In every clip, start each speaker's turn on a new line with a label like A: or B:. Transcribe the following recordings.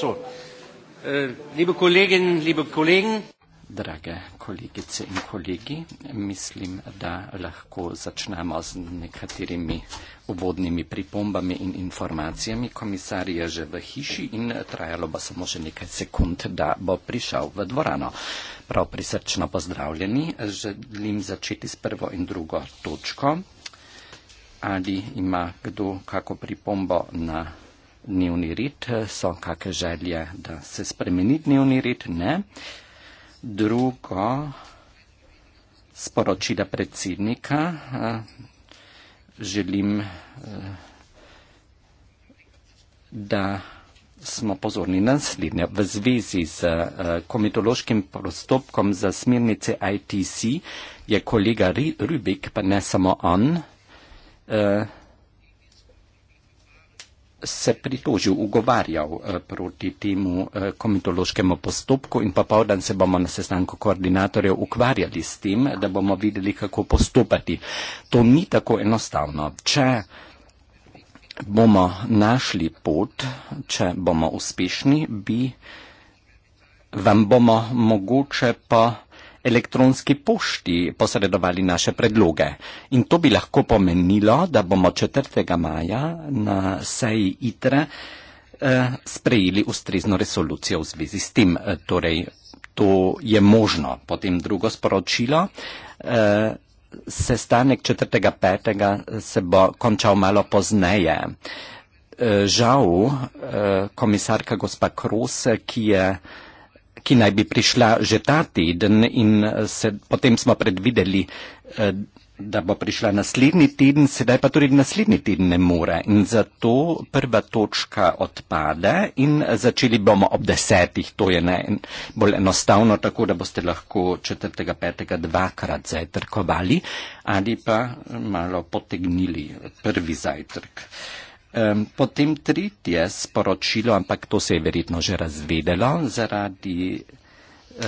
A: so. Eh, liebe Kolleginnen, liebe Kollegen. Drage kolegice in kolegi, mislim, da lahko začnemo z nekaterimi uvodnimi pripombami in informacijami. Komisar je že v hiši in trajalo bo samo še nekaj sekund, da bo prišel v dvorano. Prav prisrčno pozdravljeni. Želim začeti s prvo in drugo točko. Ali ima kdo kako pripombo na dnevni red, so kakšne želje, da se spremeni dnevni red, ne. Drugo, sporočila predsednika, eh, želim, eh, da smo pozorni naslednje. V zvezi z eh, komitološkim postopkom za smernice ITC je kolega Rubik, pa ne samo on, se pritožil, ugovarjal eh, proti temu eh, komitološkemu postopku in pa povdan se bomo na sestanku koordinatorjev ukvarjali s tem, da bomo videli, kako postopati. To ni tako enostavno. Če bomo našli pot, če bomo uspešni, bi, vam bomo mogoče pa elektronski pošti posredovali naše predloge. In to bi lahko pomenilo, da bomo 4. maja na seji ITRE eh, sprejeli ustrezno resolucijo v zvezi s tem. Eh, torej, to je možno. Potem drugo sporočilo. Eh, sestanek 4.5. se bo končal malo pozneje. Žal, komisarka gospa Kros, ki je ki naj bi prišla že ta teden in eh, se, potem smo predvideli, eh, da bo prišla naslednji teden, sedaj pa tudi naslednji teden ne more. In zato prva točka odpade in začeli bomo ob desetih, to je najbolj enostavno, tako da boste lahko 4. 5. dvakrat zajtrkovali ali pa eh, malo potegnili prvi zajtrk. Um, potem tretje sporočilo, ampak to se je verjetno že razvedelo zaradi uh,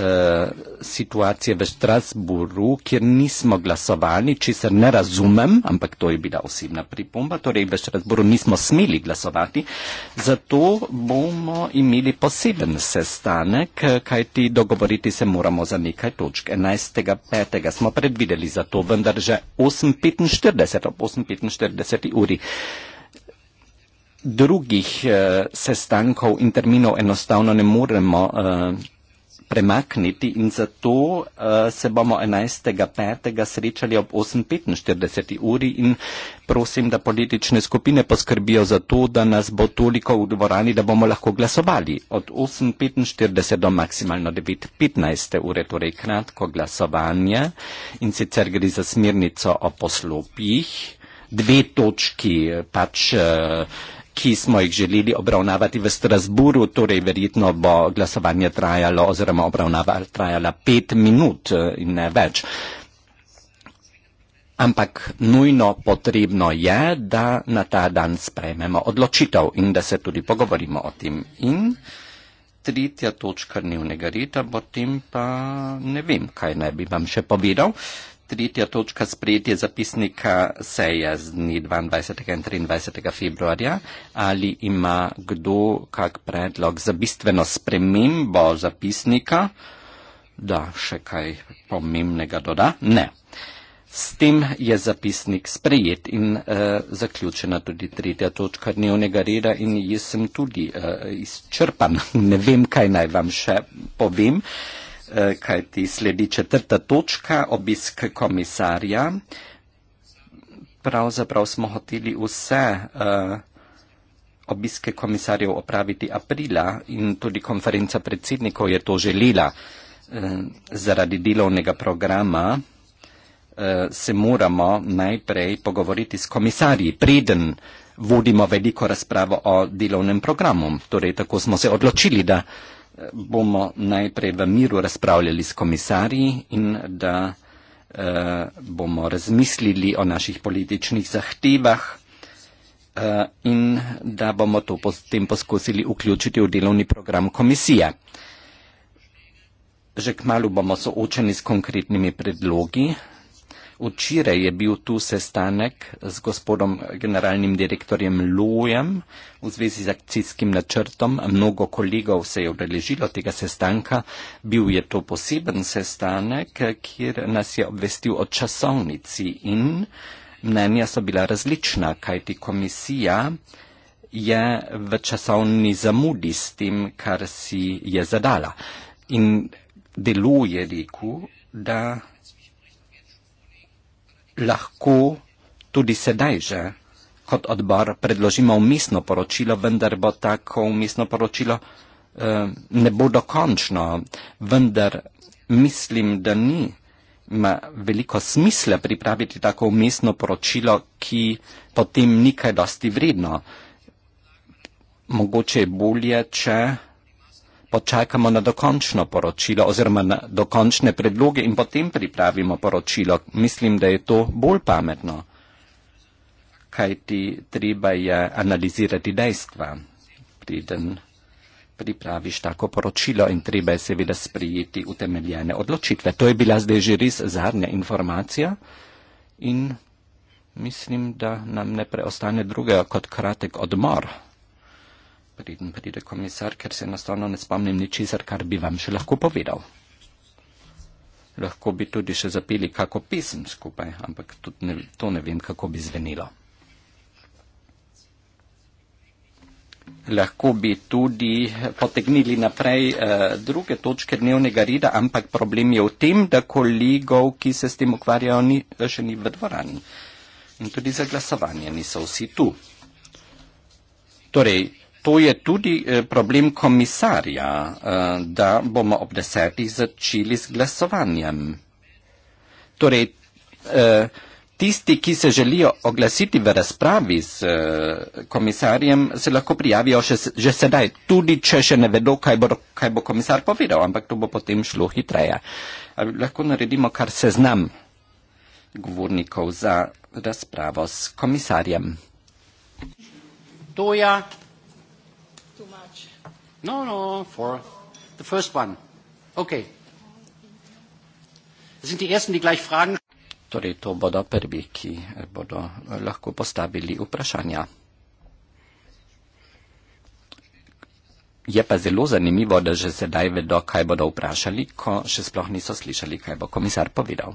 A: situacije v Štrasburu, kjer nismo glasovali, če se ne razumem, ampak to je bila osebna pripomba, torej v Štrasburu nismo smeli glasovati, zato bomo imeli poseben sestanek, kajti dogovoriti se moramo za nekaj točk. 11.5. smo predvideli za to, vendar že 8.45 ob 8.45 uri drugih eh, sestankov in terminov enostavno ne moremo eh, premakniti in zato eh, se bomo 11.5. srečali ob 8.45 uri in prosim, da politične skupine poskrbijo za to, da nas bo toliko v dvorani, da bomo lahko glasovali od 8.45 do maksimalno 9.15 ure, torej kratko glasovanje in sicer gre za smirnico o poslopjih, dve točki eh, pač. Eh, ki smo jih želeli obravnavati v Strasburu, torej verjetno bo glasovanje trajalo oziroma obravnava trajala pet minut eh, in ne več. Ampak nujno potrebno je, da na ta dan sprejmemo odločitev in da se tudi pogovorimo o tem. In tretja točka dnevnega reda, potem pa ne vem, kaj naj bi vam še povedal. Uh, Tretja točka sprejetje zapisnika seje z dni 22. in 23. februarja. Ali ima kdo kak predlog za bistveno spremembo zapisnika, da še kaj pomembnega doda? Ne. S tem je zapisnik sprejet in uh, zaključena tudi tretja točka dnevnega reda in jaz sem tudi uh, izčrpan. ne vem, kaj naj vam še povem. Uh, Eh, kajti sledi četrta točka, obisk komisarja. Pravzaprav smo hoteli vse eh, obiske komisarjev opraviti aprila in tudi konferenca predsednikov je to želila. Eh, zaradi delovnega programa se moramo najprej pogovoriti s komisarji, preden vodimo veliko razpravo o delovnem programu. Torej, tako smo se odločili, da bomo najprej v miru razpravljali s komisarji in da eh, bomo razmislili o naših političnih zahtevah eh, in da bomo to potem poskusili vključiti v delovni program komisije. Že k malu bomo soočeni s konkretnimi predlogi, včeraj je bil tu sestanek z gospodom generalnim direktorjem Lujem v zvezi z akcijskim načrtom. Mnogo kolegov se je odeležilo tega sestanka. Bil je to poseben sestanek, kjer nas je obvestil o časovnici in mnenja so bila različna, kajti komisija je v časovni zamudi s tem, kar si je zadala. In deluje, rekel, da lahko tudi sedaj že kot odbor predložimo umestno poročilo, vendar bo tako umestno poročilo eh, ne bo dokončno, vendar mislim, da ni ima veliko smisla pripraviti tako umestno poročilo, ki potem ni kaj dosti vredno. Mogoče je bolje, če počakamo na dokončno poročilo oziroma na dokončne predloge in potem pripravimo poročilo. Mislim, da je to bolj pametno, kaj ti treba je analizirati dejstva, preden pripraviš tako poročilo in treba je seveda sprijeti utemeljene odločitve. To je bila zdaj že res zadnja informacija in mislim, da nam ne preostane druge kot kratek odmor preden pride komisar, ker se enostavno ne spomnim ničesar, kar bi vam še lahko povedal. Lahko bi tudi še zapeli kako pesem skupaj, ampak tudi ne, to ne vem, kako bi zvenilo. Lahko bi tudi eh, potegnili naprej eh, druge točke dnevnega reda, ampak problem je v tem, da kolegov, ki se s tem ukvarjajo, ni, eh, še ni v dvorani. In tudi za glasovanje niso vsi tu. Torej, To je tudi eh, problem komisarja, eh, da bomo ob desetih začeli z glasovanjem. Torej, eh, tisti, ki se želijo oglasiti v razpravi z komisarjem, se lahko prijavijo še, že sedaj, tudi če še ne vedo, kaj bo, kaj bo komisar povedal, ampak to bo potem šlo hitreje. Lahko naredimo kar seznam govornikov za razpravo s komisarjem. Tuja. No, no, for the first one. Okay. Sind die ersten, die gleich fragen? Torej, to bodo prvi, ki bodo eh, lahko postavili vprašanja. Je pa zelo zanimivo, da že sedaj vedo, kaj bodo vprašali, ko še sploh niso slišali, kaj bo komisar povedal.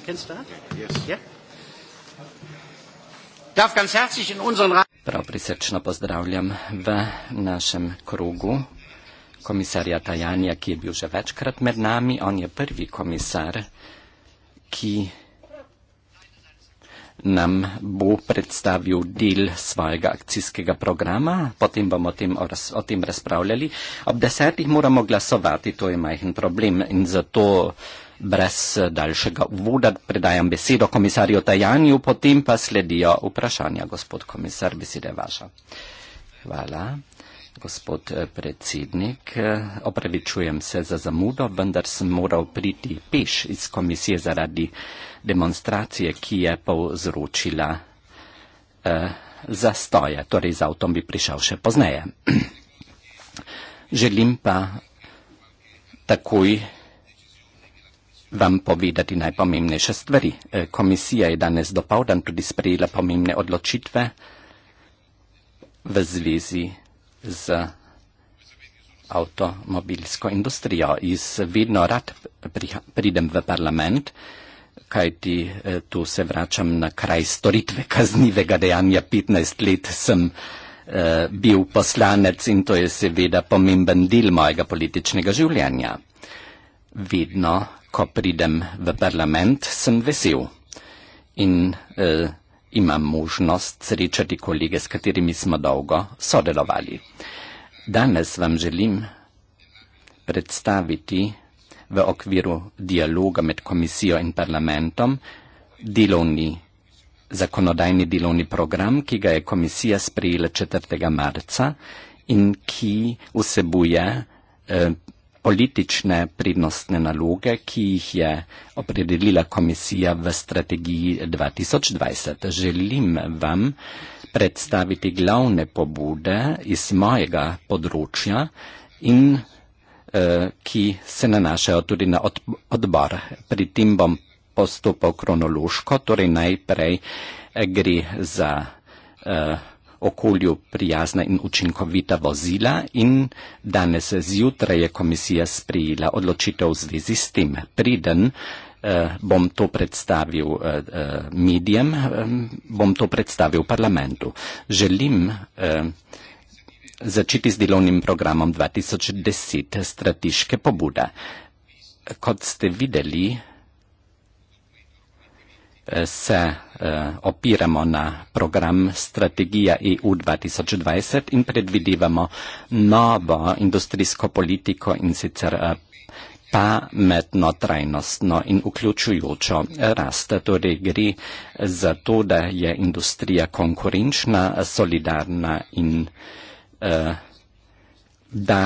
B: we can start? Yes. Yeah.
A: Darf ganz herzlich in unseren Prav prisrčno pozdravljam v našem krugu komisarja Tajanja, ki je bil že večkrat med nami. On je prvi komisar, ki nam bo predstavil del svojega akcijskega programa, potem bomo o tem, o, raz, o tem razpravljali. Ob desetih moramo glasovati, to je majhen problem in zato. Brez eh, daljšega uvoda predajam besedo komisarju Tajanju, potem pa sledijo vprašanja. Gospod komisar, beseda je vaša. Hvala. Gospod eh, predsednik, eh, opravičujem se za zamudo, vendar sem moral priti peš iz komisije zaradi demonstracije, ki je povzročila eh, zastoje. Torej, z avtom bi prišel še pozneje. Želim pa takoj vam povedati najpomembnejše stvari. E, komisija je danes dopavdan tudi sprejela pomembne odločitve v zvezi z avtomobilsko industrijo. Iz vedno rad pridem v parlament, kaj ti e, tu se vračam na kraj storitve kaznivega dejanja. 15 let sem e, bil poslanec in to je seveda pomemben del mojega političnega življenja. Vedno ko pridem v parlament, sem vesel in uh, imam možnost srečati kolege, s katerimi smo dolgo sodelovali. Danes vam želim predstaviti v okviru dialoga med komisijo in parlamentom delovni, zakonodajni delovni program, ki ga je komisija sprejela 4. marca in ki vsebuje uh, politične prednostne naloge, ki jih je opredelila komisija v strategiji 2020. Želim vam predstaviti glavne pobude iz mojega področja in eh, ki se nanašajo tudi na odbor. Pri tem bom postopal kronološko, torej najprej eh, gre za uh, okolju prijazna in učinkovita vozila in danes zjutraj je komisija sprejela odločitev v zvezi s tem. Priden eh, bom to predstavil eh, eh medijem, eh, bom to predstavil parlamentu. Želim eh, začeti z delovnim programom 2010 strateške pobude. Kot ste videli, eh, se Eh, opiramo na program Strategija EU 2020 in predvidevamo novo industrijsko politiko in sicer eh, pametno, trajnostno in vključujočo rast. Torej gre za to, da je industrija konkurenčna, solidarna in eh, da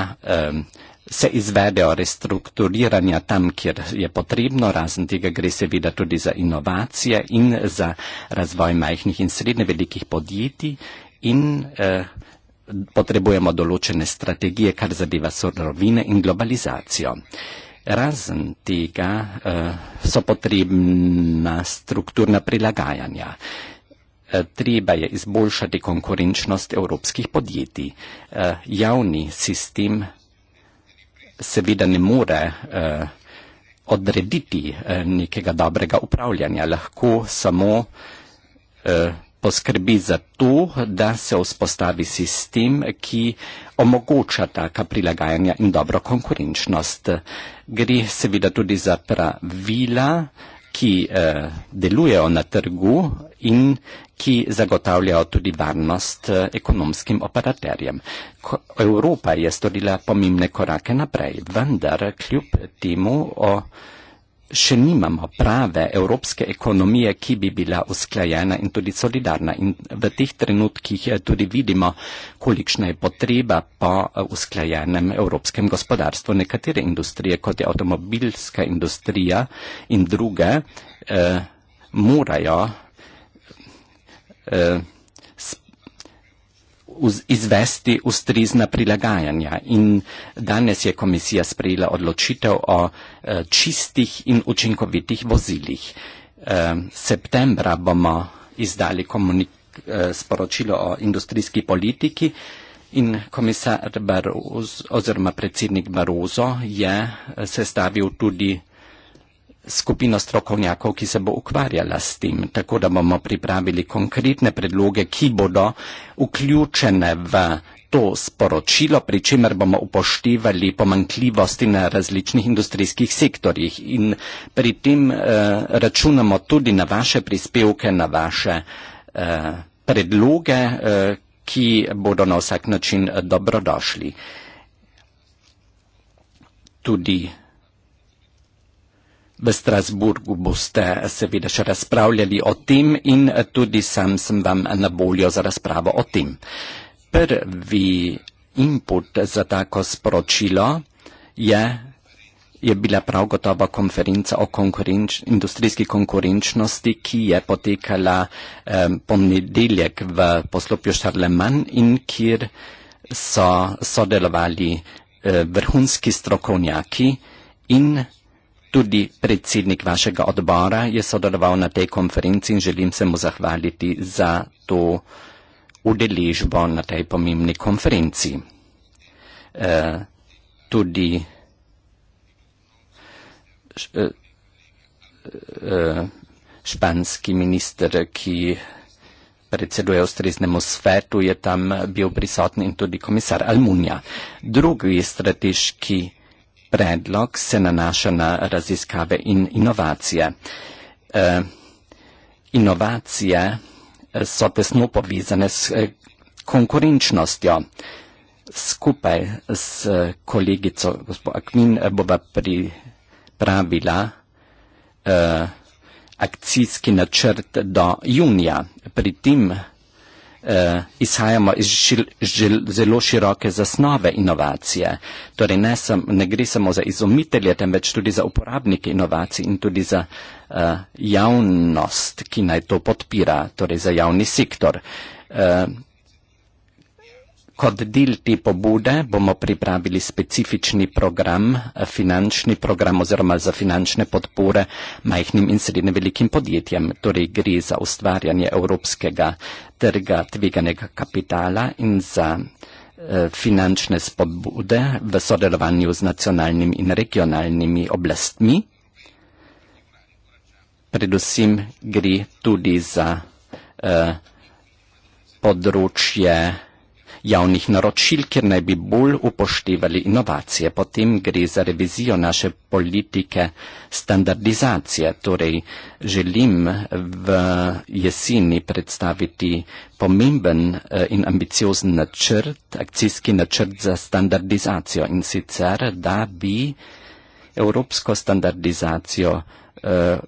A: se izvedejo restrukturiranja tam, kjer je potrebno, razen tega gre seveda tudi za inovacije in za razvoj majhnih in srednje velikih podjetij in eh, potrebujemo določene strategije, kar zadeva sorovine in globalizacijo. Razen tega eh, so potrebna strukturna prilagajanja. Eh, treba je izboljšati konkurenčnost evropskih podjetij. Eh, javni sistem seveda ne more eh, odrediti eh, nekega dobrega upravljanja, lahko samo eh, poskrbi za to, da se vzpostavi sistem, ki omogoča taka prilagajanja in dobro konkurenčnost. Gre seveda tudi za pravila, ki eh, delujejo na trgu in ki zagotavljajo tudi varnost eh, ekonomskim operaterjem. Evropa je storila pomembne korake naprej, vendar kljub temu o še nimamo prave evropske ekonomije, ki bi bila usklajena in tudi solidarna. In v teh trenutkih eh, tudi vidimo, kolikšna je potreba po eh, usklajenem evropskem gospodarstvu. Nekatere industrije, kot je avtomobilska industrija in druge, eh, morajo. Eh, izvesti ustrezna prilagajanja in danes je komisija sprejela odločitev o eh, čistih in učinkovitih vozilih. Eh, septembra bomo izdali eh, sporočilo o industrijski politiki in komisar Barozo oziroma predsednik Barozo je sestavil tudi skupino strokovnjakov, ki se bo ukvarjala s tem, tako da bomo pripravili konkretne predloge, ki bodo vključene v to sporočilo, pri čemer bomo upoštevali pomankljivosti na različnih industrijskih sektorjih. In pri tem eh, računamo tudi na vaše prispevke, na vaše eh, predloge, eh, ki bodo na vsak način dobrodošli. Tudi V Strasburgu boste seveda še razpravljali o tem in tudi sam sem vam na voljo za razpravo o tem. Prvi input za tako sporočilo je, je bila prav gotova konferenca o konkurenč, industrijski konkurenčnosti, ki je potekala eh, ponedeljek v poslopju Šarleman in kjer so sodelovali eh, vrhunski strokovnjaki in Tudi predsednik vašega odbora je sodeloval na tej konferenci in želim se mu zahvaliti za to udeležbo na tej pomembni konferenci. E, tudi š, e, e, španski minister, ki predseduje ustreznemu svetu, je tam bil prisoten in tudi komisar Almunja. Drugi strateški predlog se nanaša na raziskave in inovacije. Eh, inovacije eh, so tesno povezane s eh, konkurenčnostjo. Skupaj s kolegico gospod Akvin bova pripravila eh, akcijski načrt do junija. Pri tem eh, izhajamo iz šil, žil, zelo široke zasnove inovacije. Torej ne, sem, ne gre samo za izumitelje, temveč tudi za uporabnike inovacij in tudi za eh, javnost, ki naj to podpira, torej za javni sektor. Eh, Kot del te pobude bomo pripravili specifični program, finančni program oziroma za finančne podpore majhnim in srednje velikim podjetjem, torej gre za ustvarjanje evropskega trga tveganega kapitala in za eh, finančne spodbude v sodelovanju z nacionalnimi in regionalnimi oblastmi. Predvsem gre tudi za eh, področje eh, javnih naročil, kjer naj bi bolj upoštevali inovacije. Potem gre za revizijo naše politike standardizacije. Torej, želim v jeseni predstaviti pomemben eh, in ambiciozen načrt, akcijski načrt za standardizacijo in sicer, da bi evropsko standardizacijo eh,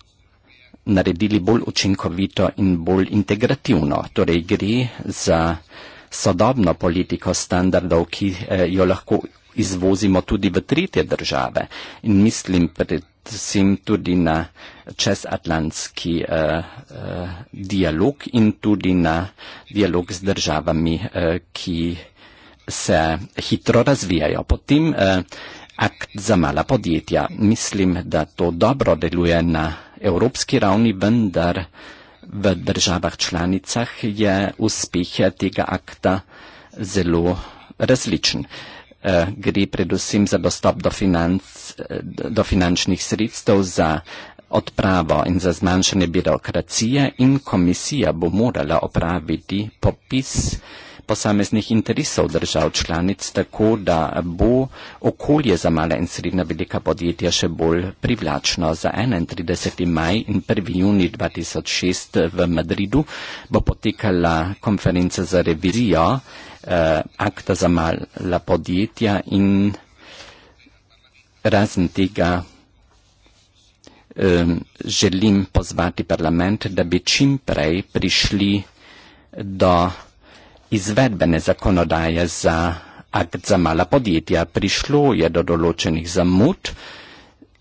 A: naredili bolj učinkovito in bolj integrativno. Torej gre za sodobno politiko standardov, ki eh, jo lahko izvozimo tudi v tretje države. In mislim predvsem tudi na čezatlantski uh, uh, dialog in tudi na dialog z državami, uh, ki se hitro razvijajo. Potem uh, akt za mala podjetja. Mislim, da to dobro deluje na evropski ravni, vendar uh, v državah članicah je uspeh tega akta zelo različen. Eh, gre predvsem za dostop do, financ, eh, do finančnih sredstev za odpravo in za zmanjšanje birokracije in komisija bo morala opraviti popis posameznih interesov držav članic, tako da bo okolje za male in srednja velika podjetja še bolj privlačno. Za 31. maj in 1. juni 2006 v Madridu bo potekala konferenca za revizijo eh, akta za mala podjetja in razen tega. Eh, želim pozvati parlament, da bi čim prej prišli do izvedbene zakonodaje za akt za mala podjetja. Prišlo je do določenih zamud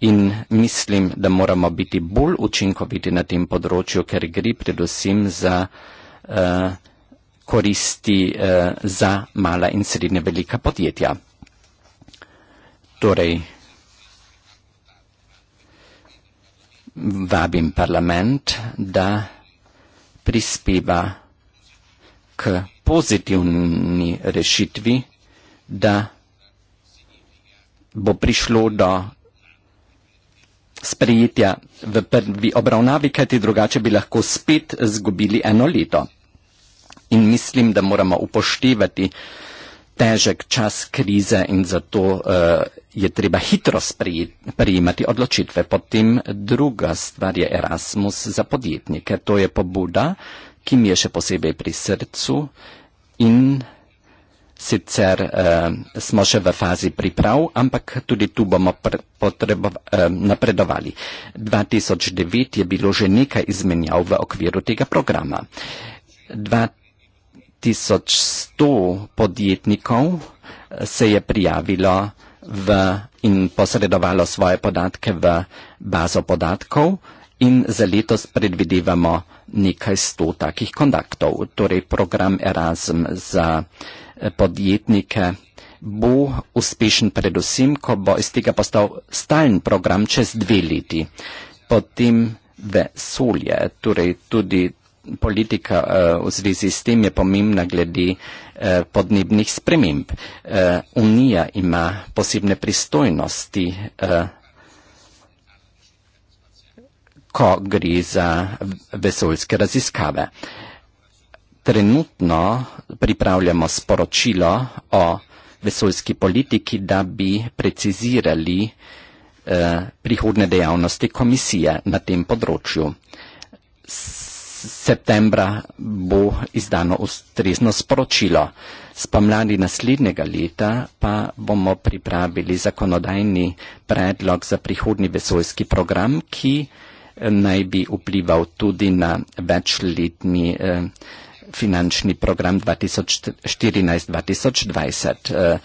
A: in mislim, da moramo biti bolj učinkoviti na tem področju, ker gre predvsem za uh, koristi uh, za mala in srednje velika podjetja. Torej, vabim parlament, da prispeva k pozitivni rešitvi, da bo prišlo do sprejetja v prvi obravnavi, kajti drugače bi lahko spet zgubili eno leto. In mislim, da moramo upoštevati težek čas krize in zato uh, je treba hitro sprejemati odločitve. Potem druga stvar je Erasmus za podjetnike. To je pobuda, uh, ki mi je še posebej pri srcu in sicer eh, smo še v fazi priprav, ampak tudi tu bomo eh, napredovali. 2009 je bilo že nekaj izmenjav v okviru tega programa. 2100 podjetnikov eh, se je prijavilo v, in posredovalo svoje podatke v bazo podatkov in za letos predvidevamo nekaj sto takih kontaktov. Torej program Erasm za eh, podjetnike bo uspešen predvsem, ko bo iz tega postal stalen program čez dve leti. Potem vesolje, torej tudi politika eh, v zvezi s tem je pomembna glede eh, podnebnih sprememb. Unija ima posebne pristojnosti ko gre za vesoljske raziskave. Trenutno pripravljamo sporočilo o vesoljski politiki, da bi precizirali eh, prihodne dejavnosti komisije na tem področju. Septembra bo izdano ustrezno sporočilo. Spomladi naslednjega leta pa bomo pripravili zakonodajni predlog za prihodni vesoljski program, ki naj bi vplival tudi na večletni eh, finančni program 2014-2020. Eh,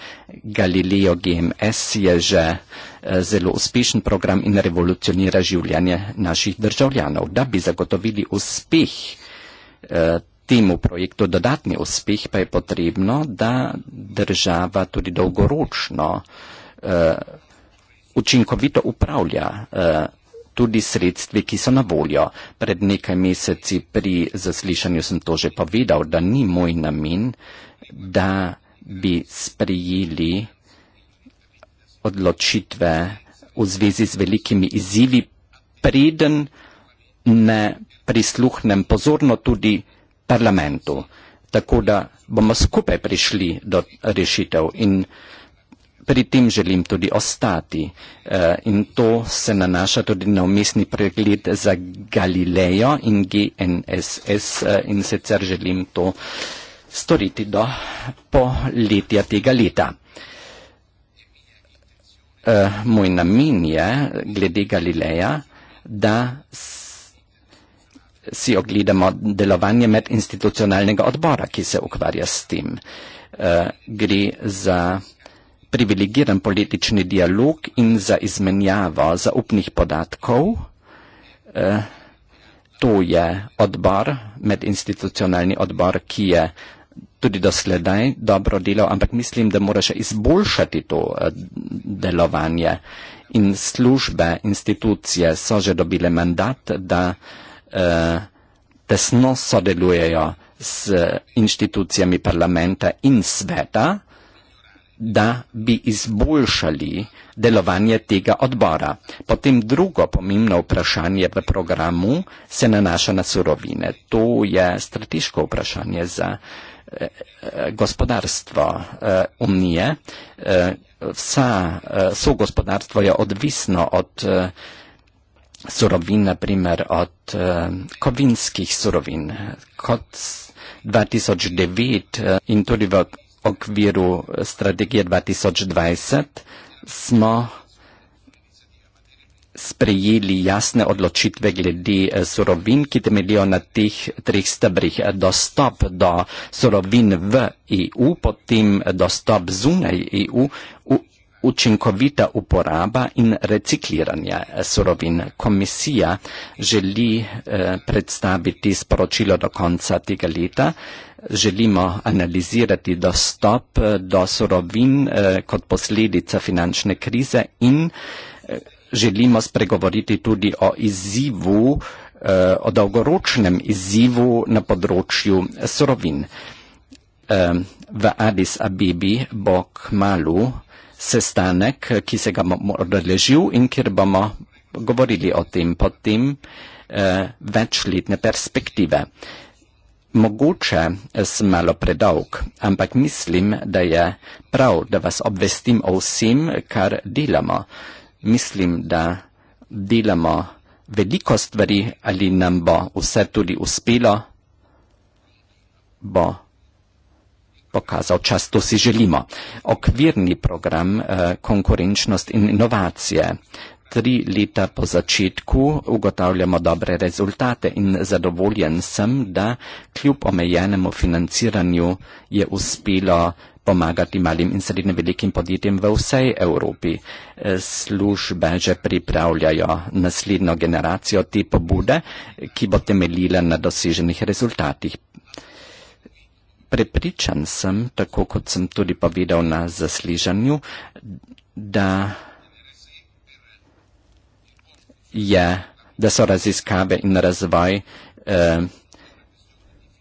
A: Galileo GMS je že eh, zelo uspešen program in revolucionira življenje naših državljanov. Da bi zagotovili uspeh temu projektu, dodatni uspeh, pa je potrebno, da država tudi dolgoročno učinkovito upravlja tudi sredstvi, ki so na voljo. Pred nekaj meseci pri zaslišanju sem to že povedal, da ni moj namen, da bi sprejeli odločitve v zvezi z velikimi izzivi, preden ne prisluhnem pozorno tudi parlamentu. Tako da bomo skupaj prišli do rešitev in pri tem želim tudi ostati. Eh, in to se nanaša tudi na umestni pregled za Galilejo in GNSS eh, in sicer želim to storiti do poletja tega leta. Eh, moj namen je, glede Galileja, da si ogledamo delovanje medinstitucionalnega odbora, ki se ukvarja s tem. Gre za privilegiran politični dialog in za izmenjavo zaupnih podatkov. Eh, to je odbor, medinstitucionalni odbor, ki je tudi dosledaj dobro delal, ampak mislim, da mora še izboljšati to eh, delovanje. In službe, institucije so že dobile mandat, da eh, tesno sodelujejo z inštitucijami parlamenta in sveta da bi izboljšali delovanje tega odbora. Potem drugo pomembno vprašanje v programu se nanaša na surovine. To je strateško vprašanje za eh, eh gospodarstvo eh, Unije. Eh, vsa, eh, so gospodarstvo je odvisno od eh, surovin, na primer od eh, kovinskih surovin. Kot 2009 eh, in tudi v okviru strategije 2020 smo sprejeli jasne odločitve glede eh, surovin, ki temeljijo na teh treh stebrih. Eh, dostop do surovin v EU, potem eh, dostop zunaj EU, učinkovita uporaba in recikliranje surovin. Komisija želi predstaviti sporočilo do konca tega leta želimo analizirati dostop eh, do surovin eh, kot posledica finančne krize in eh, želimo spregovoriti tudi o izzivu, o dolgoročnem izzivu na področju surovin. V Addis Abibi bo k malu sestanek, ki se ga bomo odležil in kjer bomo govorili o tem potem večletne perspektive. Mogoče sem malo predolg, ampak mislim, da je prav, da vas obvestim o vsem, kar delamo. Mislim, da delamo veliko stvari, ali nam bo vse tudi uspelo, bo pokazal čas, to si želimo. Okvirni program eh, konkurenčnost in inovacije. Eh, tri leta po začetku ugotavljamo dobre rezultate in zadovoljen sem, da kljub omejenemu financiranju je uspelo pomagati malim in srednje velikim podjetjem v vsej Evropi. Službe že pripravljajo naslednjo generacijo te pobude, ki bo temeljila na doseženih rezultatih. Prepričan sem, tako kot sem tudi povedal na zasližanju, da je, da so raziskave in razvoj eh,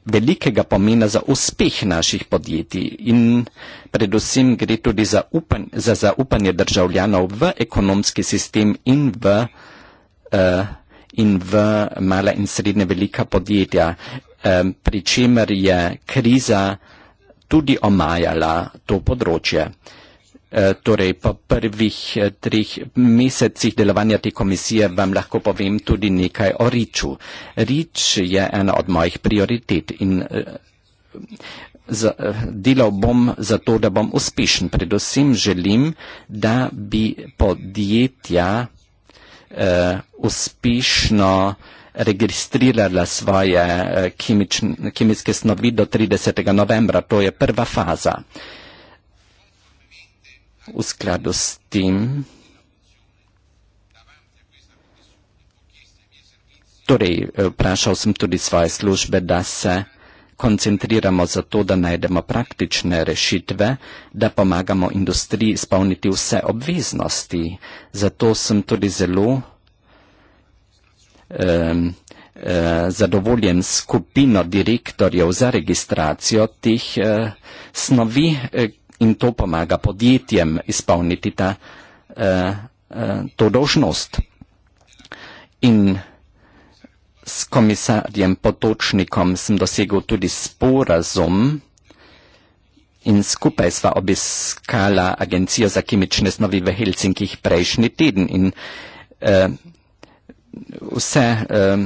A: velikega pomena za uspeh naših podjetij in predvsem gre tudi za, upan, za zaupanje državljanov v ekonomski sistem in v, eh, in v male in srednje velika podjetja, eh, pri čemer je kriza tudi omajala to področje. Eh, Eh, torej po prvih eh, treh mesecih delovanja te komisije vam lahko povem tudi nekaj o Riču. Rič je ena od mojih prioritet in eh, delal bom zato, da bom uspešen. Predvsem želim, da bi podjetja uspešno registrirala svoje kemične snovi do 30. novembra. To je prva faza v skladu s tem, torej eh, vprašal sem tudi svoje službe, da se koncentriramo za to, da najdemo praktične rešitve, da pomagamo industriji izpolniti vse obveznosti. Zato sem tudi zelo um, zadovoljen skupino direktorjev za registracijo teh eh, snovi, in to pomaga podjetjem izpolniti ta, uh, uh, to dožnost. In s komisarjem Potočnikom sem dosegel tudi sporazum in skupaj sva obiskala Agencijo za kemične snovi v Helsinkih prejšnji teden in uh, vse uh,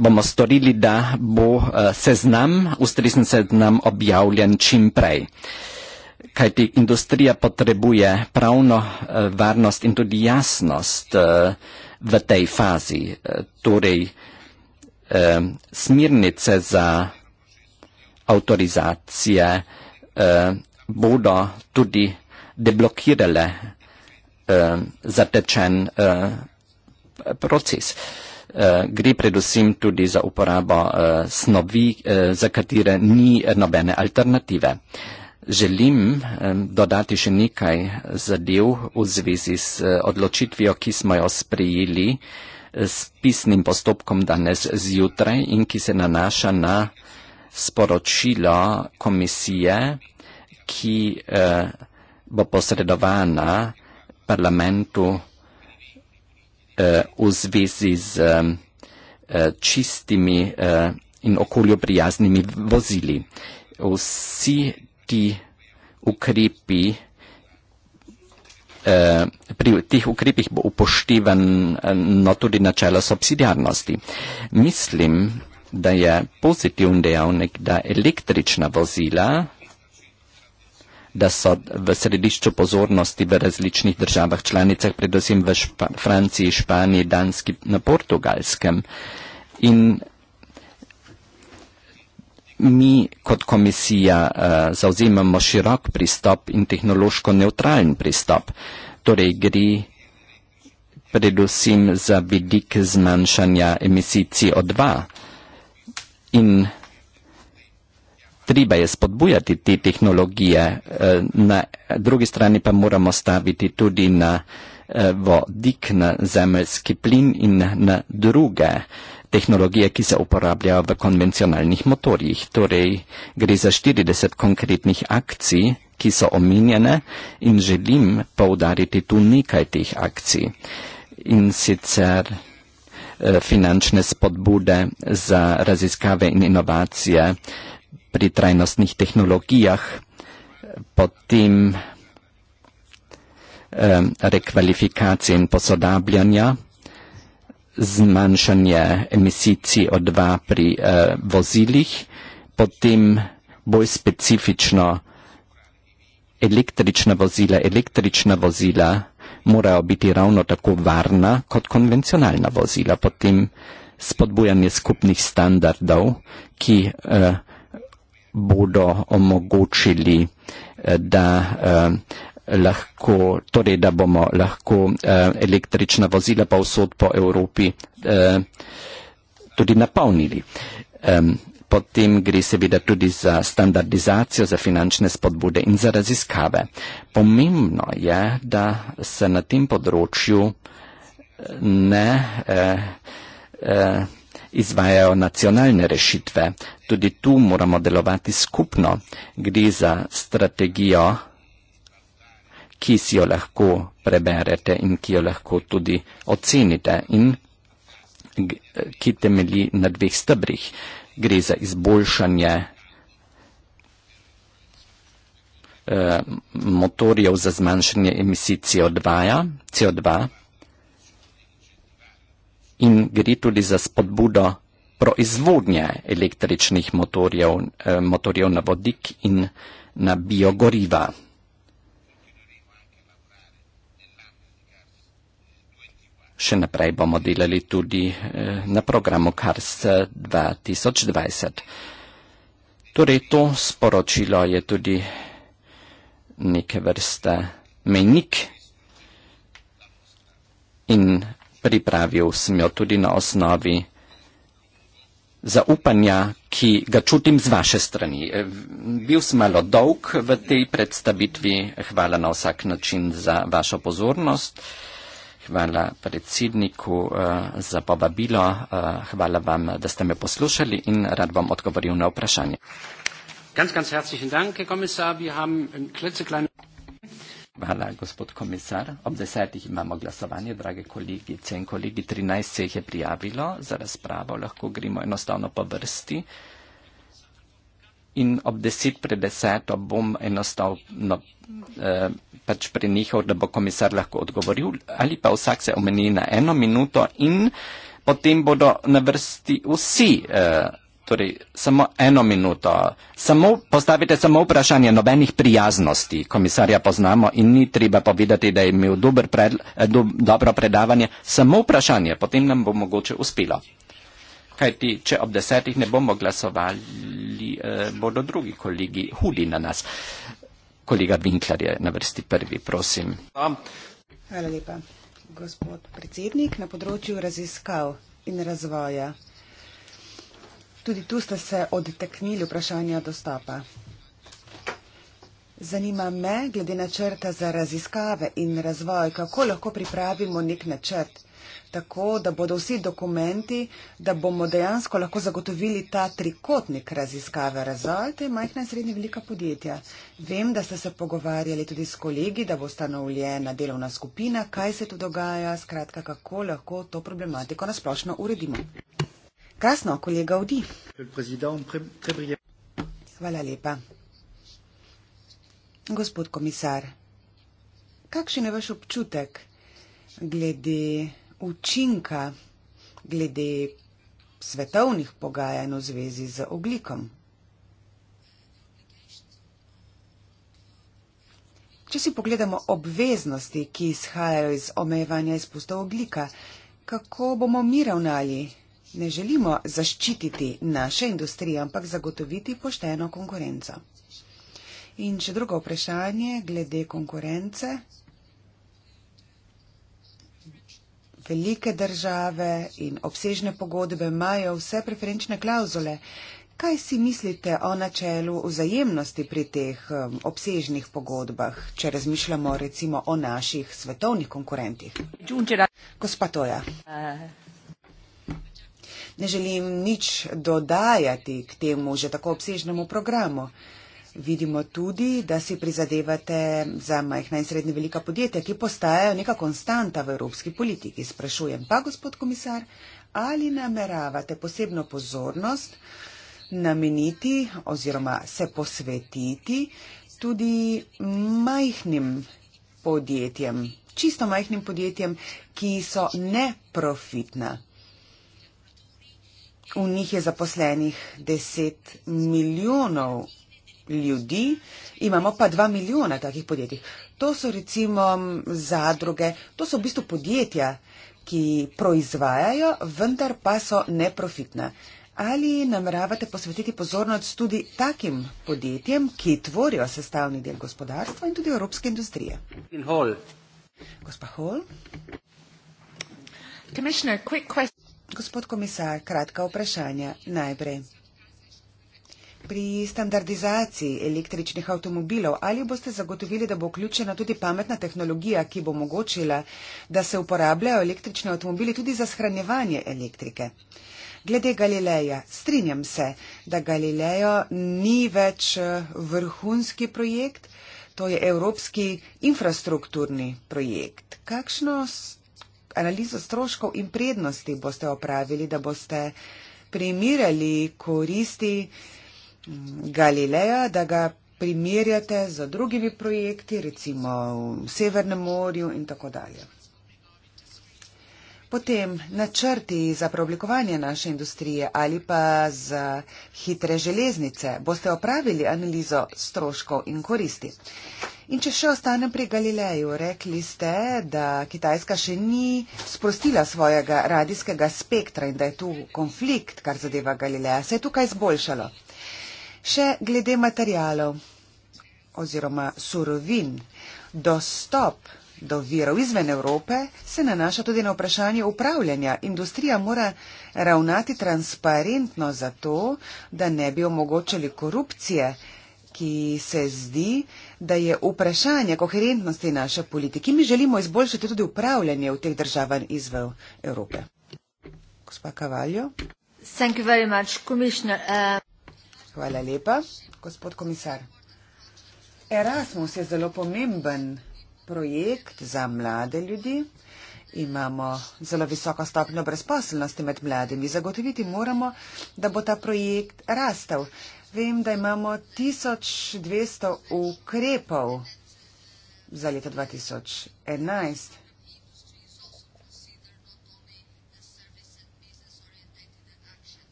A: bomo storili, da bo eh, seznam, ustrezen seznam objavljen čim prej. Kajti industrija potrebuje pravno eh, varnost in tudi jasnost eh, v tej fazi. Torej, smirnice za avtorizacije bodo tudi deblokirale zatečen proces. Eh, gre predvsem tudi za uporabo eh, snovi, eh, za katere ni nobene alternative. Želim dodati še nekaj zadev v zvezi s odločitvijo, ki smo jo sprejeli s pisnim postopkom danes zjutraj in ki se nanaša na sporočilo komisije, ki bo posredovana parlamentu v zvezi z eh, čistimi eh, in okoljoprijaznimi vozili. Vsi ti ukrepi, eh, pri teh ukrepih bo upoštevano tudi načelo subsidijarnosti. Mislim, da je pozitivni dejavnik, da električna vozila da so v središču pozornosti v različnih državah članicah, predvsem v Špa Franciji, Španiji, Danski, na Portugalskem. In mi kot komisija uh, eh, zauzemamo širok pristop in tehnološko neutralen pristop. Torej gre predvsem za vidik zmanjšanja emisij CO2 in treba je spodbujati te tehnologije, eh, na drugi strani pa moramo staviti tudi na eh, vodik, na zemeljski plin in na druge tehnologije, ki se uporabljajo v konvencionalnih motorjih. Torej gre za 40 konkretnih akcij, ki so omenjene in želim poudariti tu nekaj teh akcij. In sicer eh, finančne spodbude za raziskave in inovacije, pri trajnostnih tehnologijah, potem eh, rekvalifikacije in posodabljanja, zmanjšanje emisij CO2 pri eh, vozilih, potem bolj specifično električna vozila. Električna vozila morajo biti ravno tako varna kot konvencionalna vozila. Potem spodbujanje skupnih standardov, ki vzpodbujajo eh, bodo omogočili, eh, da, eh, lahko, torej, da bomo lahko eh, električna vozila pa vsod po Evropi eh, tudi napolnili. Eh, potem gre seveda tudi za standardizacijo, za finančne spodbude in za raziskave. Pomembno je, da se na tem področju eh, ne. Eh, eh, izvajajo nacionalne rešitve. Tudi tu moramo delovati skupno. Gre za strategijo, ki si jo lahko preberete in ki jo lahko tudi ocenite in ki temelji na dveh stebrih. Gre za izboljšanje eh, motorjev za zmanjšanje emisij CO2, CO2 in gre tudi za spodbudo proizvodnje električnih motorjev, eh, motorjev na vodik in na biogoriva. Še naprej bomo delali tudi eh, na programu CARS 2020. Torej to sporočilo je tudi neke vrste mejnik in pripravil sem jo tudi na osnovi zaupanja, ki ga čutim z vaše strani. E, bil sem malo dolg v tej predstavitvi. Hvala na vsak način za vašo pozornost. Hvala predsedniku e, za povabilo. E, hvala vam, da ste me poslušali in rad vam odgovoril na vprašanje. Ganz, ganz herzlichen Dank, Herr Kommissar. Wir haben ein klitzekleines... Hvala, gospod komisar. Ob desetih imamo glasovanje, drage kolegice in kolegi. 13 se jih je prijavilo za razpravo, lahko gremo enostavno po vrsti. In ob deset pred deseto bom enostavno eh, pač prenehal, da bo komisar lahko odgovoril, ali pa vsak se omeni na eno minuto in potem bodo na vrsti vsi. Eh, Torej, samo eno minuto. Samo, postavite samo vprašanje nobenih prijaznosti. Komisarja poznamo in ni treba povedati, da je imel dober pred, eh, do, dobro predavanje. Samo vprašanje, potem nam bo mogoče uspelo. Kaj ti, če ob desetih ne bomo glasovali, eh, bodo drugi kolegi huli na nas. Kolega Vinklar je na vrsti prvi, prosim.
B: Hvala lepa, gospod predsednik. Na področju raziskav in razvoja Tudi tu ste se odteknili vprašanja dostopa. Zanima me, glede načrta za raziskave in razvoj, kako lahko pripravimo nek načrt, tako da bodo vsi dokumenti, da bomo dejansko lahko zagotovili ta trikotnik raziskave razvoj, te majhna in srednja velika podjetja. Vem, da ste se pogovarjali tudi s kolegi, da bo ustanovljena delovna skupina, kaj se tu dogaja, skratka, kako lahko to problematiko nasplošno uredimo. Krasno, kolega Vdi. Hvala lepa. Gospod komisar, kakšen je vaš občutek glede učinka, glede svetovnih pogajanj v zvezi z oglikom? Če si pogledamo obveznosti, ki izhajajo iz omejevanja izpustov oglika, kako bomo mi ravnali Ne želimo zaščititi naše industrije, ampak zagotoviti pošteno konkurenco. In še drugo vprašanje glede konkurence. Velike države in obsežne pogodbe imajo vse preferenčne klauzule. Kaj si mislite o načelu vzajemnosti pri teh um, obsežnih pogodbah, če razmišljamo recimo o naših svetovnih konkurentih? Gospa Toja. Eh, Ne želim nič dodajati k temu že tako obsežnemu programu. Vidimo tudi, da si prizadevate za majhna in srednje velika podjetja, ki postajajo neka konstanta v evropski politiki. Sprašujem pa, gospod komisar, ali nameravate posebno pozornost nameniti oziroma se posvetiti tudi majhnim podjetjem, čisto majhnim podjetjem, ki so neprofitna v njih je zaposlenih 10 milijonov ljudi, imamo pa 2 milijona takih podjetij. To so recimo zadruge, to so v bistvu podjetja, ki proizvajajo, vendar pa so neprofitna. Ali nameravate posvetiti pozornost tudi takim podjetjem, ki tvorijo sestavni del gospodarstva in tudi evropske industrije? In Hall. Gospa Hall. Komisar, quick question. Gospod komisar, kratka vprašanja najprej. Pri standardizaciji električnih avtomobilov ali boste zagotovili, da bo vključena tudi pametna tehnologija, ki bo omogočila, da se uporabljajo električni avtomobili tudi za shranjevanje elektrike? Glede Galileja, strinjam se, da Galilejo ni več eh, vrhunski projekt, to je evropski infrastrukturni projekt. Kakšnost? analizo stroškov in prednosti boste opravili, da boste primirjali koristi mm, Galileja, da ga primerjate z drugimi projekti, recimo v Severnem morju in tako dalje. Potem načrti za preoblikovanje naše industrije ali pa za hitre železnice. Boste opravili analizo stroškov in koristi. In če še ostanem pri Galileju, rekli ste, da Kitajska še ni sprostila svojega radijskega spektra in da je tu konflikt, kar zadeva Galileja. Se je tukaj zboljšalo. Še glede materijalov oziroma surovin, dostop do virov izven Evrope se nanaša tudi na vprašanje upravljanja. Industrija mora ravnati transparentno zato, da ne bi omogočali korupcije, ki se zdi, da je vprašanje koherentnosti naše politike. Mi želimo izboljšati tudi upravljanje v teh državah izven Evrope. Gospa Kavaljo. Much, uh... Hvala lepa, gospod komisar. Erasmus je zelo pomemben projekt za mlade ljudi. Imamo zelo visoko stopnjo brezposelnosti med mladimi. Zagotoviti moramo, da bo ta projekt rastel. Vem, da imamo 1200 ukrepov za leto 2011.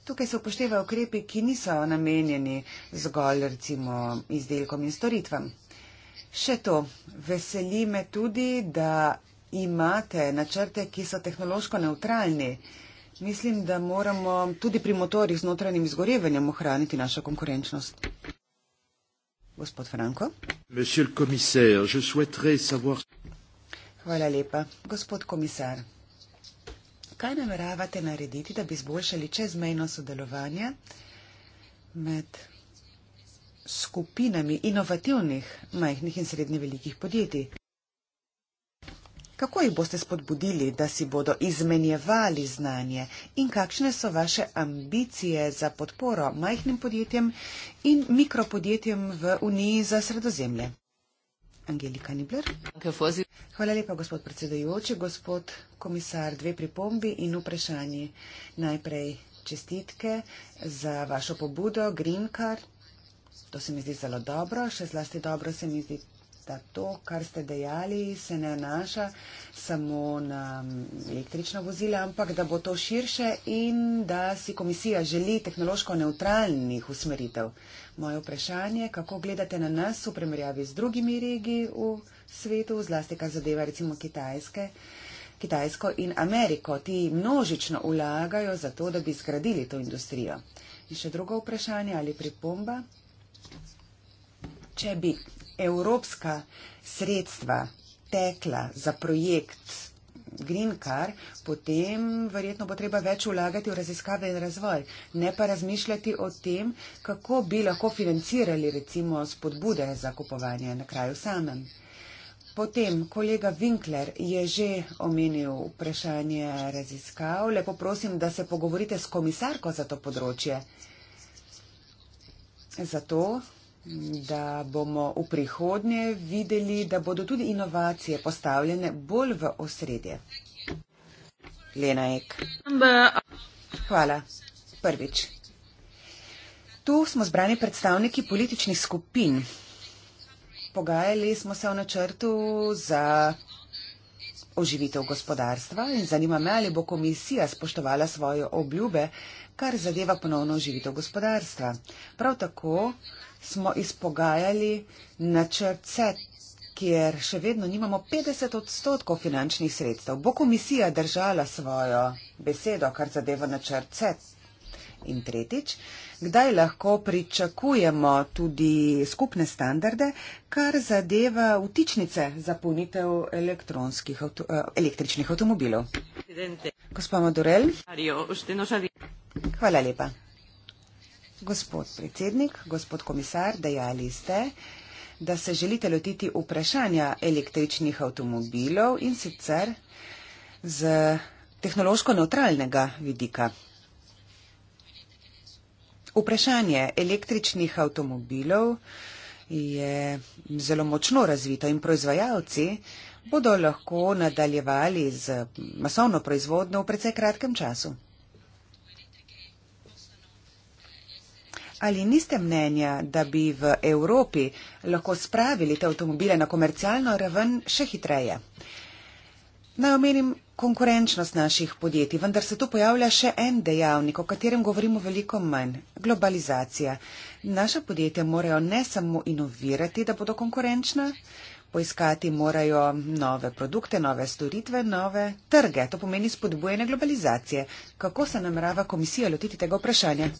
B: Tukaj se upoštevajo ukrepi, ki niso namenjeni zgolj recimo izdelkom in storitvam. Še to, veseli me tudi, da imate načrte, ki so tehnološko neutralni. Mislim, da moramo tudi pri motorjih z notranjim izgorevanjem ohraniti našo konkurenčnost. Gospod Franko. Savoir... Hvala lepa. Gospod komisar, kaj nameravate narediti, da bi zboljšali čezmejno sodelovanje med skupinami inovativnih majhnih in srednje velikih podjetij. Kako jih boste spodbudili, da si bodo izmenjevali znanje in kakšne so vaše ambicije za podporo majhnim podjetjem in mikropodjetjem v Uniji za sredozemlje? Angelika Nibler. Hvala lepa, gospod predsedajoči, gospod komisar. Dve pripombi in vprašanje. Najprej čestitke za vašo pobudo Green Card. To se mi zdi zelo dobro, še zlasti dobro se mi zdi, da to, kar ste dejali, se ne nanaša samo na mm, električno vozilo, ampak da bo to širše in da si komisija želi tehnološko neutralnih usmeritev. Moje vprašanje, kako gledate na nas v primerjavi z drugimi regi v svetu, zlasti kar zadeva recimo Kitajske. Kitajsko in Ameriko, ti množično vlagajo za to, da bi zgradili to industrijo. In še drugo vprašanje ali pripomba, če bi evropska sredstva tekla za projekt Green Car, potem verjetno bo treba več vlagati v raziskave in razvoj, ne pa razmišljati o tem, kako bi lahko financirali recimo spodbude za kupovanje na kraju samem. Potem kolega Winkler je že omenil vprašanje raziskav. Lepo prosim, da se pogovorite s komisarko za to področje. Zato da bomo v prihodnje videli, da bodo tudi inovacije postavljene bolj v osredje. Lena Ek. Hvala. Prvič. Tu smo zbrani predstavniki političnih skupin. Pogajali smo se o načrtu za oživitev gospodarstva in zanima me, ali bo komisija spoštovala svoje obljube, kar zadeva ponovno oživitev gospodarstva. Prav tako smo izpogajali načrt CET, kjer še vedno nimamo 50 odstotkov finančnih sredstev. Bo komisija držala svojo besedo, kar zadeva načrt CET? In tretjič, kdaj lahko pričakujemo tudi skupne standarde, kar zadeva vtičnice za punitev eh, električnih avtomobilov? Gospod Madurel. Hvala lepa. Gospod predsednik, gospod komisar, dejali ste, da se želite lotiti vprašanja električnih avtomobilov in sicer z tehnološko neutralnega vidika. Vprašanje električnih avtomobilov je zelo močno razvito in proizvajalci bodo lahko nadaljevali z masovno proizvodno v precej kratkem času. Ali niste mnenja, da bi v Evropi lahko spravili te avtomobile na komercialno raven še hitreje? Naj omenim konkurenčnost naših podjetij, vendar se tu pojavlja še en dejavnik, o katerem govorimo veliko manj - globalizacija. Naša podjetja morajo ne samo inovirati, da bodo konkurenčna, poiskati morajo nove produkte, nove storitve, nove trge. To pomeni spodbujanje globalizacije. Kako se namerava komisija lotiti tega vprašanja?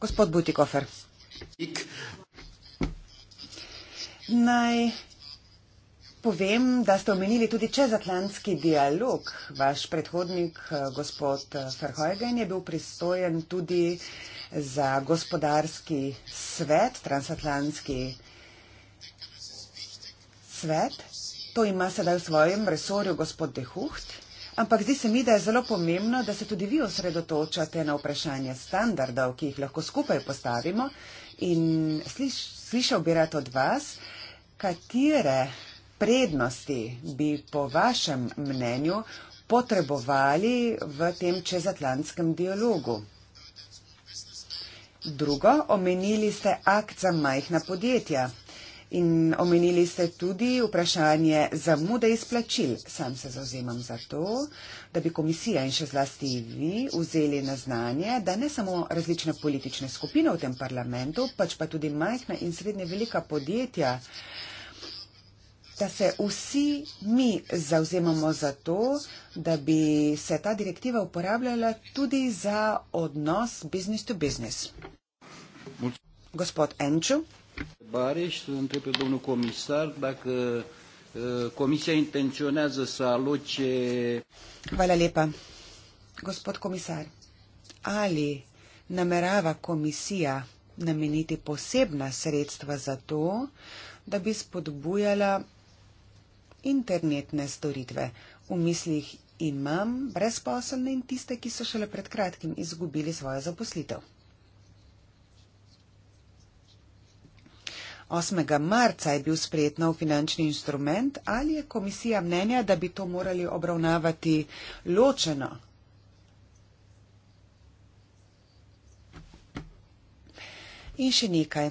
B: Gospod Butikofer. Naj Povem, da ste omenili tudi čezatlantski dialog. Vaš predhodnik, eh, gospod eh, Ferhojgen, je bil pristojen tudi za gospodarski svet, transatlantski svet. To ima sedaj v svojem resorju gospod Dehucht. Ampak zdi se mi, da je zelo pomembno, da se tudi vi osredotočate na vprašanje standardov, ki jih lahko skupaj postavimo. In sliš, slišal bi rad od vas, katere prednosti bi po vašem mnenju potrebovali v tem čezatlantskem dialogu? Drugo, omenili ste akt za majhna podjetja in omenili ste tudi vprašanje zamude izplačil. Sam se zauzemam za to, da bi komisija in še zlasti vi vzeli na znanje, da ne samo različne politične skupine v tem parlamentu, pač pa tudi majhna in srednje velika podjetja uh, da se vsi mi zauzemamo za to, da bi se ta direktiva uporabljala tudi za odnos business to business. Gospod Enču. Bareš, întreb pe domnul comisar dacă uh, comisia intenționează
A: să aloce...
B: Vala lepa. Gospod comisar, ali namerava comisia nameniti posebna sredstva za to, da bi spodbujala internetne storitve. V mislih imam brezposobne in tiste, ki so šele pred kratkim izgubili svojo zaposlitev. 8. marca je bil sprejet nov finančni instrument ali je komisija mnenja, da bi to morali obravnavati ločeno. In še nekaj.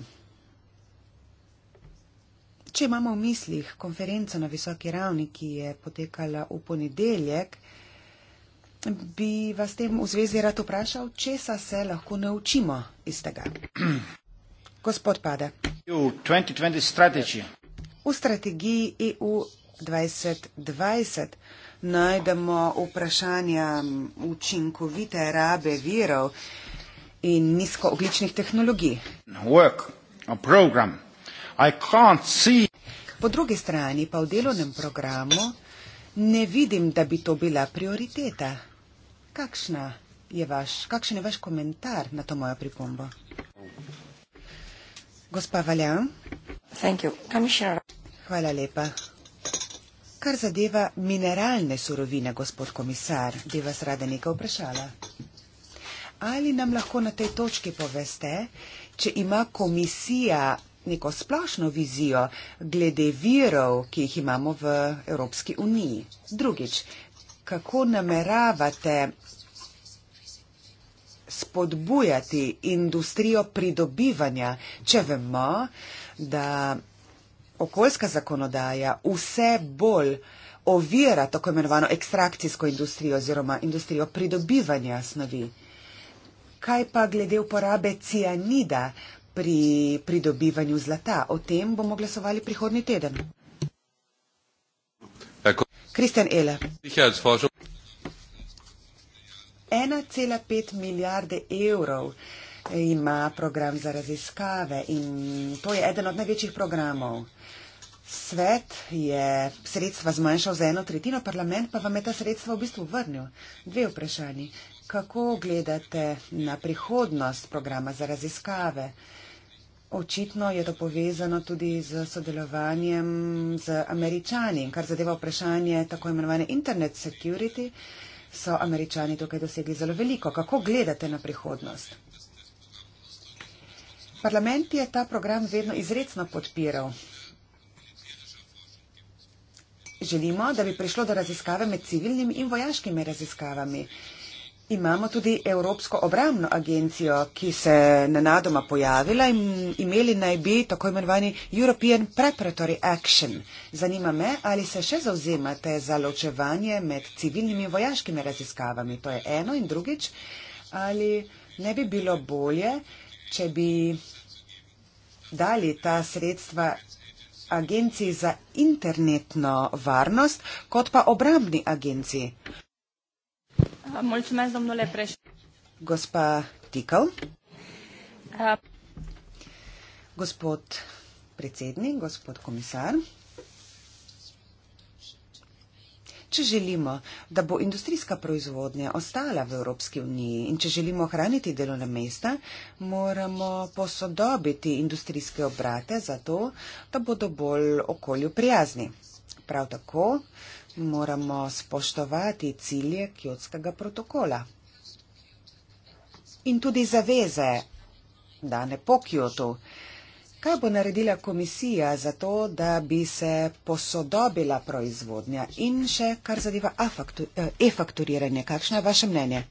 B: Če imamo v mislih konferenco na visoki ravni, ki je potekala v ponedeljek, bi vas tem v zvezi rad vprašal, če se lahko naučimo iz tega. Gospod Pade. V strategiji EU 2020 najdemo vprašanja učinkovite rabe virov in nizkoogličnih tehnologij. Work, Po drugi strani pa v delovnem programu ne vidim, da bi to bila prioriteta. Kakšna je vaš, kakšen je vaš komentar na to mojo pripombo? Gospa Valjan. Hvala lepa. Kar zadeva mineralne surovine, gospod komisar, bi vas rada nekaj vprašala. Ali nam lahko na tej točki poveste, če ima komisija neko splošno vizijo glede virov, ki jih imamo v Evropski uniji. Drugič, kako nameravate spodbujati industrijo pridobivanja, če vemo, da okoljska zakonodaja vse bolj ovira tako imenovano ekstrakcijsko industrijo oziroma industrijo pridobivanja snovi. Kaj pa glede uporabe cianida, pri pridobivanju zlata. O tem bomo glasovali prihodnji teden. Kristjan Ele. 1,5 milijarde evrov ima program za raziskave in to je eden od največjih programov. Svet je sredstva zmanjšal za eno tretjino, parlament pa vam je ta sredstva v bistvu vrnil. Dve vprašanji. Kako gledate na prihodnost programa za raziskave? Očitno je to povezano tudi z sodelovanjem z američani. Kar zadeva vprašanje tako imenovane internet security, so američani tukaj dosegli zelo veliko. Kako gledate na prihodnost? Parlament je ta program vedno izredno podpiral. Želimo, da bi prišlo do raziskave med civilnimi in vojaškimi raziskavami. Imamo tudi Evropsko obramno agencijo, ki se nenadoma pojavila in imeli naj bi tako imenovani European Preparatory Action. Zanima me, ali se še zauzemate za ločevanje med civilnimi in vojaškimi raziskavami. To je eno in drugič. Ali ne bi bilo bolje, če bi dali ta sredstva agenciji za internetno varnost, kot pa obramni agenciji? Mulțumesc, domnule președinte. Gospa Tikal. Gospod predsednik, gospod komisar. Če želimo, da bo industrijska proizvodnja ostala v Evropski uniji in če želimo ohraniti delovna mesta, moramo posodobiti industrijske obrate za to, da bodo bolj okolju prijazni. Prav tako moramo spoštovati cilje kjotskega protokola in tudi zaveze, da ne po kjotu. Kaj bo naredila komisija za to, da bi se posodobila proizvodnja in še kar zadeva eh, e-fakturiranje? Kakšno je vaše mnenje?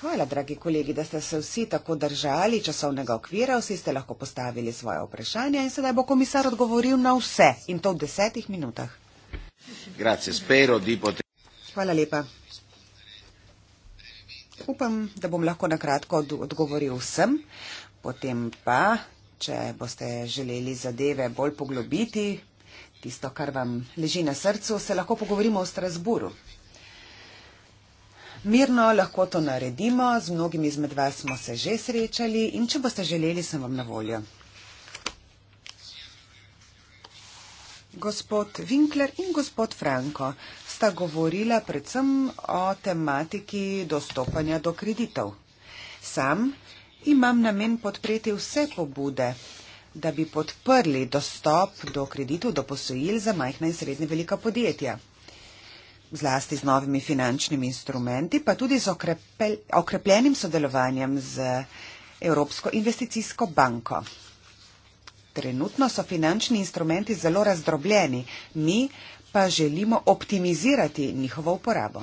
B: Hvala, dragi kolegi, da ste se vsi tako držali časovnega okvira, vsi ste lahko postavili svoje vprašanja in sedaj bo komisar odgovoril na vse in to v desetih minutah.
A: Grazie, spero di poter.
B: Hvala lepa. Upam, da bom lahko na kratko odgovoril vsem. Potem pa, če boste želeli zadeve bolj poglobiti, tisto, kar vam leži na srcu, se lahko pogovorimo o Strasburu. Mirno lahko to naredimo, z mnogimi izmed vas smo se že srečali in če boste želeli, sem vam na voljo. gospod Winkler in gospod Franko sta govorila predvsem o tematiki dostopanja do kreditov. Sam imam namen podpreti vse pobude, da bi podprli dostop do kreditov, do posojil za majhna in srednje velika podjetja. Zlasti z novimi finančnimi instrumenti, pa tudi z okrepel, okrepljenim sodelovanjem z Evropsko investicijsko banko. Trenutno so finančni instrumenti zelo razdrobljeni, mi pa želimo optimizirati njihovo uporabo.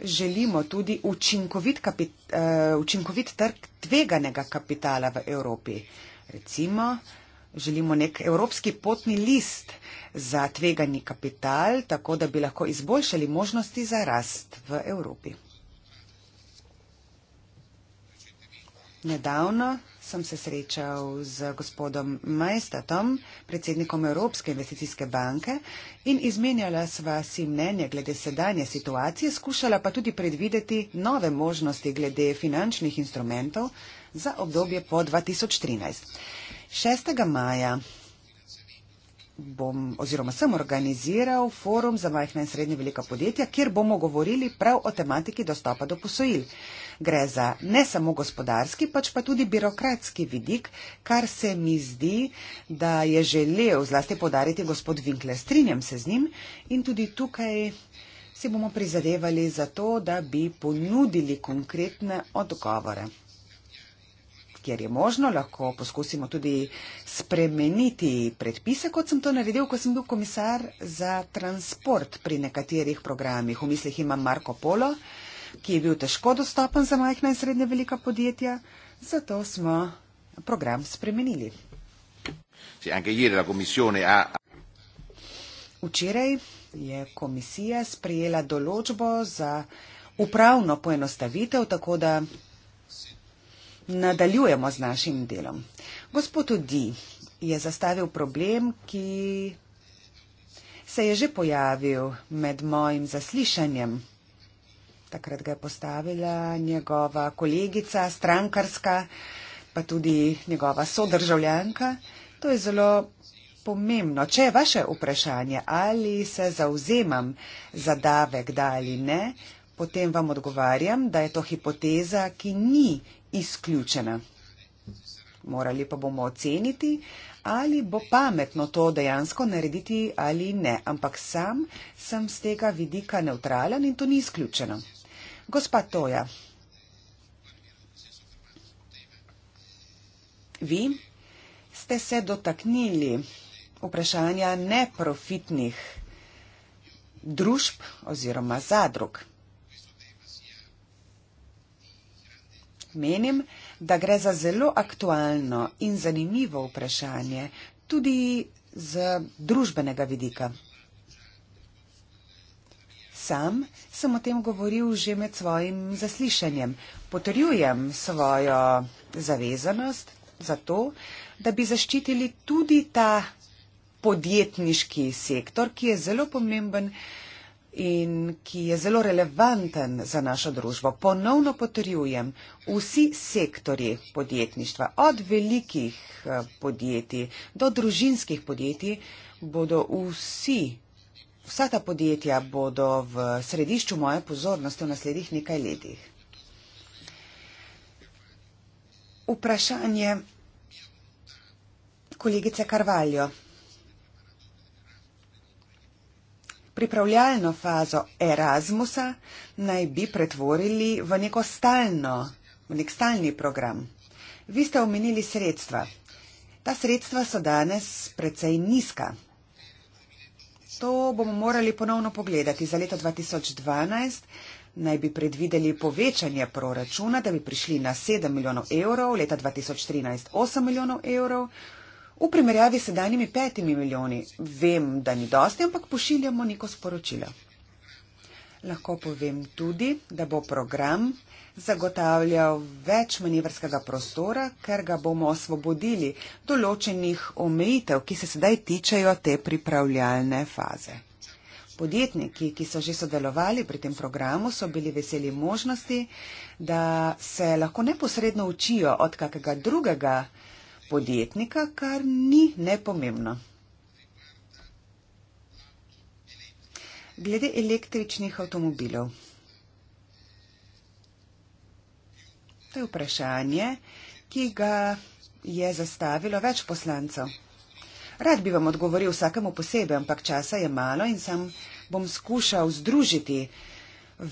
B: Želimo tudi učinkovit, kapit, uh, učinkovit trg tveganega kapitala v Evropi. Recimo, želimo nek evropski potni list za tvegani kapital, tako da bi lahko izboljšali možnosti za rast v Evropi. Nedavno sem se srečal z gospodom Majstatom, predsednikom Evropske investicijske banke, in izmenjala sva si mnenje glede sedanje situacije, skušala pa tudi predvideti nove možnosti glede finančnih instrumentov za obdobje po 2013. 6. maja bom oziroma sem organiziral forum za majhna in srednje velika podjetja, kjer bomo govorili prav o tematiki dostopa do posojil. Gre za ne samo gospodarski, pač pa tudi birokratski vidik, kar se mi zdi, da je želel zlasti podariti gospod Winkler. Strinjam se z njim in tudi tukaj si bomo prizadevali za to, da bi ponudili konkretne odgovore kjer je možno, lahko poskusimo tudi spremeniti predpise, kot sem to naredil, ko sem bil komisar za transport pri nekaterih programih. V mislih imam Marko Polo, ki je bil težko dostopen za majhna in srednja velika podjetja, zato smo program spremenili. Včeraj je komisija sprejela določbo za upravno poenostavitev, tako da nadaljujemo z našim delom. Gospod Udi je zastavil problem, ki se je že pojavil med mojim zaslišanjem. Takrat ga je postavila njegova kolegica, strankarska, pa tudi njegova sodržavljanka. To je zelo pomembno. Če je vaše vprašanje, ali se zauzemam za davek, da ali ne, potem vam odgovarjam, da je to hipoteza, ki ni izključena. Morali pa bomo oceniti, ali bo pametno to dejansko narediti ali ne. Ampak sam sem z tega vidika neutralen in to ni izključeno. Gospa Toja, vi ste se dotaknili vprašanja neprofitnih družb oziroma zadrug. menim, da gre za zelo aktualno in zanimivo vprašanje tudi z družbenega vidika. Sam sem o tem govoril že med svojim zaslišanjem. Potrjujem svojo zavezanost za to, da bi zaščitili tudi ta podjetniški sektor, ki je zelo pomemben in ki je zelo relevanten za našo družbo. Ponovno potrjujem, vsi sektori podjetništva, od velikih eh, podjetij do družinskih podjetij, bodo vsi, vsa ta podjetja bodo v središču moje pozornosti v naslednjih nekaj letih. Vprašanje kolegice Karvaljo. pripravljalno fazo Erasmusa naj bi pretvorili v, neko stalno, v nek stalni program. Vi ste omenili sredstva. Ta sredstva so danes precej nizka. To bomo morali ponovno pogledati. Za leto 2012 naj bi predvideli povečanje proračuna, da bi prišli na 7 milijonov evrov, leta 2013 8 milijonov evrov v primerjavi s sedanjimi petimi milijoni. Vem, da ni dosti, ampak pošiljamo neko sporočilo. Lahko povem tudi, da bo program zagotavljal več manevrskega prostora, ker ga bomo osvobodili določenih omejitev, ki se sedaj tičejo te pripravljalne faze. Podjetniki, ki so že sodelovali pri tem programu, so bili veseli možnosti, da se lahko neposredno učijo od kakega drugega podjetnika, kar ni nepomembno. Glede električnih avtomobilov. To je vprašanje, ki ga je zastavilo več poslancev. Rad bi vam odgovoril vsakemu posebej, ampak časa je malo in sem bom skušal združiti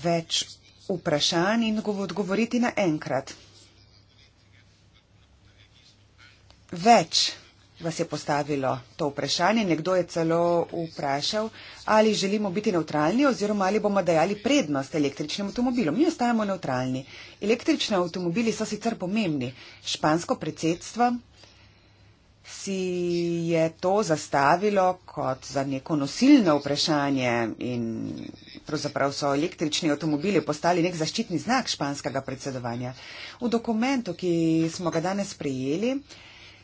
B: več vprašanj in odgovoriti naenkrat. več vas je postavilo to vprašanje. Nekdo je celo vprašal, ali želimo biti neutralni oziroma ali bomo dajali prednost električnim avtomobilom. Mi ostajamo neutralni. Električni avtomobili so sicer pomembni. Špansko predsedstvo si je to zastavilo kot za neko nosilno vprašanje in pravzaprav so električni avtomobili postali nek zaščitni znak španskega predsedovanja. V dokumentu, ki smo ga danes prijeli,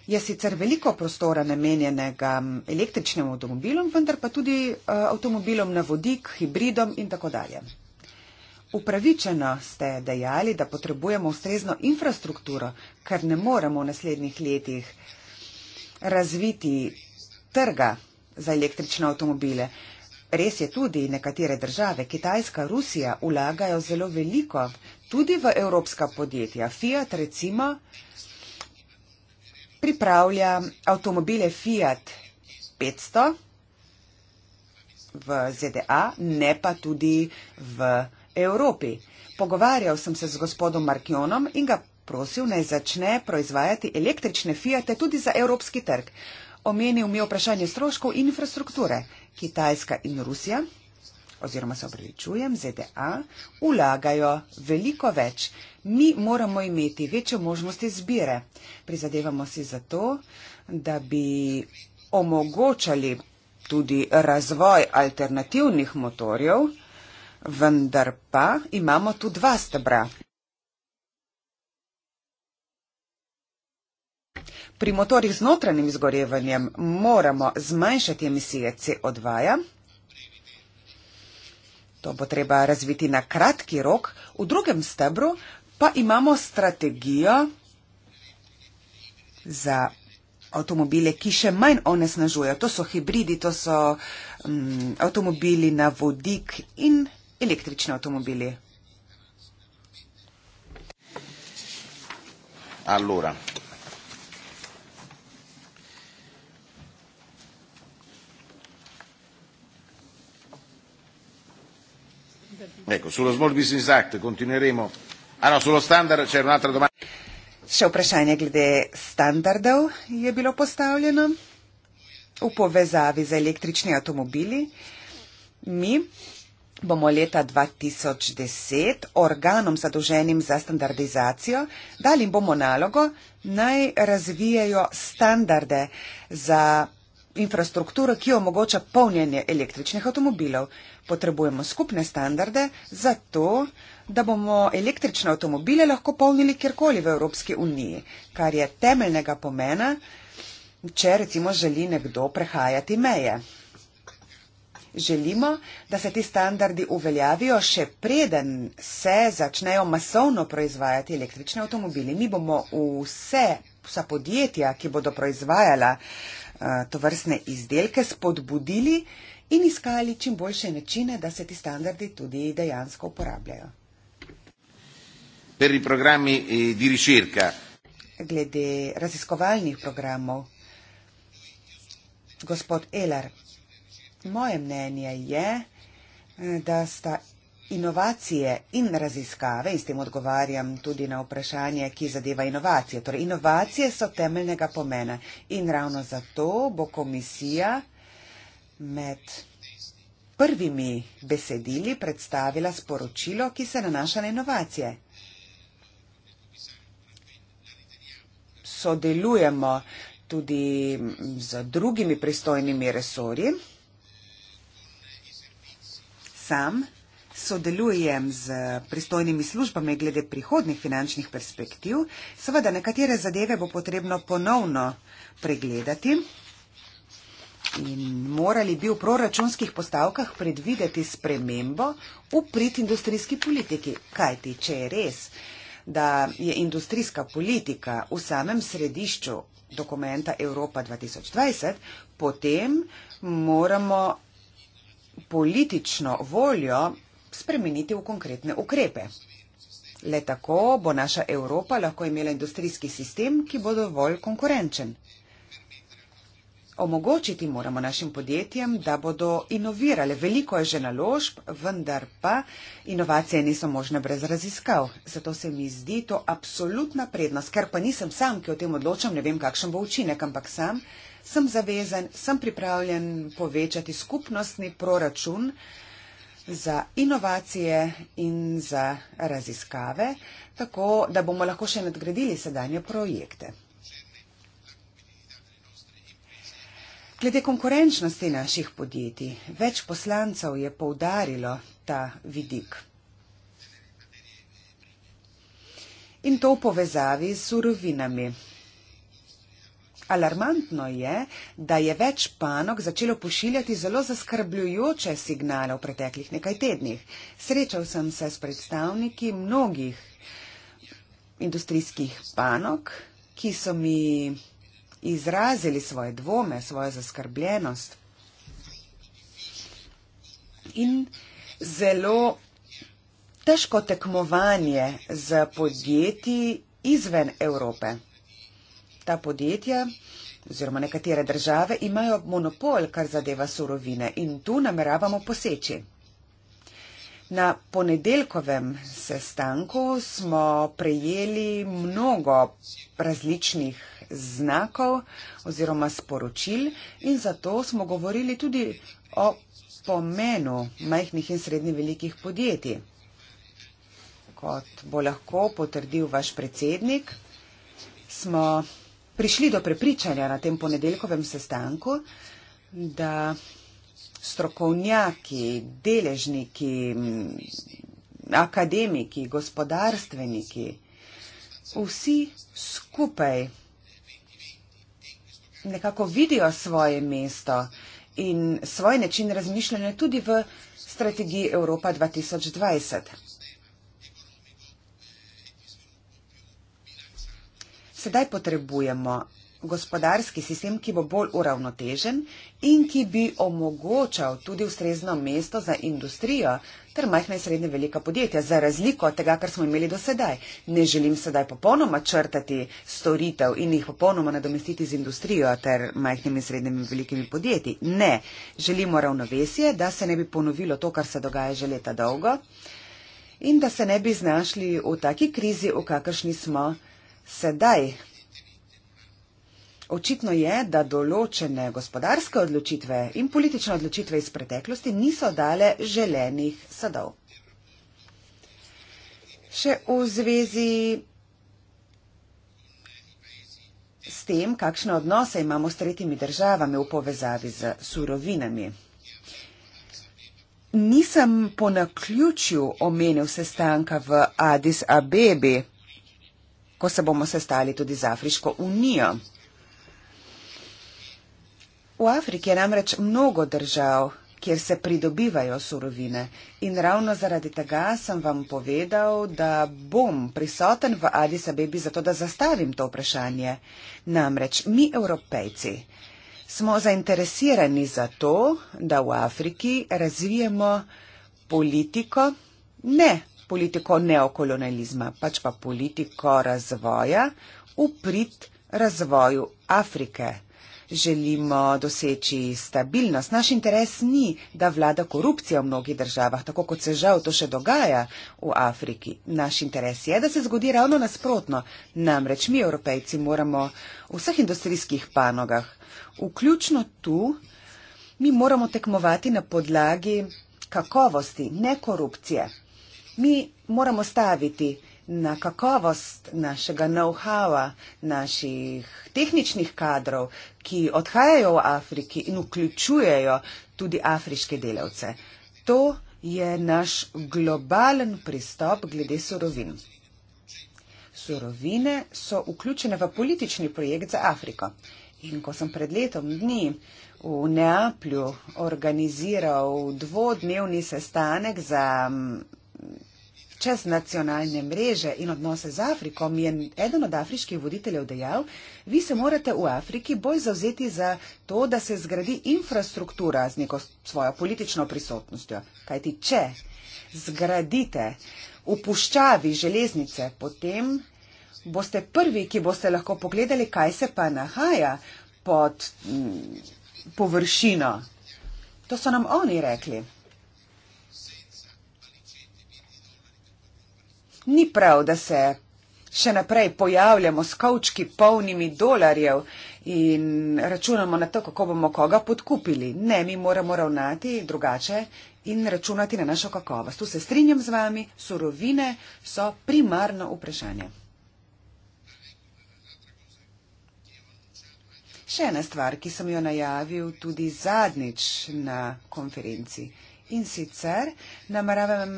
B: je sicer veliko prostora namenjenega električnim avtomobilom, vendar pa tudi uh, avtomobilom na vodik, hibridom in tako dalje. Upravičeno ste dejali, da potrebujemo ustrezno infrastrukturo, ker ne moremo v naslednjih letih razviti trga za električne avtomobile. Res je tudi nekatere države, Kitajska, Rusija, vlagajo zelo veliko, tudi v evropska podjetja. Fiat recimo pripravlja avtomobile Fiat 500 v ZDA, ne pa tudi v Evropi. Pogovarjal sem se z gospodom Markionom in ga prosil, naj začne proizvajati električne Fiate tudi za evropski trg. Omenil mi je vprašanje stroškov infrastrukture. Kitajska in Rusija, oziroma se opravičujem, ZDA, ulagajo veliko več Mi moramo imeti večjo možnost izbire. Prizadevamo si za to, da bi omogočali tudi razvoj alternativnih motorjev, vendar pa imamo tu dva stebra. Pri motorjih z notranjim izgorevanjem moramo zmanjšati emisije CO2. -ja. To bo treba razviti na kratki rok, v drugem stebru pa imamo strategijo za avtomobile, ki še manj onesnažujejo. To so hibridi, to so um, avtomobili na vodik in električni avtomobili.
A: Allora. Ecco, sullo Small Business Act continueremo Ah, no, sullo standard c'è un'altra domanda.
B: Še vprašanje glede standardov je bilo postavljeno v povezavi z električni avtomobili. Mi bomo leta 2010 organom zadolženim za standardizacijo dali bomo nalogo naj razvijajo standarde za infrastrukturo, ki omogoča polnjenje električnih avtomobilov. Potrebujemo skupne standarde, zato da bomo električne avtomobile lahko polnili kjerkoli v Evropski uniji, kar je temeljnega pomena, če recimo želi nekdo prehajati meje. Želimo, da se ti standardi uveljavijo še preden se začnejo masovno proizvajati električni avtomobili. Mi bomo vse, vsa podjetja, ki bodo proizvajala uh, eh, to vrstne izdelke, spodbudili in iskali čim boljše načine, da se ti standardi tudi dejansko uporabljajo
A: per i programmi eh, di ricerca.
B: Glede raziskovalnih programov, gospod Elar, moje mnenje je, eh, da sta inovacije in raziskave, in s tem odgovarjam tudi na vprašanje, ki zadeva inovacije. Torej, inovacije so temeljnega pomena in ravno zato bo komisija med prvimi besedili predstavila sporočilo, ki se nanaša na inovacije. sodelujemo tudi z drugimi pristojnimi resorji. Sam sodelujem z pristojnimi službami glede prihodnih finančnih perspektiv. Seveda, nekatere zadeve bo potrebno ponovno pregledati in morali bi v proračunskih postavkah predvideti spremembo v prid industrijski politiki. Kajti, če je res, da je industrijska politika v samem središču dokumenta Evropa 2020, potem moramo politično voljo spremeniti v konkretne ukrepe. Le tako bo naša Evropa lahko imela industrijski sistem, ki bo dovolj konkurenčen. Omogočiti moramo našim podjetjem, da bodo inovirale. Veliko je že naložb, vendar pa inovacije niso možne brez raziskav. Zato se mi zdi to absolutna prednost, ker pa nisem sam, ki o tem odločam, ne vem, kakšen bo učinek, ampak sam sem zavezen, sem pripravljen povečati skupnostni proračun za inovacije in za raziskave, tako da bomo lahko še nadgradili sedanje projekte. Glede konkurenčnosti naših podjetij, več poslancev je poudarilo ta vidik. In to v povezavi s surovinami. Alarmantno je, da je več panog začelo pošiljati zelo zaskrbljujoče signale v preteklih nekaj tednih. Srečal sem se s predstavniki mnogih industrijskih panog, ki so mi izrazili svoje dvome, svojo zaskrbljenost. In zelo težko tekmovanje z podjetji izven Evrope. Ta podjetja oziroma nekatere države imajo monopol, kar zadeva surovine in tu nameravamo poseči. Na ponedeljkovem sestanku smo prejeli mnogo različnih znakov oziroma sporočil in zato smo govorili tudi o pomenu majhnih in srednje velikih podjetij. Kot bo lahko potrdil vaš predsednik, smo prišli do prepričanja na tem ponedeljkovem sestanku, da strokovnjaki, deležniki, akademiki, gospodarstveniki, vsi skupaj nekako vidijo svoje mesto in svoj način razmišljanja tudi v strategiji Evropa 2020. Sedaj potrebujemo gospodarski sistem, ki bo bolj uravnotežen in ki bi omogočal tudi ustrezno mesto za industrijo ter majhna in srednje velika podjetja, za razliko od tega, kar smo imeli do sedaj. Ne želim sedaj popolnoma črtati storitev in jih popolnoma nadomestiti z industrijo ter majhnimi in srednjimi velikimi podjetji. Ne, želimo ravnovesje, da se ne bi ponovilo to, kar se dogaja že leta dolgo in da se ne bi znašli v taki krizi, v kakršni smo sedaj. Očitno je, da določene gospodarske odločitve in politične odločitve iz preteklosti niso dale želenih sadov. Še v zvezi s tem, kakšne odnose imamo s tretjimi državami v povezavi z surovinami. Nisem po naključju omenil sestanka v Addis Abebi, ko se bomo sestali tudi z Afriško unijo. V Afriki je namreč mnogo držav, kjer se pridobivajo surovine in ravno zaradi tega sem vam povedal, da bom prisoten v Adis Abebi zato, da zastavim to vprašanje. Namreč mi, evropejci, smo zainteresirani za to, da v Afriki razvijemo politiko, ne politiko neokolonializma, pač pa politiko razvoja v prid razvoju Afrike želimo doseči stabilnost. Naš interes ni, da vlada korupcija v mnogih državah, tako kot se žal to še dogaja v Afriki. Naš interes je, da se zgodi ravno nasprotno. Namreč mi, evropejci, moramo v vseh industrijskih panogah, vključno tu, mi moramo tekmovati na podlagi kakovosti, ne korupcije. Mi moramo staviti na kakovost našega know-howa, naših tehničnih kadrov, ki odhajajo v Afriki in vključujejo tudi afriške delavce. To je naš globalen pristop glede surovin. Surovine so vključene v politični projekt za Afriko. In ko sem pred letom dni v Neaplju organiziral dvodnevni sestanek za Čez nacionalne mreže in odnose z Afriko mi je eden od afriških voditeljev dejal, vi se morate v Afriki bolj zauzeti za to, da se zgradi infrastruktura z neko svojo politično prisotnostjo. Kaj ti če zgradite v puščavi železnice, potem boste prvi, ki boste lahko pogledali, kaj se pa nahaja pod mm, površino. To so nam oni rekli. Ni prav, da se še naprej pojavljamo s kavčki polnimi dolarjev in računamo na to, kako bomo koga podkupili. Ne, mi moramo ravnati drugače in računati na našo kakovost. Tu se strinjam z vami, surovine so primarno vprašanje. Še ena stvar, ki sem jo najavil tudi zadnjič na konferenci. In sicer nameravam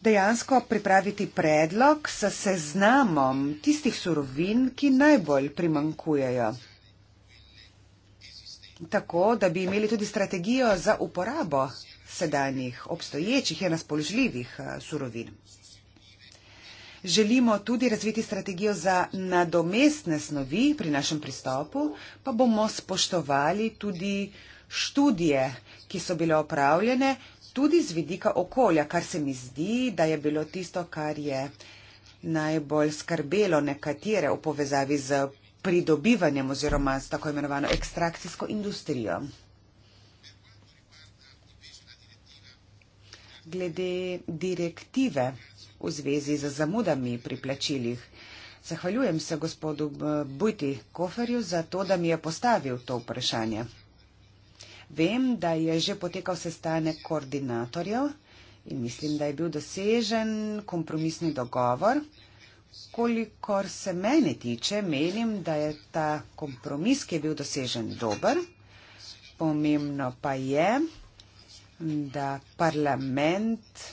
B: dejansko pripraviti predlog s seznamom tistih surovin, ki najbolj primankujejo. Tako, da bi imeli tudi strategijo za uporabo sedanjih obstoječih in razpoložljivih eh, surovin. Želimo tudi razviti strategijo za nadomestne snovi pri našem pristopu, pa bomo spoštovali tudi študije, ki so bile opravljene tudi z vidika okolja, kar se mi zdi, da je bilo tisto, kar je najbolj skrbelo nekatere v povezavi z pridobivanjem oziroma s tako imenovano ekstrakcijsko industrijo. Glede direktive v zvezi z zamudami pri plačilih. Zahvaljujem se gospodu Bujti Koferju za to, da mi je postavil to vprašanje. Vem, da je že potekal sestanek koordinatorjev in mislim, da je bil dosežen kompromisni dogovor. Kolikor se mene tiče, menim, da je ta kompromis, ki je bil dosežen, dober. Pomembno pa je, da parlament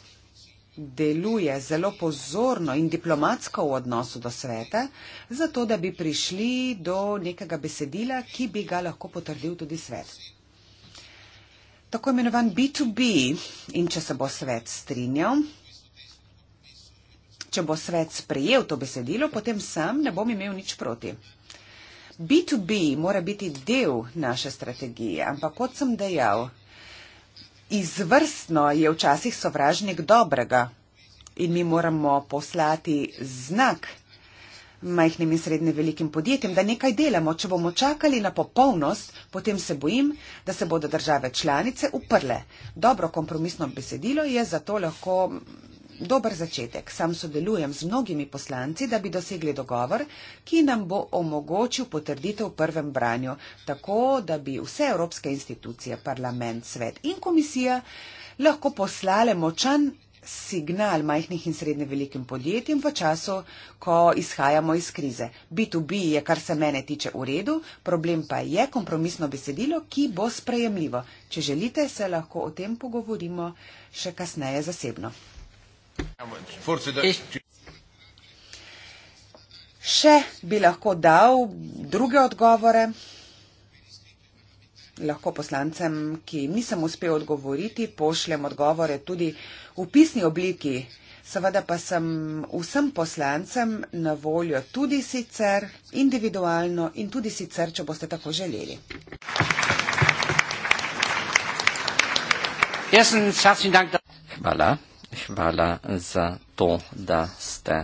B: deluje zelo pozorno in diplomatsko v odnosu do sveta, zato da bi prišli do nekega besedila, ki bi ga lahko potrdil tudi svet tako imenovan B2B in če se bo svet strinjal, če bo svet sprejel to besedilo, potem sam ne bom imel nič proti. B2B mora biti del naše strategije, ampak kot sem dejal, izvrstno je včasih sovražnik dobrega in mi moramo poslati znak majhnim in srednje velikim podjetjem, da nekaj delamo. Če bomo čakali na popolnost, potem se bojim, da se bodo države članice uprle. Dobro kompromisno besedilo je zato lahko. Mm, dober začetek. Sam sodelujem z mnogimi poslanci, da bi dosegli dogovor, ki nam bo omogočil potrditev v prvem branju, tako da bi vse evropske institucije, parlament, svet in komisija lahko poslale močan signal majhnih in srednje velikim podjetjem v času, ko izhajamo iz krize. B2B je, kar se mene tiče, v redu, problem pa je kompromisno besedilo, ki bo sprejemljivo. Če želite, se lahko o tem pogovorimo še kasneje zasebno. Še bi lahko dal druge odgovore lahko poslancem, ki jim nisem uspel odgovoriti, pošljem odgovore tudi v pisni obliki. Seveda pa sem vsem poslancem na voljo tudi sicer individualno in tudi sicer, če boste tako želeli.
A: Hvala, hvala za to, da ste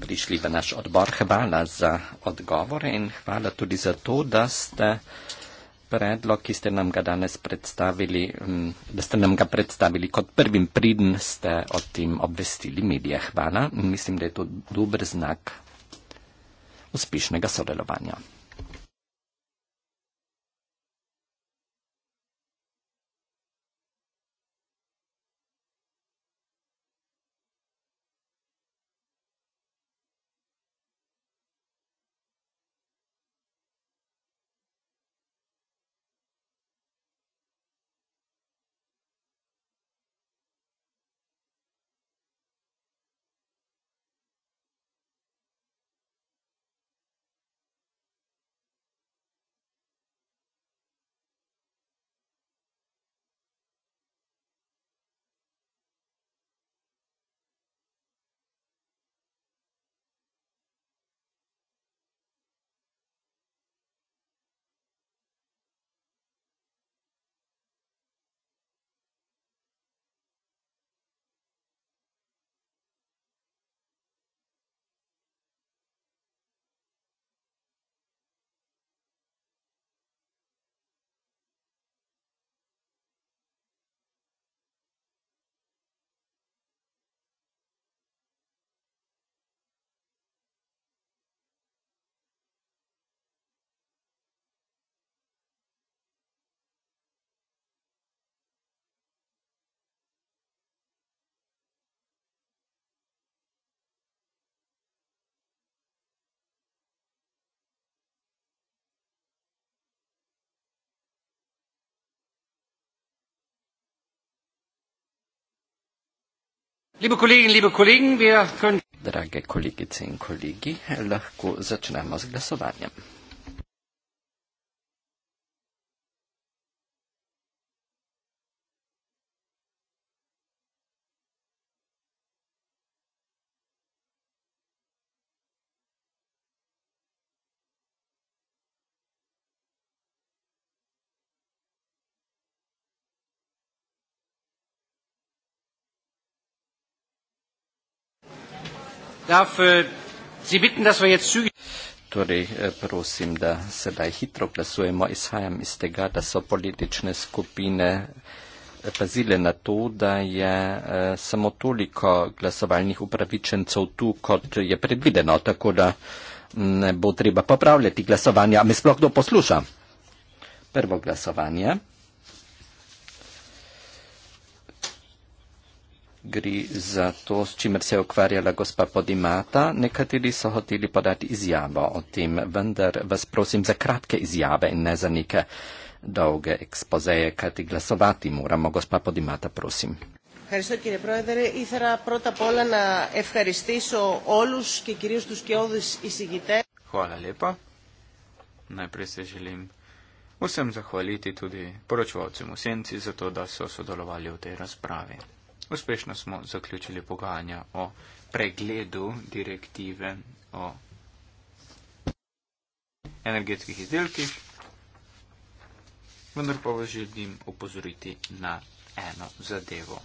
A: prišli v naš odbor. Hvala za odgovore in hvala tudi za to, da ste predlog, ki ste nam ga danes predstavili, mm, da ste nam ga predstavili kot prvim pridn, ste o tem obvestili medije. Hvala. Mislim, da je to dober znak uspešnega sodelovanja. Liebe Kolleginnen, liebe Kollegen, wir können. Drage kolegice in kolegi, lahko začnemo z glasovanjem. darf äh, Sie bitten, dass wir jetzt zügig. Torej, äh, prosim, da sedaj hitro glasujemo. Izhajam iz tega, da so politične skupine äh, pazile na to, da je samo toliko glasovalnih upravičencev tu, kot je predvideno, tako da ne bo treba popravljati glasovanja. Me sploh kdo posluša? Prvo glasovanje. gre za to, s čimer se je ukvarjala gospa Podimata. Nekateri so hoteli podati izjavo o tem, vendar vas prosim za kratke izjave in ne za neke dolge ekspozeje, kajti glasovati moramo. Gospa Podimata, prosim.
B: Ευχαριστώ κύριε Πρόεδρε. Ήθελα πρώτα απ' όλα να ευχαριστήσω όλους και κυρίως τους κοιόδους εισηγητές.
A: Χωρά λίπα. Να πρέσεις
C: Ουσέμ ζαχωλίτη του δι προτσουότσι μου σύντσι, ζωτώ δασό σου δολοβάλιο τέρας πράβει. Uspešno smo zaključili pogajanja o pregledu direktive o energetskih izdelkih, vendar pa vas želim opozoriti na eno zadevo.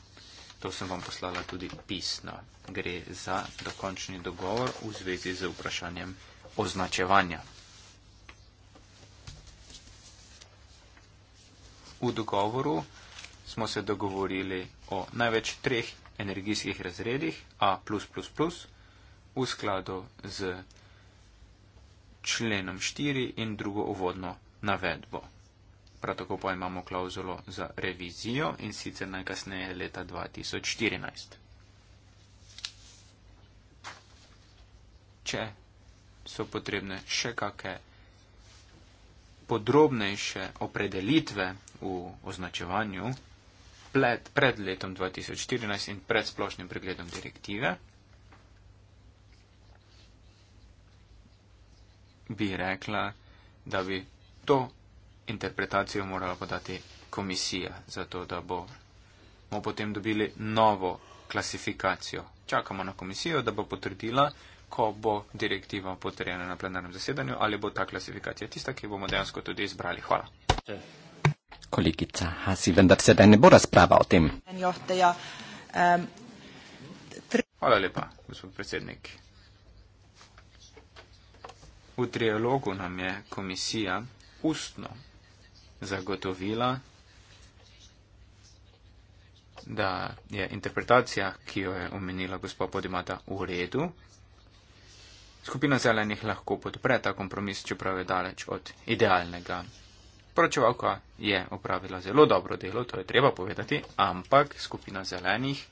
C: To sem vam poslala tudi pisno. Gre za dokončni dogovor v zvezi z vprašanjem označevanja. V dogovoru smo se dogovorili o največ treh energijskih razredih A++ v skladu z členom 4 in drugo uvodno navedbo. Prav tako pa imamo klauzulo za revizijo in sicer najkasneje leta 2014. Če so potrebne še kakšne podrobnejše opredelitve v označevanju pred, pred letom 2014 in pred splošnim pregledom direktive, bi rekla, da bi to interpretacijo morala podati komisija, zato da bo, bomo potem dobili novo klasifikacijo. Čakamo na komisijo, da bo potrdila, ko bo direktiva potrjena na plenarnem zasedanju, ali bo ta klasifikacija tista, ki bomo dejansko tudi izbrali. Hvala. Yeah
A: kolegica Hasi, vendar sedaj ne bo razprava o tem.
B: Ja,
C: Hvala lepa, gospod predsednik. V trialogu nam je komisija ustno zagotovila, da je interpretacija, ki jo je omenila gospod Podimata, v redu. Skupina zelenih lahko podpre ta kompromis, čeprav je daleč od idealnega. Poročevalka je opravila zelo dobro delo, to je treba povedati, ampak skupina zelenih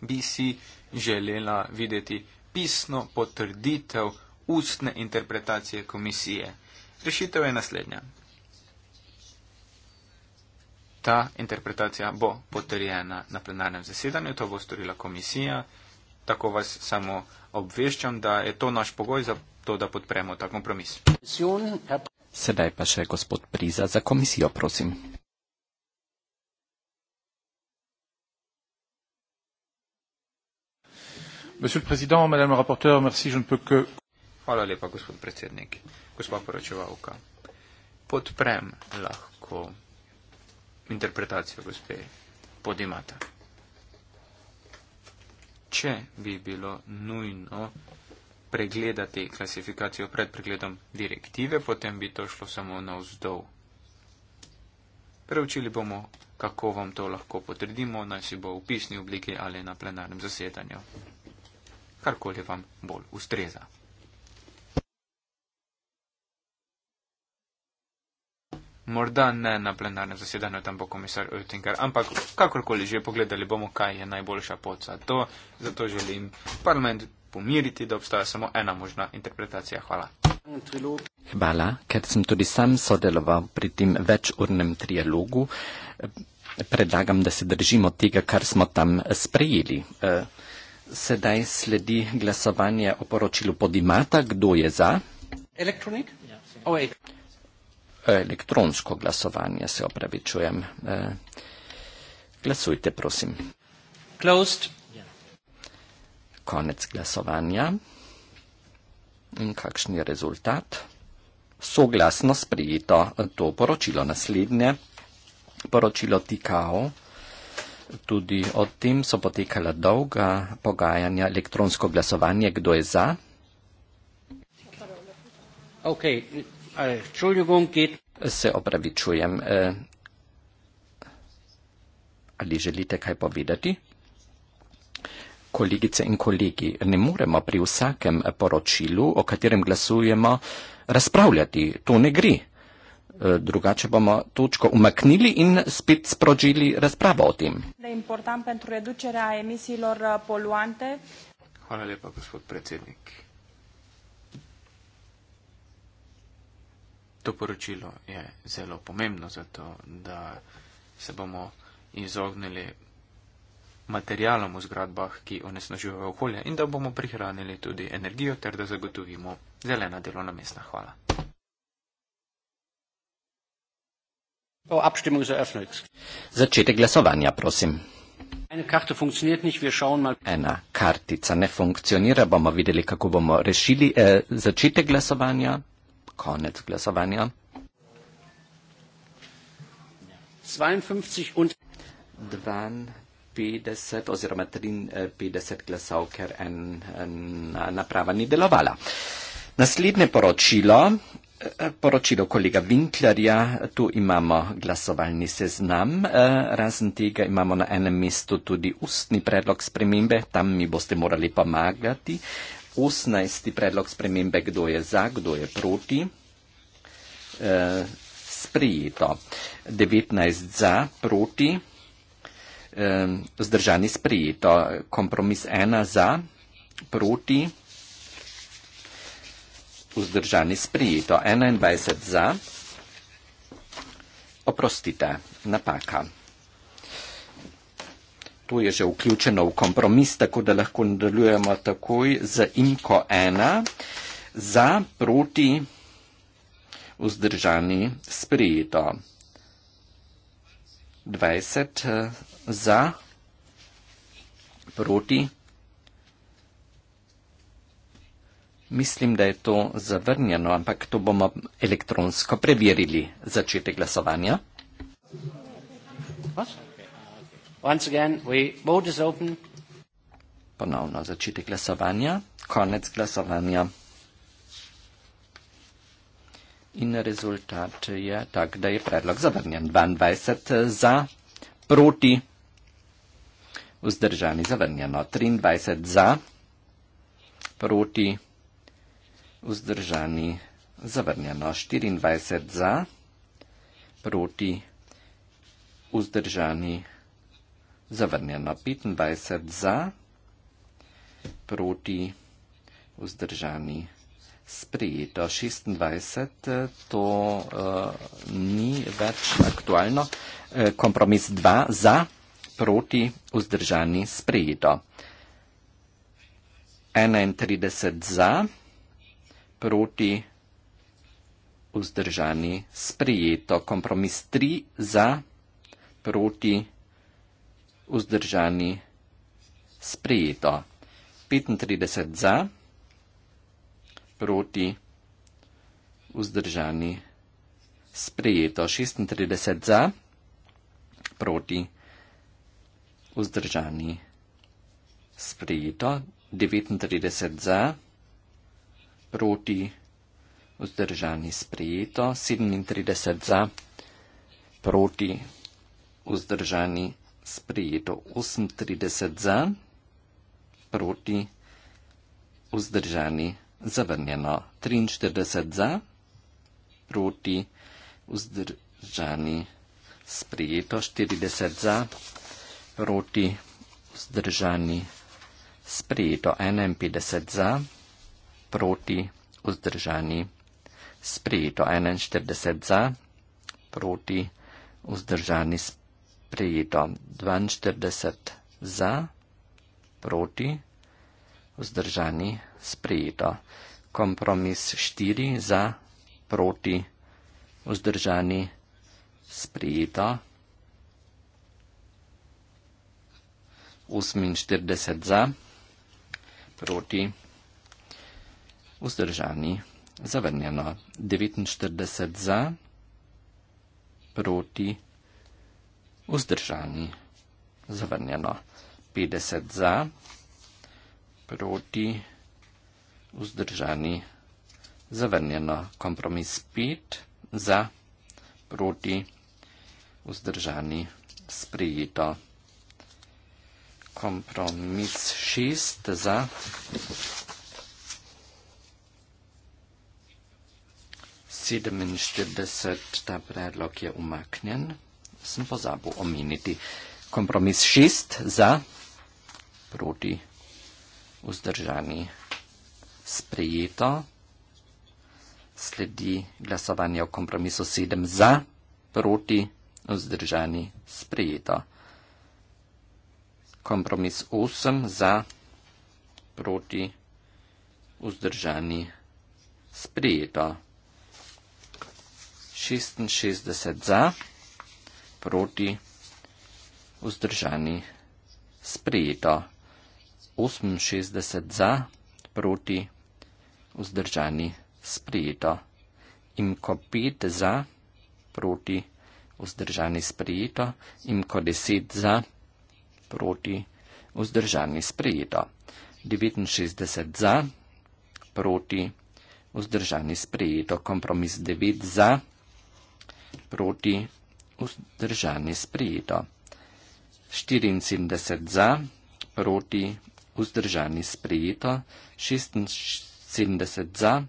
C: bi si želela videti pisno potrditev ustne interpretacije komisije. Rešitev je naslednja. Ta interpretacija bo potrjena na plenarnem zasedanju, to bo storila komisija. Tako vas samo obveščam, da je to naš pogoj za to, da podpremo ta kompromis.
A: Sedaj pa še gospod Priza za komisijo, prosim.
C: Hvala lepa, gospod predsednik, gospa poročevalka. Podprem lahko interpretacijo gospe Podimata. Če bi bilo nujno pregledati klasifikacijo pred pregledom direktive, potem bi to šlo samo navzdol. Preučili bomo, kako vam to lahko potrdimo, naj si bo v pisni obliki ali na plenarnem zasedanju. Karkoli vam bolj ustreza. Morda ne na plenarnem zasedanju, tam bo komisar Oettinger, ampak kakorkoli že pogledali bomo, kaj je najboljša pot za to. Zato želim parlament pomiriti, da obstaja samo ena možna interpretacija. Hvala.
A: Hvala, ker sem tudi sam sodeloval pri tem večurnem trialogu. Predlagam, da se držimo tega, kar smo tam sprejeli. E, sedaj sledi glasovanje o poročilu podimata. Kdo je za? Elektronik? Ja, e, elektronsko glasovanje, se opravičujem. E, glasujte, prosim. Closed konec glasovanja. In kakšen je rezultat? Soglasno sprejeto to poročilo. Naslednje poročilo TKO. Tudi o tem so potekala dolga pogajanja, elektronsko glasovanje, kdo je za. Okay. Eh, Se opravičujem. Eh, ali želite kaj povedati? kolegice in kolegi, ne moremo pri vsakem poročilu, o katerem glasujemo, razpravljati. To ne gre. Eh, drugače bomo točko umaknili in spet sprožili razpravo o tem. Eh, Hvala lepa,
C: gospod predsednik. To poročilo je zelo pomembno, zato da se bomo izognili materialom v zgradbah, ki onesnažujejo okolje in da bomo prihranili tudi energijo ter da zagotovimo zelena delovna mesta. Hvala.
A: Začetek glasovanja, prosim. Ena kartica ne funkcionira, bomo videli, kako bomo rešili eh, začetek glasovanja, konec glasovanja. 52 und 50 oziroma 53 glasov, ker en, en naprava ni delovala. Naslednje poročilo, eh, poročilo kolega Winklerja, tu imamo glasovalni seznam, eh, razen tega imamo na enem mestu tudi ustni predlog spremembe, tam mi boste morali pomagati. 18. predlog spremembe, kdo je za, kdo je proti. E, eh, sprijeto. 19 za, proti vzdržani sprejeto. Kompromis ena za, proti, vzdržani sprejeto. 21 za, oprostite, napaka. To je že vključeno v kompromis, tako da lahko nadaljujemo takoj z imko ena za, proti, vzdržani sprejeto. 20 za, proti, mislim, da je to zavrnjeno, ampak to bomo elektronsko preverili začetek glasovanja. Ponovno začetek glasovanja, konec glasovanja. In rezultat je tak, da je predlog zavrnjen. 22 za, proti vzdržani, zavrnjeno 23 za, proti vzdržani, zavrnjeno 24 za, proti vzdržani, zavrnjeno 25 za, proti vzdržani. Sprejeto 26, to uh, ni več aktualno. Eh, kompromis 2 za proti vzdržani sprejeto. 31 za, proti vzdržani sprejeto. Kompromis 3 za, proti vzdržani sprejeto. 35 za, proti vzdržani sprejeto. 36 za, proti vzdržani sprejeto vzdržani. Sprejeto 39 za, proti vzdržani sprejeto 37 za, proti vzdržani sprejeto 38 za, proti vzdržani zavrnjeno 43 za, proti vzdržani sprejeto 40 za proti vzdržani. Sprejeto 51 za, proti vzdržani. Sprejeto 41 za, proti vzdržani. Sprejeto 42 za, proti vzdržani. Sprejeto kompromis 4 za, proti vzdržani. Sprejeto 48 za, proti, vzdržani, zavrnjeno. 49 za, proti, vzdržani, zavrnjeno. 50 za, proti, vzdržani, zavrnjeno. Kompromis 5 za, proti, vzdržani, sprejeto. Kompromiss schießt, za. Sedeminštirideset, ta predlog je umaknjen, sem pozabil omeniti. Kompromis šest za, proti, vzdržani, sprejeto. Sledi glasovanje o kompromisu sedem za, proti, vzdržani, sprejeto kompromis 8 za, proti, vzdržani, sprijeto. 66 za, proti, vzdržani, sprijeto. 68 za, proti, vzdržani, sprijeto. In ko 5 za, proti, vzdržani, sprijeto. In ko 10 za, proti, vzdržani, sprijeto proti vzdržani sprejeto. 69 za, proti vzdržani sprejeto. Kompromis 9 za, proti vzdržani sprejeto. 74 za, proti vzdržani sprejeto. 76 za,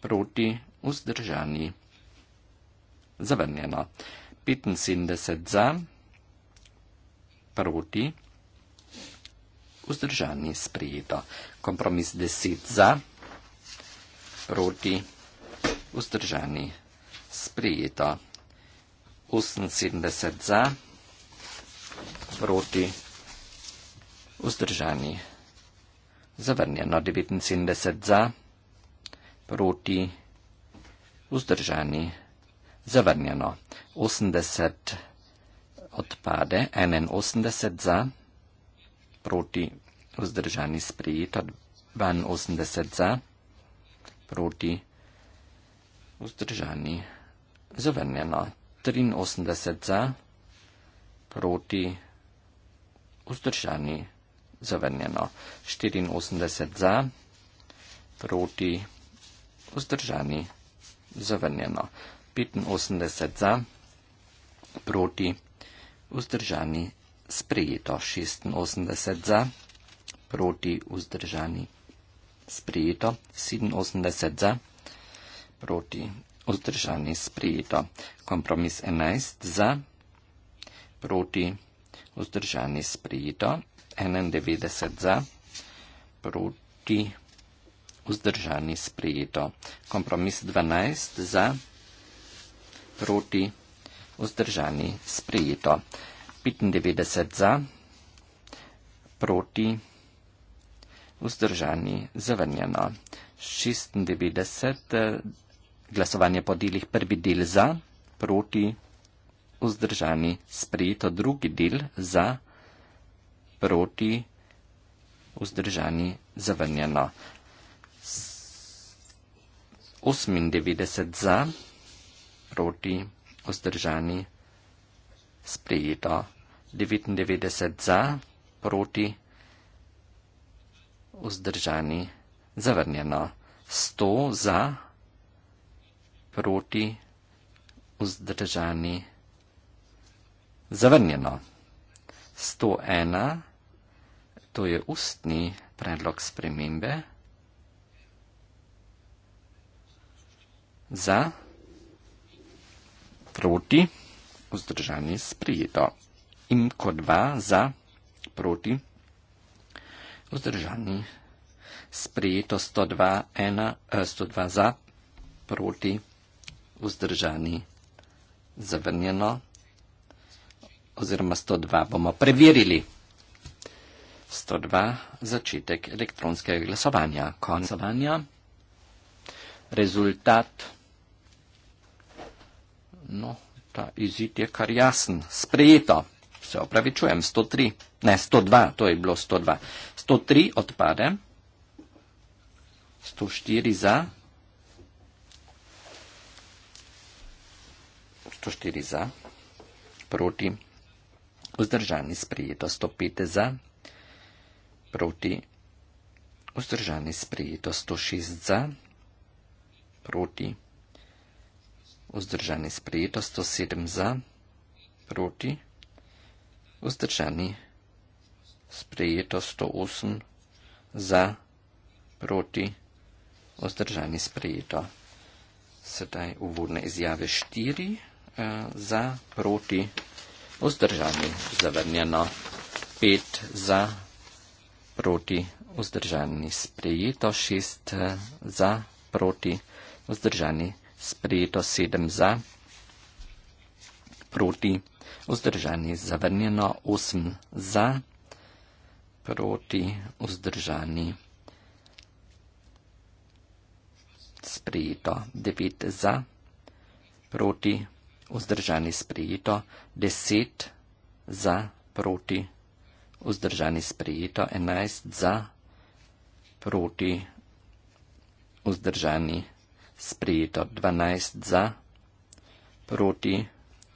A: proti vzdržani zavrnjeno. 75 za, proti vzdržani sprejeto proti, vzdržani sprejeto. Kompromis 10 za, proti, vzdržani sprejeto. 78 za, proti, vzdržani zavrnjeno. 79 za, proti, vzdržani zavrnjeno. 80 za odpade 81 za, proti vzdržani sprejeta 82 za, proti vzdržani zavrnjeno 83 za, proti vzdržani zavrnjeno 84 za, proti vzdržani zavrnjeno 85 za, proti vzdržani sprejeto 86 za, proti vzdržani sprejeto 87 za, proti vzdržani sprejeto kompromis 11 za, proti vzdržani sprejeto 91 za, proti vzdržani sprejeto kompromis 12 za, proti vzdržani sprejeto vzdržani sprejeto. 95 za, proti, vzdržani zavrnjeno. 96 glasovanje po delih prvi del za, proti, vzdržani sprejeto. Drugi del za, proti, vzdržani zavrnjeno. 98 za, proti, vzdržani zavrnjeno vzdržani, sprejeto 99 za, proti, vzdržani, zavrnjeno 100 za, proti, vzdržani, zavrnjeno 101, to je ustni predlog spremembe. 在。proti, vzdržani, sprijeto. In kot dva, za, proti, vzdržani, sprijeto, 102, ena, eh, 102 za, proti, vzdržani, zavrnjeno, oziroma 102 bomo preverili. 102, začetek elektronskega glasovanja. Konec glasovanja. Rezultat. No, ta izid je kar jasen. Sprejeto. Se opravičujem, 103. Ne, 102, to je bilo 102. 103 odpade. 104 za. 104 za. Proti. Vzdržani sprejeto. 105 za. Proti. Vzdržani sprejeto. 106 za. Proti vzdržani sprejeto 107 za, proti, vzdržani sprejeto 108 za, proti, vzdržani sprejeto. Sedaj uvodne izjave 4 eh, za, proti, vzdržani zavrnjeno 5 za, proti, vzdržani sprejeto 6 eh, za, proti, vzdržani sprejeto sprejeto sedem za, proti vzdržani zavrnjeno osem za, proti vzdržani sprejeto devet za, proti vzdržani sprejeto deset za, proti vzdržani sprejeto enajst za, proti vzdržani sprejeto sprejeto 12 za, proti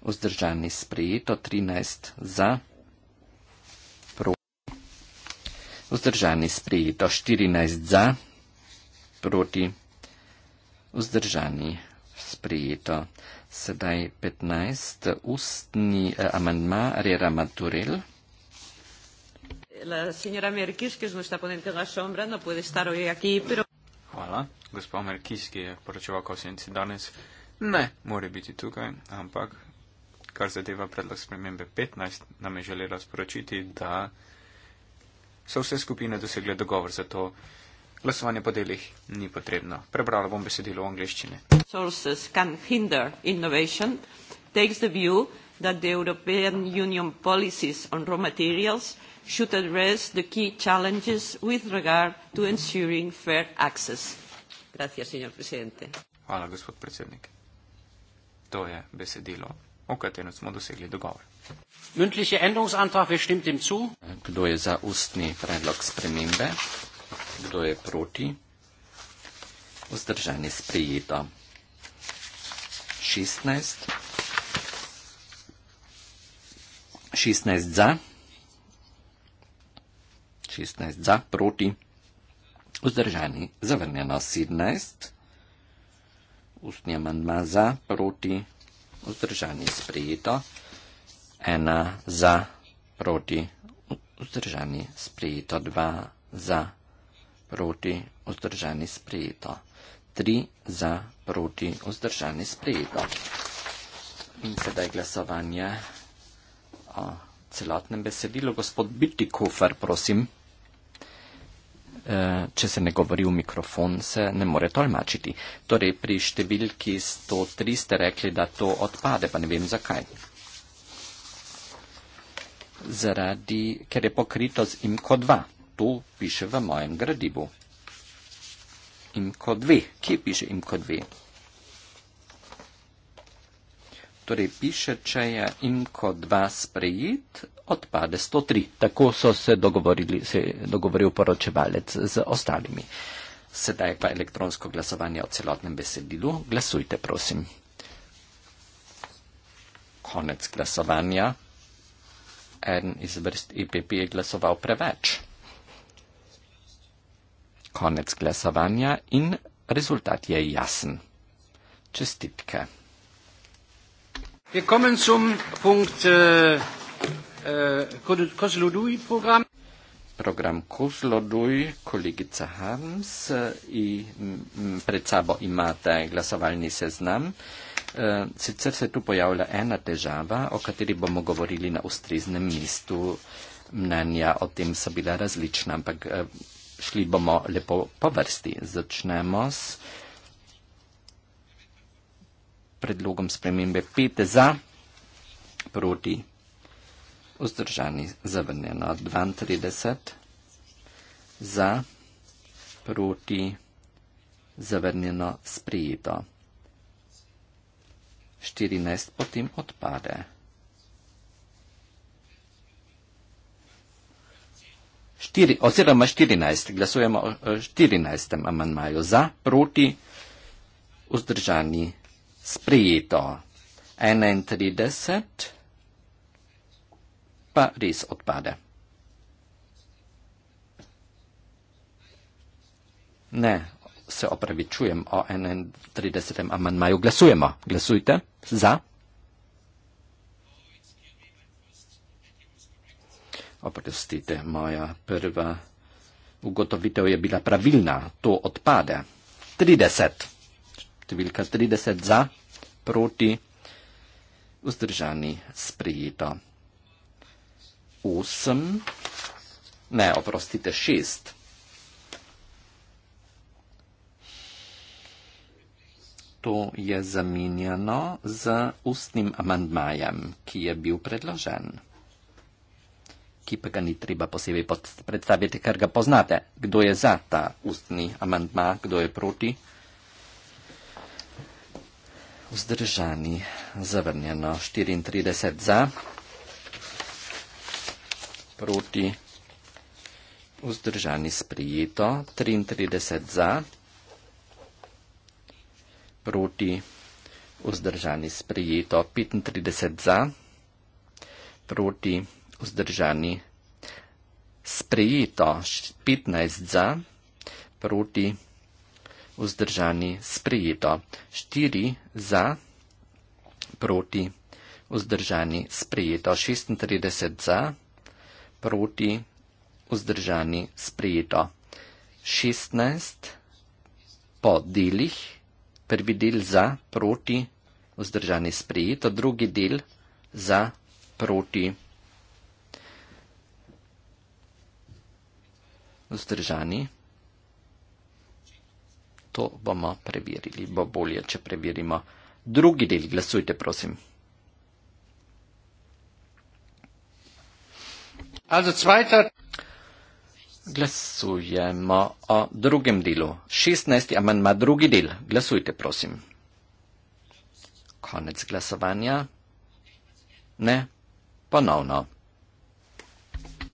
A: vzdržani sprejeto 13 za, proti vzdržani sprejeto 14 za, proti vzdržani sprejeto. Sedaj 15 ustni eh, amandma Rera Maturel. La señora Merkis, que es nuestra ponente de la sombra, no puede estar hoy aquí, pero.
C: Hvala, gospod Merkis, ki je poročeval kosenci danes. Ne, mora biti tukaj, ampak kar zadeva predlog spremembe 15, nam je želela sporočiti, da so vse skupine dosegle dogovor za to. Glasovanje po delih ni potrebno. Prebrala bom besedilo v angliščini.
A: Sources can hinder innovation takes the view that the European Union policies on raw materials should address the key challenges with regard to ensuring fair access. Gracias, señor presidente.
C: Hvala, gospod predsednik. To je besedilo, o katerem smo dosegli dogovor.
A: Mündliche Änderungsantrag, wer stimmt dem zu? Kdo je za ustni predlog spremembe? Kdo je proti? Vzdržan je sprejeto. 16. 16 za. 16 za, proti, vzdržani, zavrnjeno 17, ustni amandma za, proti, vzdržani, sprejeto, ena za, proti, vzdržani, sprejeto, dva za, proti, vzdržani, sprejeto, tri za, proti, vzdržani, sprejeto. In sedaj glasovanje o celotnem besedilu. Gospod Bitikofer, prosim. Eh, če se ne govori v mikrofon, se ne more tolmačiti. Torej, pri številki 103 ste rekli, da to odpade, pa ne vem zakaj. Zaradi, ker je pokrito z imko 2. To piše v mojem gradibu. Imko 2. Kje piše imko 2? Torej, piše, če je imko 2 sprejet, odpade 103. Tako so se dogovorili, se je dogovoril poročevalec z ostalimi. Sedaj pa elektronsko glasovanje o celotnem besedilu. Glasujte, prosim. Konec glasovanja. En iz vrst EPP je glasoval preveč. Konec glasovanja in rezultat je jasen. Čestitke. Wir kommen zum Punkt äh, Eh, kozloduj program. Program Kozloduj, kolegica Harms, eh, i pred sabo imate glasovalni seznam. Eh, sicer se tu pojavlja ena težava, o kateri bomo govorili na ustriznem mestu. Mnenja o tem so bila različna, ampak šli bomo lepo po vrsti. Začnemo s predlogom spremembe 5 za proti vzdržani, zavrnjeno 32, za, proti, zavrnjeno, sprijeto. 14 potem odpade. Štiri, oziroma 14, glasujemo o 14. amandmaju za, proti, vzdržani, sprijeto. 31 pa res odpade. Ne, se opravičujem o 31. amandmaju. Glasujemo. Glasujte za. Oprostite, moja prva ugotovitev je bila pravilna. To odpade. 30. Številka 30 za, proti, vzdržani, sprejeto. 8, ne, oprostite, 6. To je zamenjano z ustnim amandmajem, ki je bil predložen, ki pa ga ni treba posebej predstaviti, ker ga poznate. Kdo je za ta ustni amandma, kdo je proti? Vzdržani, zavrnjeno, 34 za proti, vzdržani sprijeto, 33 za, proti, vzdržani sprijeto, 35 za, proti, vzdržani sprijeto, 15 za, proti, vzdržani sprijeto, 4 za, proti, vzdržani sprijeto, 36 za, proti, proti, vzdržani, sprejeto. 16 po delih, prvi del za, proti, vzdržani, sprejeto, drugi del za, proti, vzdržani. To bomo preverili, bo bolje, če preverimo drugi del. Glasujte, prosim. Also zweiter Glasujemo o drugem delu. 16. amandma, drugi del. Glasujte, prosim. Konec glasovanja. Ne. Ponovno.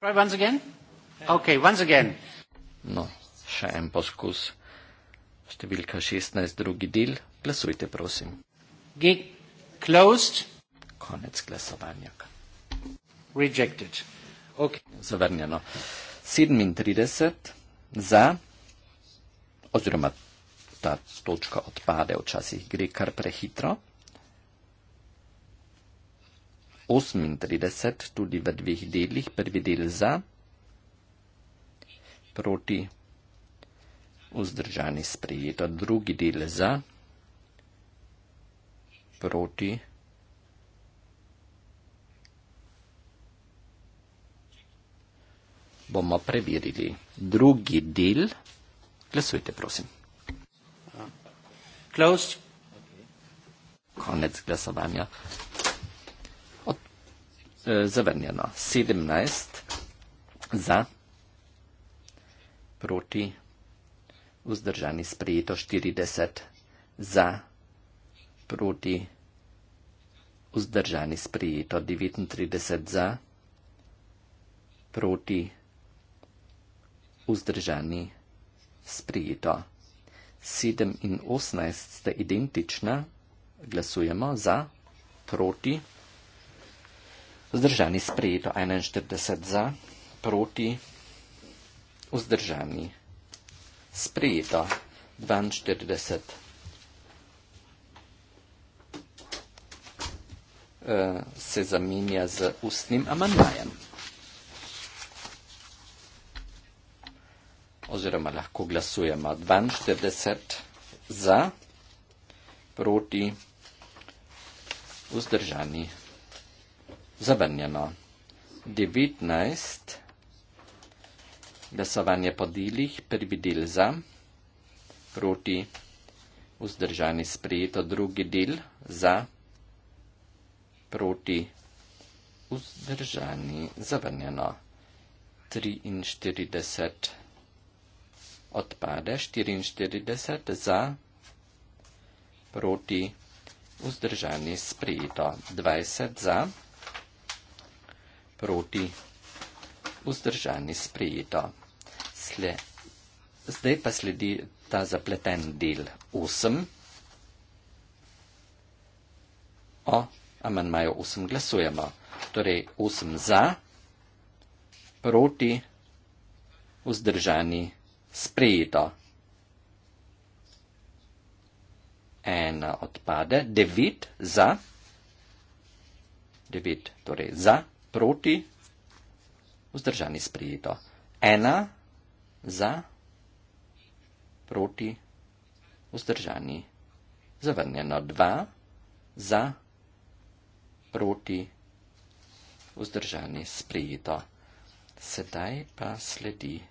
A: Try once again? Okay, once again. No, še en poskus. Številka 16, drugi del. Glasujte, prosim. Ge closed. Konec glasovanja. Rejected. Ok, zavrnjeno. 37 za, oziroma ta točka odpade, včasih gre kar prehitro. 38 tudi v dveh delih, prvi del za, proti, vzdržani sprejeto, drugi del za, proti, vzdržani sprejeto. bomo preverili. Drugi del. Glasujte, prosim. Closed. Konec glasovanja. Od, eh, zavrnjeno. 17 za, proti, vzdržani sprejeto 40 za, proti, vzdržani sprejeto 39 za, proti, vzdržani, sprijeto. 7 in 18 sta identična, glasujemo za, proti, vzdržani, sprijeto. 41 za, proti, vzdržani, sprijeto. 42 eh, se zamenja z ustnim amandajem. oziroma lahko glasujemo 42 za, proti, vzdržani, zavrnjeno. 19 glasovanje po delih, prvi del za, proti, vzdržani, sprejeto, drugi del za, proti, vzdržani, zavrnjeno. 43 za odpade 44 za, proti vzdržani sprejeto 20 za, proti vzdržani sprejeto. Sle, zdaj pa sledi ta zapleten del 8. O amenmaju 8 glasujemo. Torej 8 za, proti vzdržani sprejeto sprejeto. En odpade, devet za, devet torej za, proti, vzdržani sprejeto. Ena za, proti, vzdržani zavrnjeno. Dva za, proti, vzdržani sprejeto. Sedaj pa sledi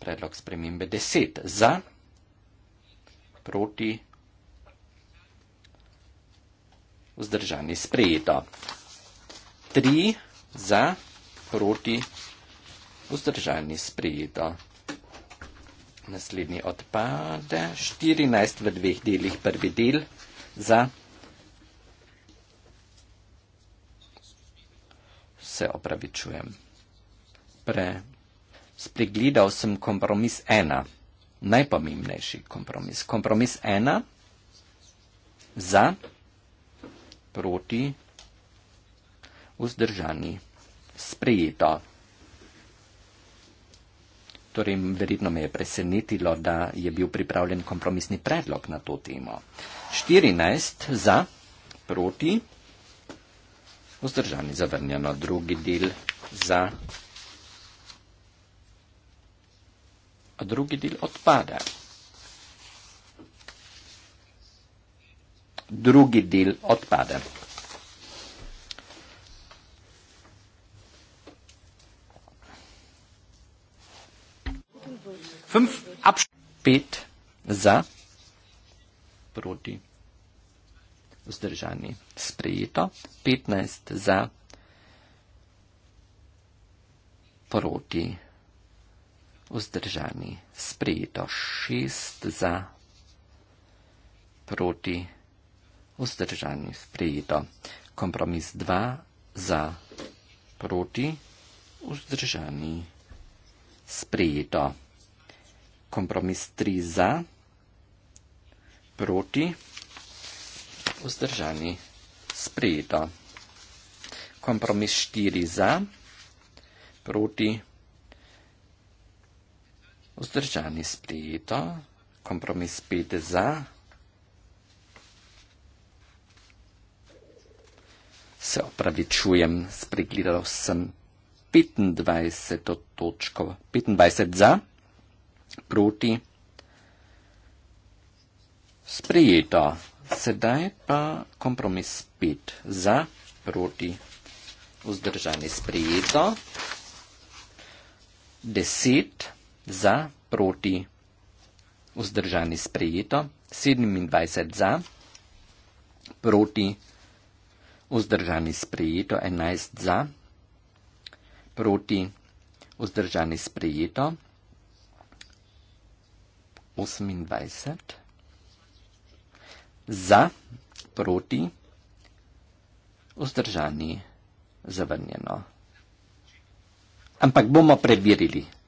A: predlog spremembe 10 za, proti, vzdržani sprejeto. 3 za, proti, vzdržani sprejeto. Naslednji odpade, 14 v dveh delih, prvi del za, se opravičujem, pre, spregledal sem kompromis ena, najpomembnejši kompromis. Kompromis ena za, proti, vzdržani, sprejeto. Torej, verjetno me je presenetilo, da je bil pripravljen kompromisni predlog na to temo. 14 za, proti, vzdržani, zavrnjeno, drugi del za, proti. a drugi del odpada. Drugi del odpada. Fünf, pet za, proti, vzdržani, sprejeto, petnajst za, proti, vzdržani vzdržani, sprejeto šest za, proti, vzdržani, sprejeto, kompromis dva za, proti, vzdržani, sprejeto, kompromis tri za, proti, vzdržani, sprejeto, kompromis štiri za, proti, vzdržani, sprejeto, Vzdržani sprijeto, kompromis 5 za, se opravičujem, spregledal sem 25 točko, 25 za, proti, sprijeto, sedaj pa kompromis 5 za, proti, vzdržani sprijeto, 10 za, za, proti, vzdržani sprejeto, 27 za, proti, vzdržani sprejeto, 11 za, proti, vzdržani sprejeto, 28 za, proti, vzdržani zavrnjeno. Ampak bomo preverili.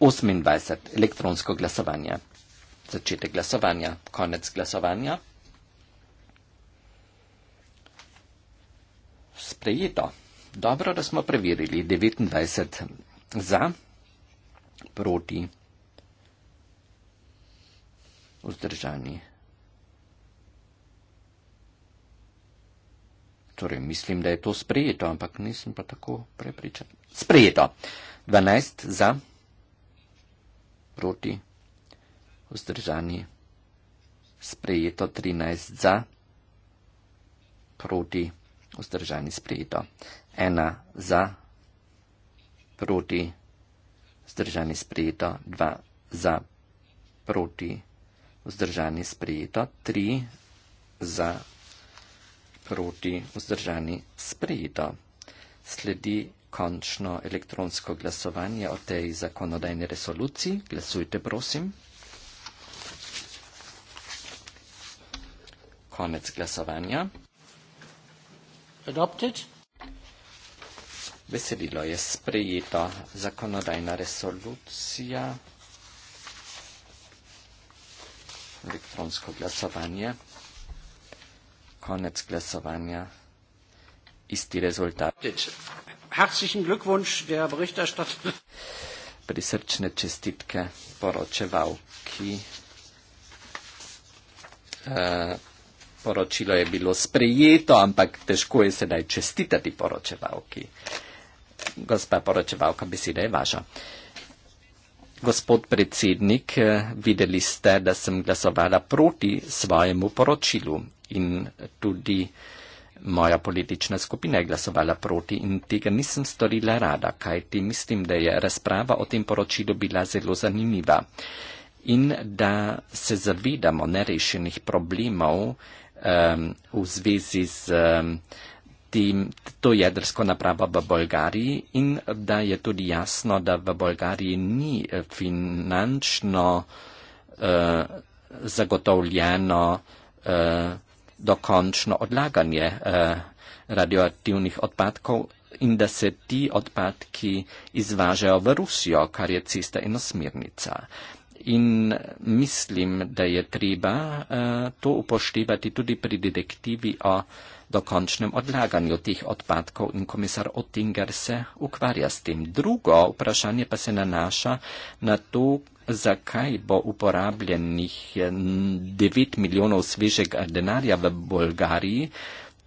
A: 28 elektronsko glasovanje. Začetek glasovanja, konec glasovanja. Sprejeto. Dobro, da smo preverili 29 za, proti, vzdržani. Torej, mislim, da je to sprejeto, ampak nisem pa tako prepričan. Sprejeto. 12 za proti, vzdržani, sprejeto 13 za, proti, vzdržani, sprejeto 1 za, proti, vzdržani, sprejeto 2 za, proti, vzdržani, sprejeto 3 za, proti, vzdržani, sprejeto. Sledi končno elektronsko glasovanje o tej zakonodajni resoluciji. Glasujte, prosim. Konec glasovanja. Adopted. Veselilo je sprejeto. Zakonodajna resolucija. Elektronsko glasovanje. Konec glasovanja. Isti rezultat. Adopted herzlichen Glückwunsch der Berichterstatterin. Prisrčne čestitke poročevalki. E, poročilo je bilo sprejeto, ampak težko je sedaj čestitati poročevalki. Gospa poročevalka, beseda je vaša. Gospod predsednik, eh, videli ste, da sem glasovala proti svojemu poročilu in tudi. Moja politična skupina je glasovala proti in tega nisem storila rada, kajti mislim, da je razprava o tem poročilu bila zelo zanimiva in da se zavedamo nerešenih problemov um, v zvezi z um, tem, to jedrsko napravo v Bolgariji in da je tudi jasno, da v Bolgariji ni eh, finančno uh, zagotovljeno uh, dokončno odlaganje eh, radioaktivnih odpadkov in da se ti odpadki izvažajo v Rusijo, kar je cesta enosmernica. In mislim, da je treba eh, to upoštevati tudi pri detektivi o dokončnem odlaganju teh odpadkov in komisar Ottinger se ukvarja s tem. Drugo vprašanje pa se nanaša na to, zakaj bo uporabljenih 9 eh, milijonov svežega denarja v Bolgariji,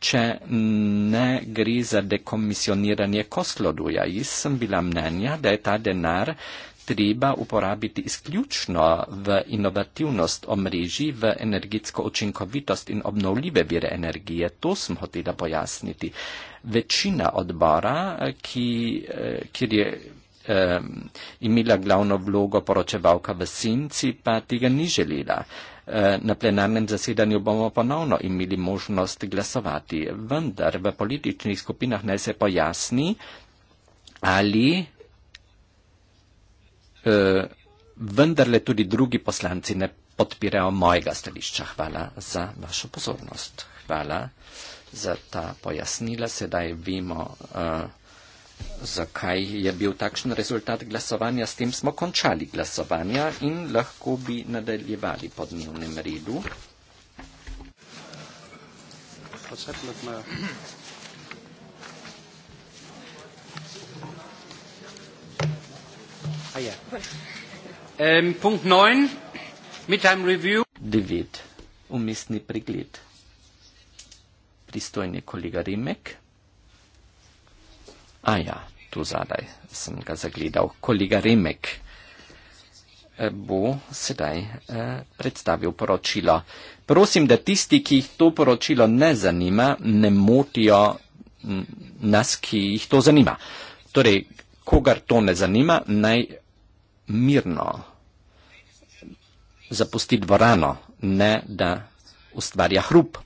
A: če ne gre za dekomisioniranje kosloduja. Jaz sem bila mnenja, da je ta denar treba uporabiti izključno v inovativnost omrežij, v energetsko učinkovitost in obnovljive vire energije. To sem hotela pojasniti. Večina odbora, ki, eh, kjer je eh, imela glavno vlogo poročevalka v Sinci, pa tega ni želela. Ehm, na plenarnem zasedanju bomo ponovno imeli možnost glasovati, vendar v političnih skupinah naj se pojasni, ali eh, vendarle tudi drugi poslanci ne podpirajo mojega stališča. Hvala za vašo pozornost. Hvala za ta pojasnila. Sedaj vemo. Eh, zakaj je bil takšen rezultat glasovanja. S tem smo končali glasovanja in lahko bi nadaljevali po dnevnem redu. Ah, ja. ähm, Punkt 9. Umestni pregled. Pristojni kolega Remek. A ja, tu zadaj sem ga zagledal. Kolega Remek eh, bo sedaj eh, predstavil poročilo. Prosim, da tisti, ki jih to poročilo ne zanima, ne motijo mm, nas, ki jih to zanima. Torej, kogar to ne zanima, naj mirno zapusti dvorano, ne da ustvarja hrup.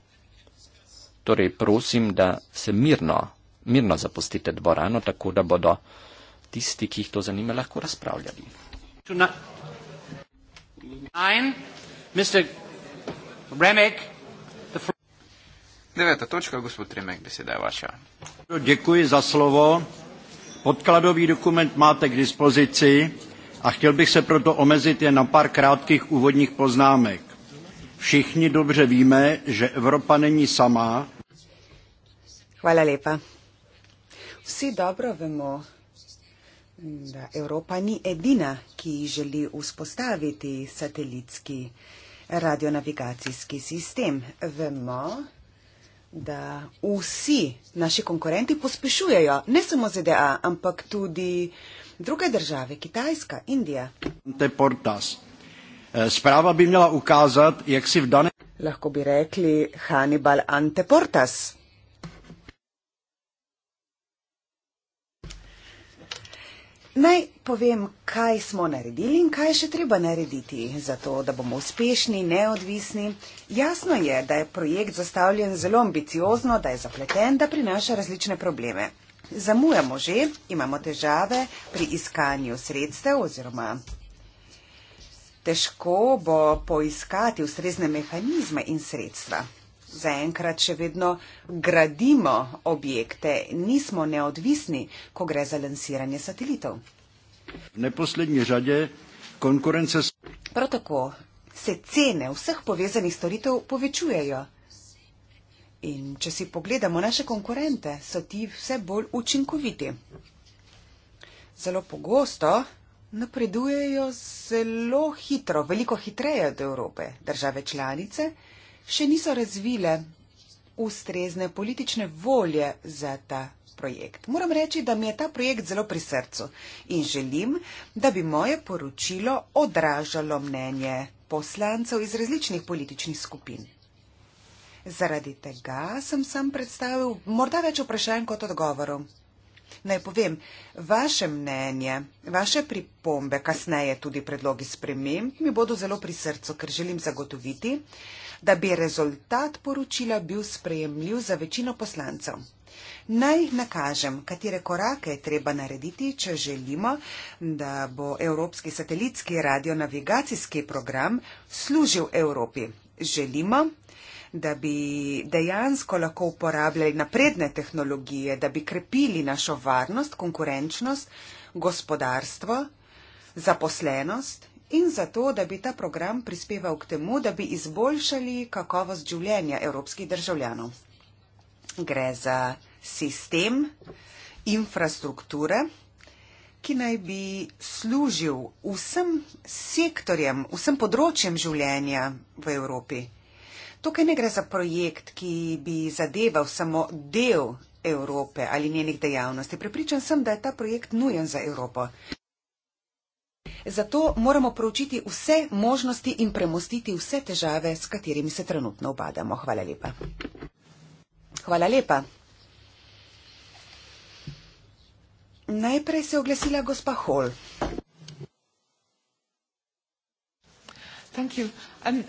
A: Torej, prosim, da se mirno mirno zapustite dvorano, tako da bodo tisti, ki jih to zanima, lahko razpravljali.
C: Deveta točka, gospod Remek, beseda je vaša.
A: Děkuji za slovo. Podkladový dokument máte k dispozici a chtěl bych se proto omezit jen na pár krátkých úvodních poznámek. Všichni dobře víme, že Evropa není sama.
B: Hvala lepa. Vsi dobro vemo, da Evropa ni edina, ki želi vzpostaviti satelitski radionavigacijski sistem. Vemo, da vsi naši konkurenti pospešujejo, ne samo ZDA, ampak tudi druge države, Kitajska, Indija. Sprava bi mela ukazati, jak si v danem. Lahko bi rekli Hannibal Anteportas. Naj povem, kaj smo naredili in kaj še treba narediti, zato da bomo uspešni, neodvisni. Jasno je, da je projekt zastavljen zelo ambiciozno, da je zapleten, da prinaša različne probleme. Zamujamo že, imamo težave pri iskanju sredstev oziroma težko bo poiskati ustrezne mehanizme in sredstva zaenkrat še vedno gradimo objekte, nismo neodvisni, ko gre za lansiranje satelitov. V neposlednji žadje konkurence. Prav tako se cene vseh povezanih storitev povečujejo. In če si pogledamo naše konkurente, so ti vse bolj učinkoviti. Zelo pogosto napredujejo zelo hitro, veliko hitreje od Evrope. Države članice še niso razvile ustrezne politične volje za ta projekt. Moram reči, da mi je ta projekt zelo pri srcu in želim, da bi moje poročilo odražalo mnenje poslancev iz različnih političnih skupin. Zaradi tega sem sam predstavil morda več vprašanj kot odgovorov. Naj povem, vaše mnenje, vaše pripombe, kasneje tudi predlogi sprememb mi bodo zelo pri srcu, ker želim zagotoviti, da bi rezultat poročila bil sprejemljiv za večino poslancev. Naj nakažem, katere korake je treba narediti, če želimo, da bo Evropski satelitski radionavigacijski program služil Evropi. Želimo, da bi dejansko lahko uporabljali napredne tehnologije, da bi krepili našo varnost, konkurenčnost, gospodarstvo, zaposlenost, in zato, da bi ta program prispeval k temu, da bi izboljšali kakovost življenja evropskih državljanov. Gre za sistem infrastrukture, ki naj bi služil vsem sektorjem, vsem področjem življenja v Evropi. Tukaj ne gre za projekt, ki bi zadeval samo del Evrope ali njenih dejavnosti. Prepričan sem, da je ta projekt nujen za Evropo. Zato moramo proučiti vse možnosti in premostiti vse težave, s katerimi se trenutno obadamo. Hvala lepa. Hvala lepa. Najprej se je oglasila gospa Hall. Um,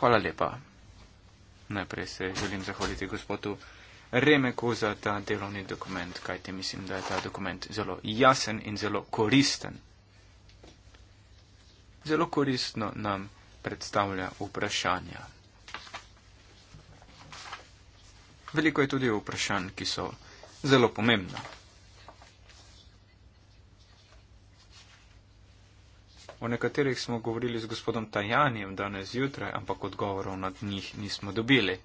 C: Hvala lepa. Najprej se želim zahvaliti gospodu Remeku za ta delovni dokument, kajte mislim, da je ta dokument zelo jasen in zelo koristen zelo koristno nam predstavlja vprašanja. Veliko je tudi vprašanj, ki so zelo pomembna. O nekaterih smo govorili z gospodom Tajanjem danes jutraj, ampak odgovorov nad njih nismo dobili.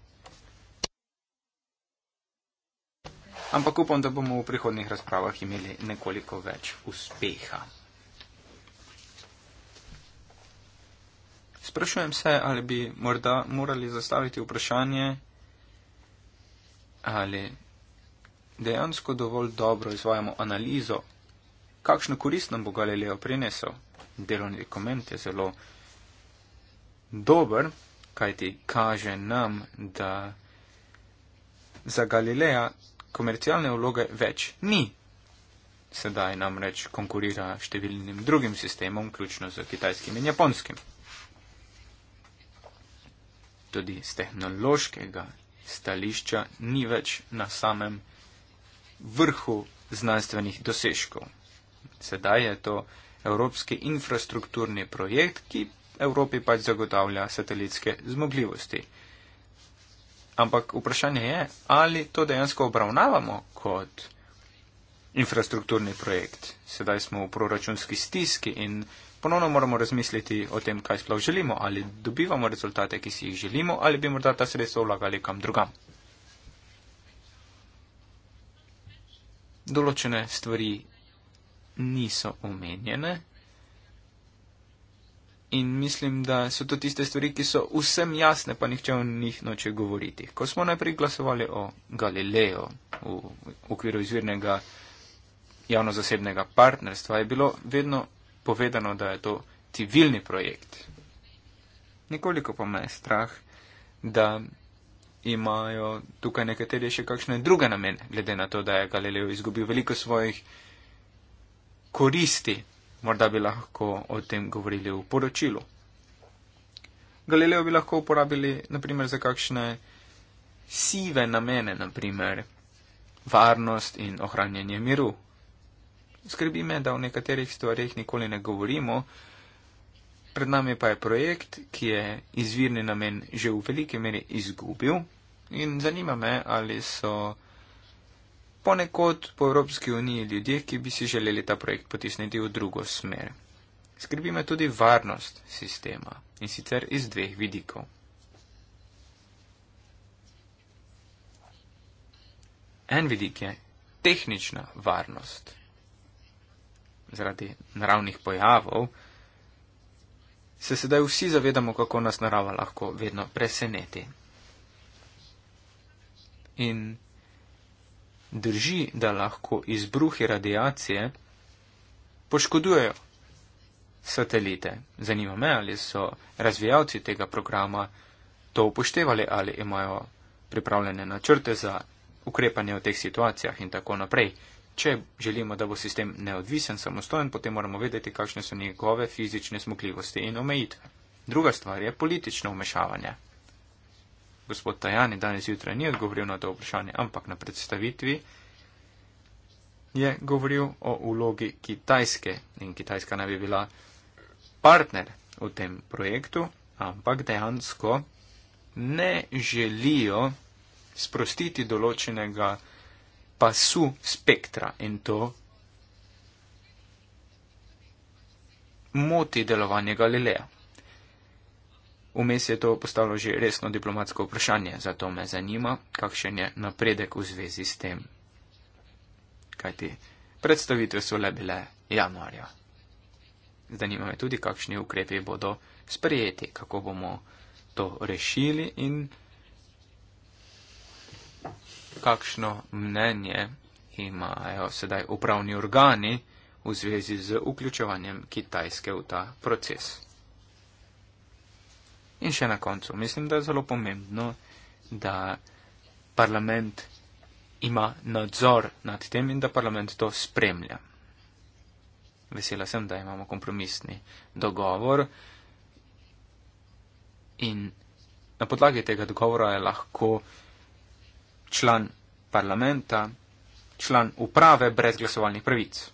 C: Ampak upam, da bomo v prihodnih razpravah imeli nekoliko več uspeha. Sprašujem se, ali bi morda morali zastaviti vprašanje, ali dejansko dovolj dobro izvajamo analizo, kakšno korist nam bo Galileo prinesel. Delovni dokument je zelo dober, kajti kaže nam, da za Galileja komercialne vloge več ni. Sedaj namreč konkurira številnim drugim sistemom, vključno z kitajskim in japonskim tudi z tehnološkega stališča ni več na samem vrhu znanstvenih dosežkov. Sedaj je to evropski infrastrukturni projekt, ki Evropi pač zagotavlja satelitske zmogljivosti. Ampak vprašanje je, ali to dejansko obravnavamo kot infrastrukturni projekt. Sedaj smo v proračunski stiski in ponovno moramo razmisliti o tem, kaj sploh želimo, ali dobivamo rezultate, ki si jih želimo, ali bi morda ta sredstva vlagali kam drugam. Določene stvari niso omenjene in mislim, da so to tiste stvari, ki so vsem jasne, pa nihče o njih noče govoriti. Ko smo najprej glasovali o Galileo v okviru izvirnega javno-zasebnega partnerstva, je bilo vedno povedano, da je to civilni projekt. Nekoliko pa me je strah, da imajo tukaj nekateri še kakšne druge namene, glede na to, da je Galileo izgubil veliko svojih koristi. Morda bi lahko o tem govorili v poročilu. Galileo bi lahko uporabili, naprimer, za kakšne sive namene, naprimer, varnost in ohranjanje miru skrbi me, da o nekaterih stvarih nikoli ne govorimo. Pred nami pa je projekt, ki je izvirni namen že v veliki meri izgubil in zanima me, ali so ponekod po Evropski uniji ljudje, ki bi si želeli ta projekt potisniti v drugo smer. Skrbi me tudi varnost sistema in sicer iz dveh vidikov. En vidik je tehnična varnost zaradi naravnih pojavov, se sedaj vsi zavedamo, kako nas narava lahko vedno preseneti. In drži, da lahko izbruhi radiacije poškodujejo satelite. Zanima me, ali so razvijalci tega programa to upoštevali ali imajo pripravljene načrte za ukrepanje v teh situacijah in tako naprej. Če želimo, da bo sistem neodvisen, samostojen, potem moramo vedeti, kakšne so njegove fizične zmogljivosti in omejitve. Druga stvar je politično umešavanje. Gospod Tajani danes jutra ni odgovoril na to vprašanje, ampak na predstavitvi je govoril o ulogi Kitajske in Kitajska naj bi bila partner v tem projektu, ampak dejansko ne želijo sprostiti določenega pasu spektra in to moti delovanje Galileja. Vmes je to postalo že resno diplomatsko vprašanje, zato me zanima, kakšen je napredek v zvezi s tem. Kajti predstavitve so le bile januarja. Zanima me tudi, kakšni ukrepi bodo sprejeti, kako bomo to rešili in kako kakšno mnenje imajo sedaj upravni organi v zvezi z vključevanjem Kitajske v ta proces. In še na koncu, mislim, da je zelo pomembno, da parlament ima nadzor nad tem in da parlament to spremlja. Vesela sem, da imamo kompromisni dogovor in na podlagi tega dogovora je lahko član parlamenta, član uprave brez glasovalnih pravic.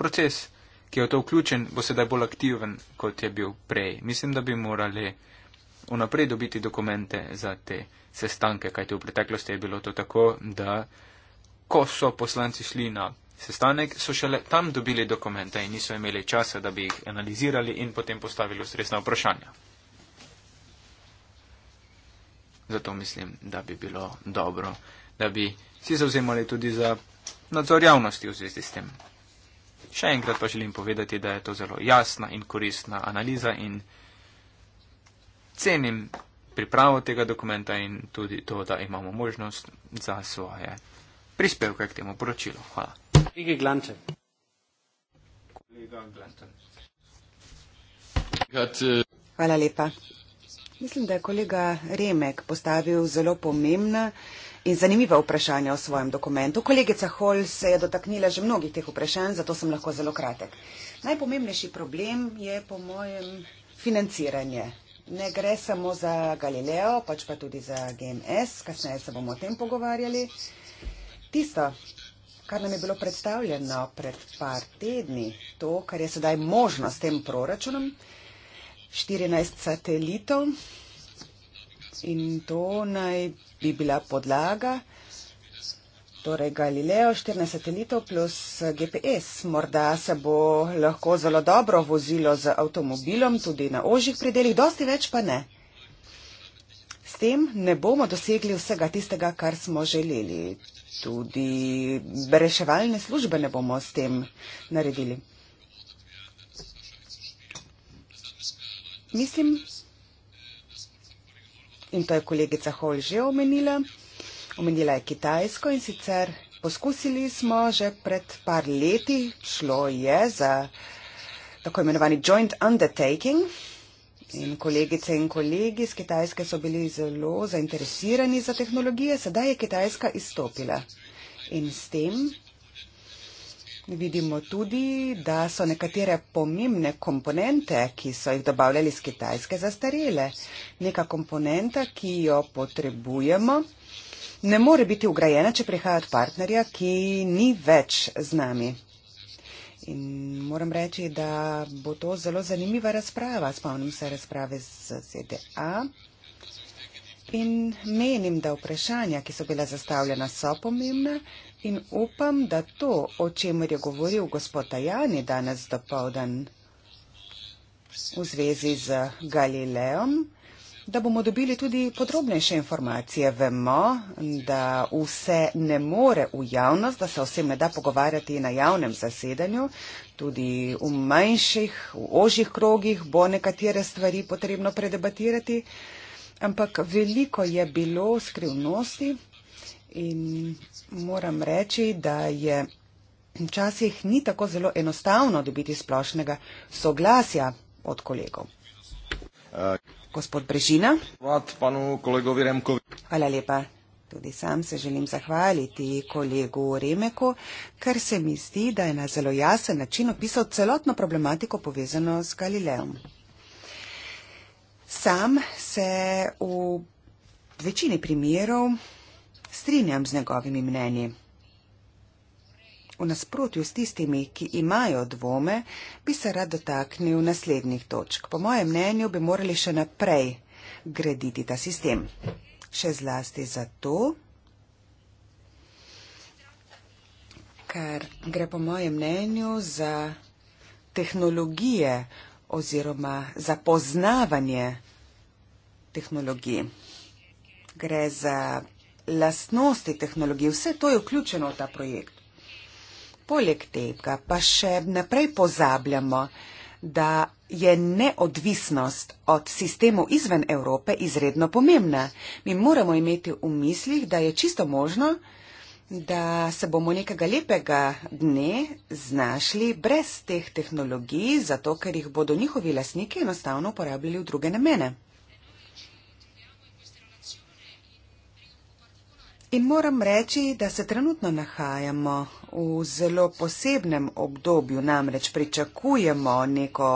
C: Proces, ki je v to vključen, bo sedaj bolj aktiven, kot je bil prej. Mislim, da bi morali vnaprej dobiti dokumente za te sestanke, kajti v preteklosti je bilo to tako, da ko so poslanci šli na sestanek, so šele tam dobili dokumente in niso imeli časa, da bi jih analizirali in potem postavili ustrezna vprašanja. Zato mislim, da bi bilo dobro, da bi si zauzemali tudi za nadzor javnosti v zvezi s tem. Še enkrat pa želim povedati, da je to zelo jasna in koristna analiza in cenim pripravo tega dokumenta in tudi to, da imamo možnost za svoje prispevke k temu poročilu. Hvala. Kollege Glante.
A: Äh,
B: Hvala lepa. Mislim, da je kolega Remek postavil zelo pomembna in zanimiva vprašanja o svojem dokumentu. Kolegica Hol se je dotaknila že mnogih teh vprašanj, zato sem lahko zelo kratek. Najpomembnejši problem je po mojem financiranje. Ne gre samo za Galileo, pač pa tudi za GMS, kasneje se bomo o tem pogovarjali. Tisto, kar nam je bilo predstavljeno pred par tedni, to, kar je sedaj možno s tem proračunom, 14 satelitov in to naj bi bila podlaga, torej Galileo, 14 satelitov plus GPS. Morda se bo lahko zelo dobro vozilo z avtomobilom tudi na ožjih predeljih, dosti več pa ne. S tem ne bomo dosegli vsega tistega, kar smo želeli tudi reševalne službe ne bomo s tem naredili. Mislim, in to je kolegica Hol že omenila, omenila je Kitajsko in sicer poskusili smo že pred par leti, šlo je za tako imenovani joint undertaking, In kolegice in kolegi z Kitajske so bili zelo zainteresirani za tehnologije, sedaj je Kitajska izstopila. In s tem vidimo tudi, da so nekatere pomembne komponente, ki so jih dobavljali z Kitajske, zastarele. Neka komponenta, ki jo potrebujemo, ne more biti ugrajena, če prihaja od partnerja, ki ni več z nami. In moram reči, da bo to zelo zanimiva razprava. Spomnim se razprave z ZDA in menim, da vprašanja, ki so bila zastavljena, so pomembna in upam, da to, o čemer je govoril gospod Tajani danes dopovdan v zvezi z Galileom, da bomo dobili tudi podrobnejše informacije. Vemo, da vse ne more v javnost, da se vsem ne da pogovarjati na javnem zasedanju. Tudi v manjših, v ožjih krogih bo nekatere stvari potrebno predebatirati. Ampak veliko je bilo skrivnosti in moram reči, da je. Včasih ni tako zelo enostavno dobiti splošnega soglasja od kolegov. Uh. Gospod Brežina. Hvala lepa. Tudi sam se želim zahvaliti kolegu Remeku, ker se mi zdi, da je na zelo jasen način opisal celotno problematiko povezano z Galileom. Sam se v večini primerov strinjam z njegovimi mnenji. V nasprotju s tistimi, ki imajo dvome, bi se rad dotaknil naslednjih točk. Po mojem mnenju bi morali še naprej graditi ta sistem. Še zlasti zato, ker gre po mojem mnenju za tehnologije oziroma za poznavanje tehnologij. Gre za lastnosti tehnologij. Vse to je vključeno v ta projekt poleg tega pa še naprej pozabljamo, da je neodvisnost od sistemov izven Evrope izredno pomembna. Mi moramo imeti v mislih, da je čisto možno, da se bomo nekega lepega dne znašli brez teh tehnologij, zato ker jih bodo njihovi lasniki enostavno uporabljali v druge namene. In moram reči, da se trenutno nahajamo v zelo posebnem obdobju, namreč pričakujemo neko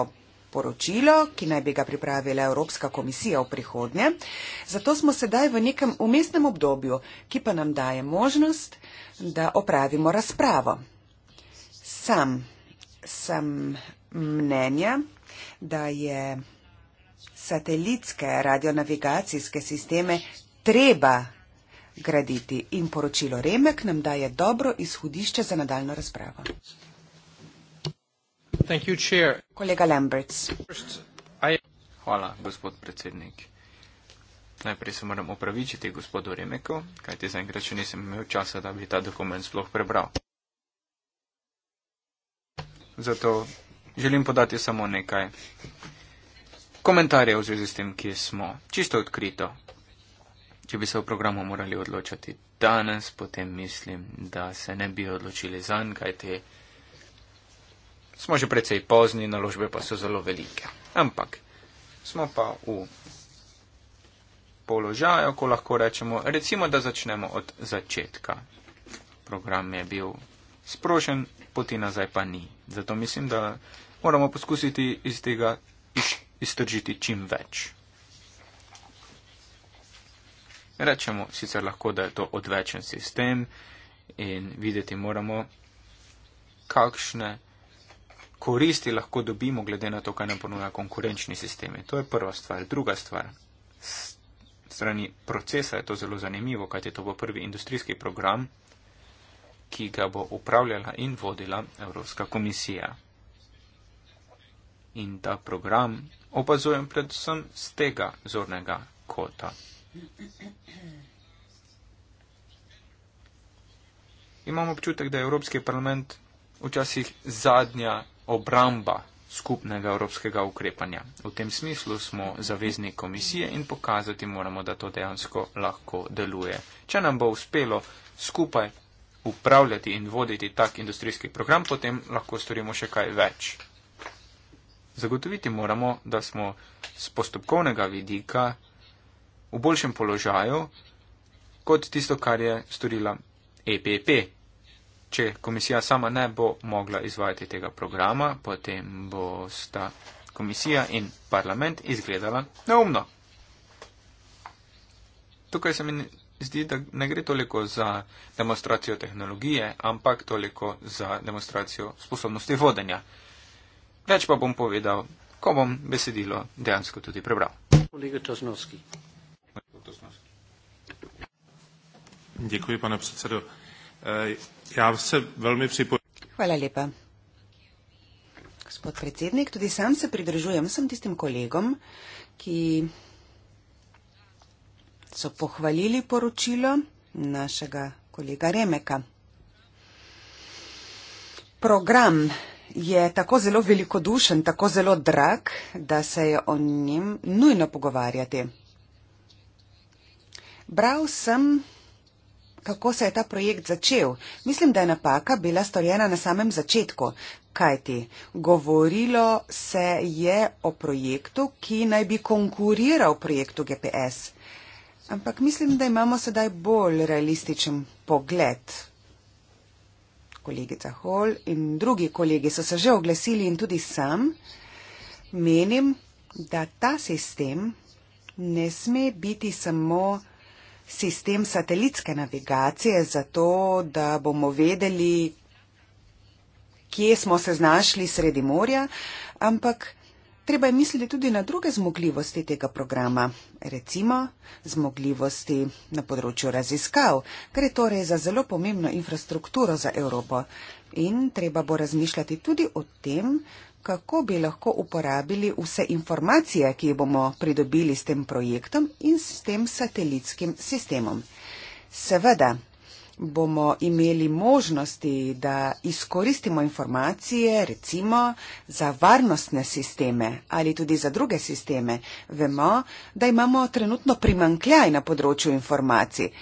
B: poročilo, ki naj bi ga pripravila Evropska komisija v prihodnje. Zato smo sedaj v nekem umestnem obdobju, ki pa nam daje možnost, da opravimo razpravo. Sam sem mnenja, da je satelitske radionavigacijske sisteme treba graditi. In poročilo Remek nam daje dobro izhodišče za nadaljno razpravo. You, Kolega Lamberts.
C: Hvala, gospod predsednik. Najprej se moram opravičiti gospodu Remeku, kajti zaenkrat še nisem imel časa, da bi ta dokument sploh prebral. Zato želim podati samo nekaj komentarjev v zvezi s tem, kje smo. Čisto odkrito, Če bi se o programu morali odločati danes, potem mislim, da se ne bi odločili zanj, kajte smo že precej pozni, naložbe pa so zelo velike. Ampak smo pa v položaju, ko lahko rečemo, recimo, da začnemo od začetka. Program je bil sprožen, poti nazaj pa ni. Zato mislim, da moramo poskusiti iz tega iz, iztržiti čim več. Rečemo sicer lahko, da je to odvečen sistem in videti moramo, kakšne koristi lahko dobimo glede na to, kaj nam ponuja konkurenčni sistemi. To je prva stvar. Druga stvar, s strani procesa je to zelo zanimivo, kajti to bo prvi industrijski program, ki ga bo upravljala in vodila Evropska komisija. In ta program opazujem predvsem z tega zornega kota. Imamo občutek, da je Evropski parlament včasih zadnja obramba skupnega evropskega ukrepanja. V tem smislu smo zavezni komisije in pokazati moramo, da to dejansko lahko deluje. Če nam bo uspelo skupaj upravljati in voditi tak industrijski program, potem lahko storimo še kaj več. Zagotoviti moramo, da smo z postopkovnega vidika v boljšem položaju kot tisto, kar je storila EPP. Če komisija sama ne bo mogla izvajati tega programa, potem bo sta komisija in parlament izgledala neumno. Tukaj se mi zdi, da ne gre toliko za demonstracijo tehnologije, ampak toliko za demonstracijo sposobnosti vodenja. Več pa bom povedal, ko bom besedilo dejansko tudi prebral.
A: Kolega Čaznovski,
B: Děkuji, pane předsedo. Eh, já se velmi připojím. Hvala lepa. Gospod predsednik, tudi sam se pridružujem vsem tistim kolegom, ki so pohvalili poročilo našega kolega Remeka. Program je tako zelo velikodušen, tako zelo drag, da se je o njem nujno pogovarjati. Bral sem kako se je ta projekt začel. Mislim, da je napaka bila storjena na samem začetku. Kaj ti? Govorilo se je o projektu, ki naj bi konkuriral projektu GPS. Ampak mislim, da imamo sedaj bolj realističen pogled. Kolegica Hall in drugi kolegi so se že oglasili in tudi sam menim, da ta sistem ne sme biti samo sistem satelitske navigacije, zato da bomo vedeli, kje smo se znašli sredi morja, ampak treba je misliti tudi na druge zmogljivosti tega programa, recimo zmogljivosti na področju raziskav, gre torej za zelo pomembno infrastrukturo za Evropo. In treba bo razmišljati tudi o tem, kako bi lahko uporabili vse informacije, ki jih bomo pridobili s tem projektom in s tem satelitskim sistemom. Seveda bomo imeli možnosti, da izkoristimo informacije, recimo za varnostne sisteme ali tudi za druge sisteme. Vemo, da imamo trenutno primankljaj na področju informacij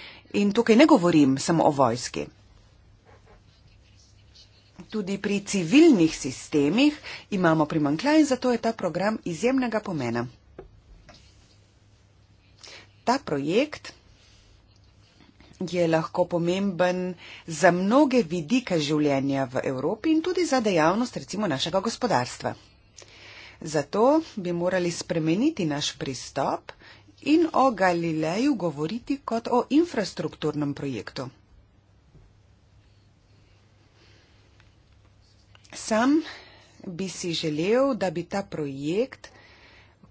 B: in tukaj ne govorim samo o vojski tudi pri civilnih sistemih imamo primankljaj in zato je ta program izjemnega pomena. Ta projekt je lahko pomemben za mnoge vidike življenja v Evropi in tudi za dejavnost recimo našega gospodarstva. Zato bi morali spremeniti naš pristop in o Galileju govoriti kot o infrastrukturnem projektu. sam bi si želel, da bi ta projekt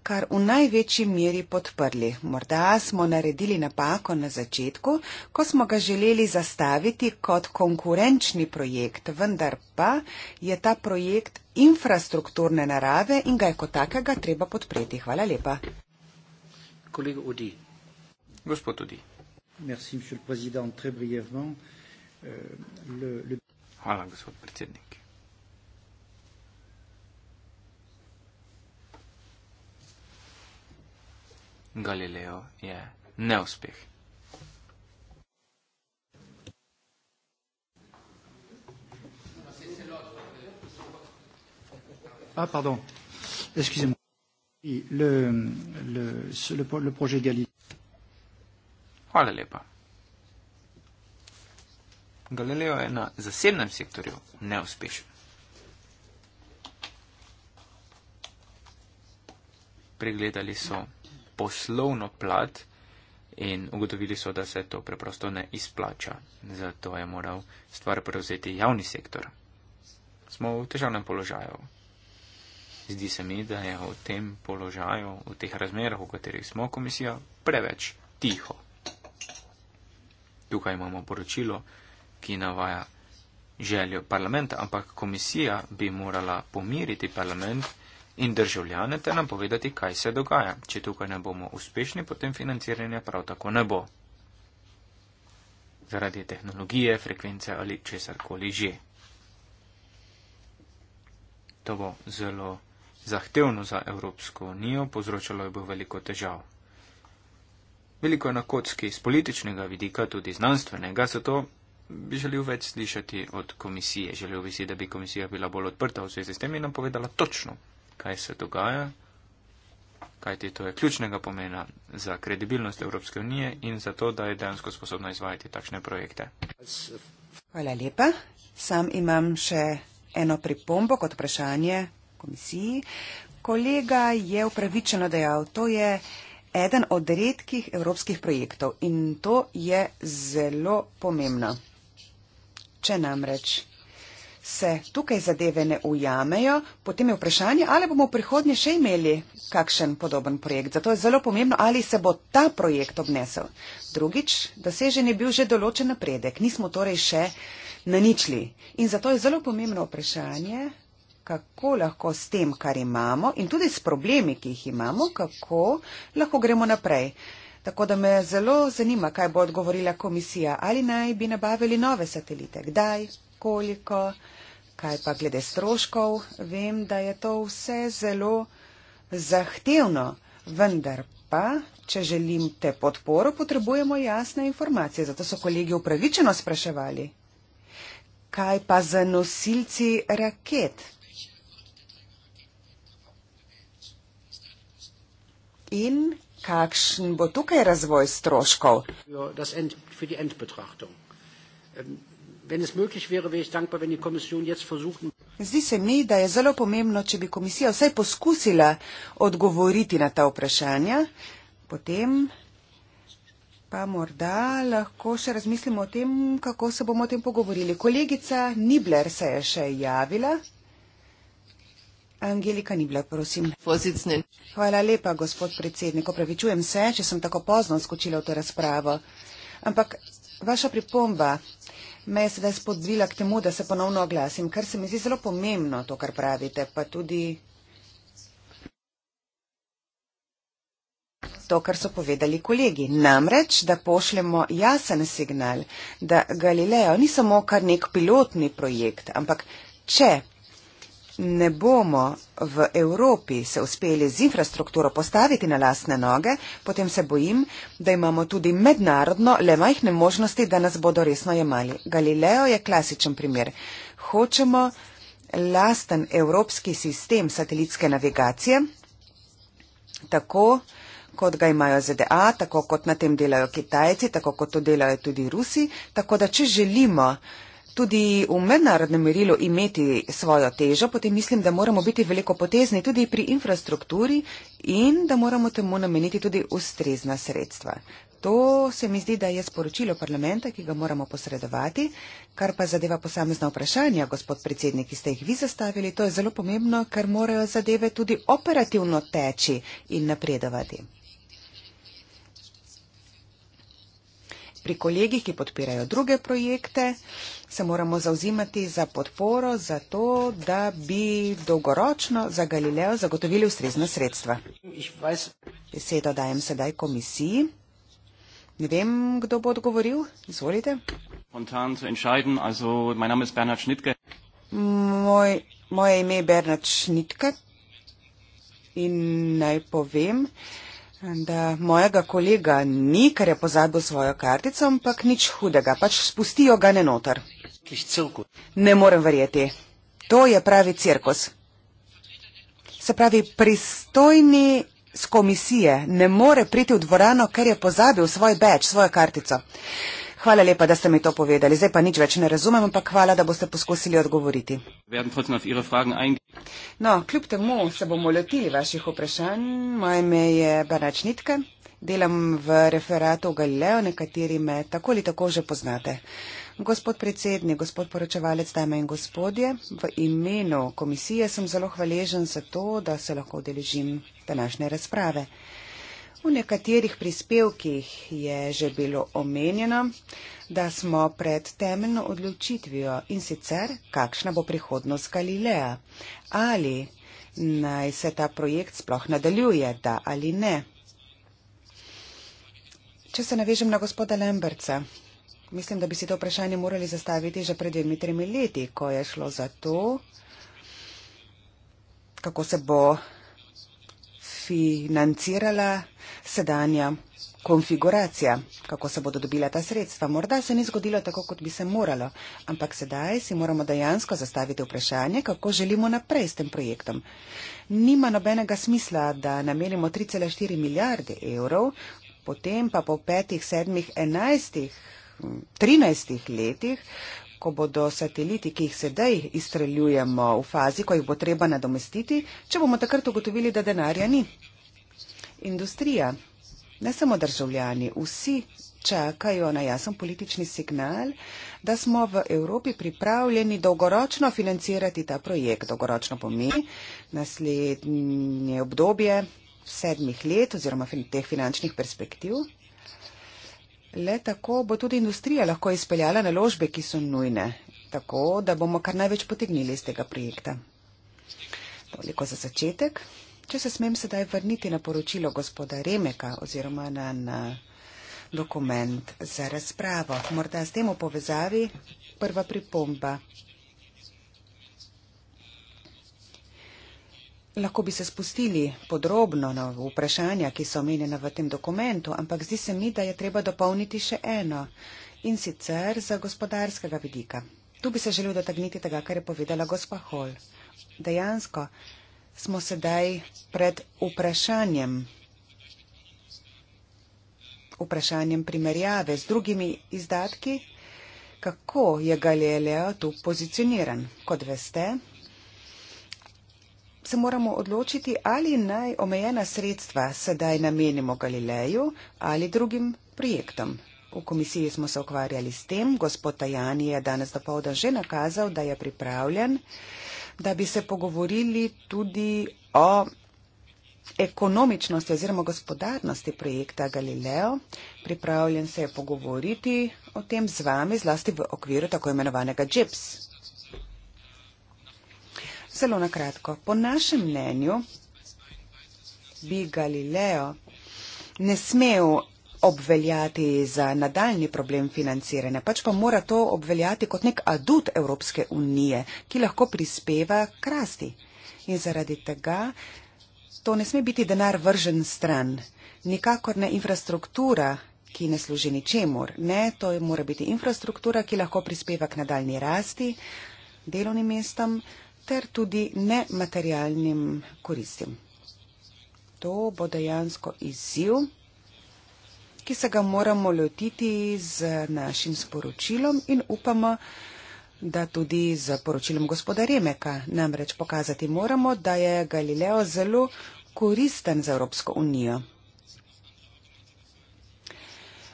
B: kar v največji meri podprli. Morda smo naredili napako na začetku, ko smo ga želeli zastaviti kot konkurenčni projekt, vendar pa je ta projekt infrastrukturne narave in ga je kot takega treba podpreti. Hvala lepa.
C: Kolega Udi. Gospod Udi.
B: Merci, euh,
C: Hvala, gospod
A: predsednik.
C: Galileo je neuspeh. Ah, pardon. Excusez-moi. Le, le,
A: le, le projet Galileo.
C: Hvala lepa. Galileo je na zasebnem sektorju neuspešen. Pregledali so. Ja poslovno plat in ugotovili so, da se to preprosto ne izplača. Zato je moral stvar prevzeti javni sektor. Smo v težavnem položaju. Zdi se mi, da je v tem položaju, v teh razmerah, v katerih smo komisija, preveč tiho. Tukaj imamo poročilo, ki navaja željo parlamenta, ampak komisija bi morala pomiriti parlament in državljane te nam povedati, kaj se dogaja. Če tukaj ne bomo uspešni, potem financiranja prav tako ne bo. Zaradi tehnologije, frekvence ali česarkoli že. To bo zelo zahtevno za Evropsko unijo, povzročalo je bo veliko težav. Veliko je na kocki z političnega vidika, tudi znanstvenega, zato bi želel več slišati od komisije. Želel bi si, da bi komisija bila bolj odprta v zvezi s tem in nam povedala točno, kaj se dogaja, kajti to je ključnega pomena za kredibilnost Evropske unije in za to, da je dejansko sposobna izvajati takšne projekte.
B: Hvala lepa. Sam imam še eno pripombo kot vprašanje komisiji. Kolega je upravičeno dejal, to je eden od redkih evropskih projektov in to je zelo pomembno. Če namreč se tukaj zadeve ne ujamejo, potem je vprašanje, ali bomo v prihodnje še imeli kakšen podoben projekt. Zato je zelo pomembno, ali se bo ta projekt obnesel. Drugič, dosežen je bil že določen napredek, nismo torej še naničli. In zato je zelo pomembno vprašanje, kako lahko s tem, kar imamo in tudi s problemi, ki jih imamo, kako lahko gremo naprej. Tako da me zelo zanima, kaj bo odgovorila komisija, ali naj bi nabavili nove satelite, kdaj, koliko, kaj pa glede stroškov, vem, da je to vse zelo zahtevno, vendar pa, če želim te podporo, potrebujemo jasne informacije. Zato so kolegi upravičeno spraševali, kaj pa za nosilci raket. In kakšen bo tukaj razvoj stroškov? Zdi se mi, da je zelo pomembno, če bi komisija vsaj poskusila odgovoriti na ta vprašanja, potem pa morda lahko še razmislimo o tem, kako se bomo o tem pogovorili. Kolegica Nibler se je še javila. Angelika ni bila, prosim. Posicne. Hvala lepa, gospod predsednik. Opravičujem se, če sem tako pozno skočila v to razpravo. Ampak vaša pripomba, me je sedaj spodbila k temu, da se ponovno oglasim, kar se mi zdi zelo pomembno, to, kar pravite, pa tudi to, kar so povedali kolegi. Namreč, da pošljemo jasen signal, da Galileo ni samo kar nek pilotni projekt, ampak če ne bomo v Evropi se uspeli z infrastrukturo postaviti na lastne noge, potem se bojim, da imamo tudi mednarodno le majhne možnosti, da nas bodo resno jemali. Galileo je klasičen primer. Hočemo lasten evropski sistem satelitske navigacije, tako kot ga imajo ZDA, tako kot na tem delajo Kitajci, tako kot to delajo tudi Rusi, tako da če želimo, tudi v mednarodnem merilu imeti svojo težo, potem mislim, da moramo biti veliko potezni tudi pri infrastrukturi in da moramo temu nameniti tudi ustrezna sredstva. To se mi zdi, da je sporočilo parlamenta, ki ga moramo posredovati. Kar pa zadeva posamezna vprašanja, gospod predsednik, ki ste jih vi zastavili, to je zelo pomembno, ker morajo zadeve tudi operativno teči in napredovati. pri kolegih, ki podpirajo druge projekte, se moramo zauzimati za podporo, za to, da bi dolgoročno za Galileo zagotovili ustrezna sredstva. Besedo dajem sedaj komisiji. Ne vem, kdo bo odgovoril. Izvolite.
C: Also,
B: moj, moje ime je Bernard Šnitke in naj povem. Da eh, mojega kolega ni, ker je pozabil svojo kartico, ampak nič hudega, pač spustijo ga ne noter. Ne morem verjeti. To je pravi cirkus. Se pravi, pristojni z komisije ne more priti v dvorano, ker je pozabil svoj beč, svojo kartico. Hvala lepa, da ste mi to povedali. Zdaj pa nič več ne razumem, ampak hvala, da boste poskusili odgovoriti. No, kljub temu se bomo lotili vaših vprašanj. Moje ime je Banač Nitke. Delam v referatu Galileo, nekateri me tako ali tako že poznate. Gospod predsednik, gospod poročevalec, dame in gospodje, v imenu komisije sem zelo hvaležen za to, da se lahko odeležim današnje razprave. V nekaterih prispevkih je že bilo omenjeno, da smo pred temeljno odločitvijo in sicer, kakšna bo prihodnost Galileja, ali naj se ta projekt sploh nadaljuje, da ali ne. Če se navežem na gospoda Lemberca, mislim, da bi si to vprašanje morali zastaviti že pred dvemi, tremi leti, ko je šlo za to, kako se bo financirala sedanja konfiguracija, kako se bodo dobila ta sredstva. Morda se ni zgodilo tako, kot bi se moralo, ampak sedaj si moramo dejansko zastaviti vprašanje, kako želimo naprej s tem projektom. Nima nobenega smisla, da namenimo 3,4 milijarde evrov, potem pa po petih, sedmih, enajstih, trinajstih letih ko bodo sateliti, ki jih sedaj izstreljujemo v fazi, ko jih bo treba nadomestiti, če bomo takrat ugotovili, da denarja ni. Industrija, ne samo državljani, vsi čakajo na jasen politični signal, da smo v Evropi pripravljeni dolgoročno financirati ta projekt. Dolgoročno pomeni naslednje obdobje sedmih let oziroma teh finančnih perspektiv. Le tako bo tudi industrija lahko izpeljala naložbe, ki so nujne, tako da bomo kar največ potegnili iz tega projekta. Toliko za začetek. Če se smem sedaj vrniti na poročilo gospoda Remeka oziroma na, na dokument za razpravo, morda s tem v povezavi prva pripomba. Lahko bi se spustili podrobno na vprašanja, ki so omenjena v tem dokumentu, ampak zdi se mi, da je treba dopolniti še eno in sicer za gospodarskega vidika. Tu bi se želel dotakniti tega, kar je povedala gospa Hol. Dejansko smo sedaj pred vprašanjem, vprašanjem primerjave z drugimi izdatki, kako je Galileo tu pozicioniran. Kot veste, se moramo odločiti, ali naj omejena sredstva sedaj namenimo Galileju ali drugim projektom. V komisiji smo se ukvarjali s tem, gospod Tajani je danes dopovdan že nakazal, da je pripravljen, da bi se pogovorili tudi o ekonomičnosti oziroma gospodarnosti projekta Galileo. Pripravljen se je pogovoriti o tem z vami, zlasti v okviru tako imenovanega JEPS Zelo na kratko. Po našem mnenju bi Galileo ne smel obveljati za nadaljni problem financiranja, pač pa mora to obveljati kot nek adut Evropske unije, ki lahko prispeva k rasti. In zaradi tega to ne sme biti denar vržen stran, nikakor ne infrastruktura, ki ne služi ničemur. Ne, to mora biti infrastruktura, ki lahko prispeva k nadaljni rasti, delovnim mestom, ter tudi nematerialnim koristim. To bo dejansko izziv, ki se ga moramo lotiti z našim sporočilom in upamo, da tudi z poročilom gospoda Remeka. Namreč pokazati moramo, da je Galileo zelo koristen za Evropsko unijo.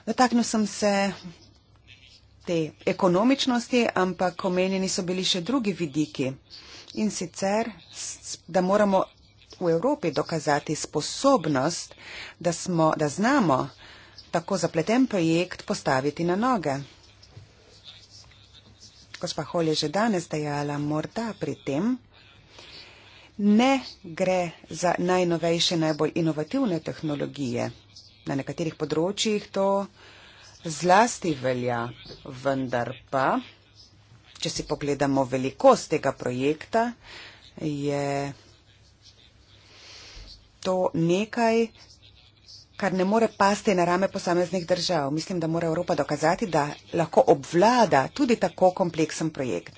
B: Dotaknil sem se te ekonomičnosti, ampak omenjeni so bili še drugi vidiki in sicer, da moramo v Evropi dokazati sposobnost, da, smo, da znamo tako zapleten projekt postaviti na noge. Gospa Hol je že danes dejala, morda pri tem ne gre za najnovejše, najbolj inovativne tehnologije. Na nekaterih področjih to zlasti velja, vendar pa Če si pogledamo velikost tega projekta, je to nekaj, kar ne more pasti na rame posameznih držav. Mislim, da mora Evropa dokazati, da lahko obvlada tudi tako kompleksen projekt.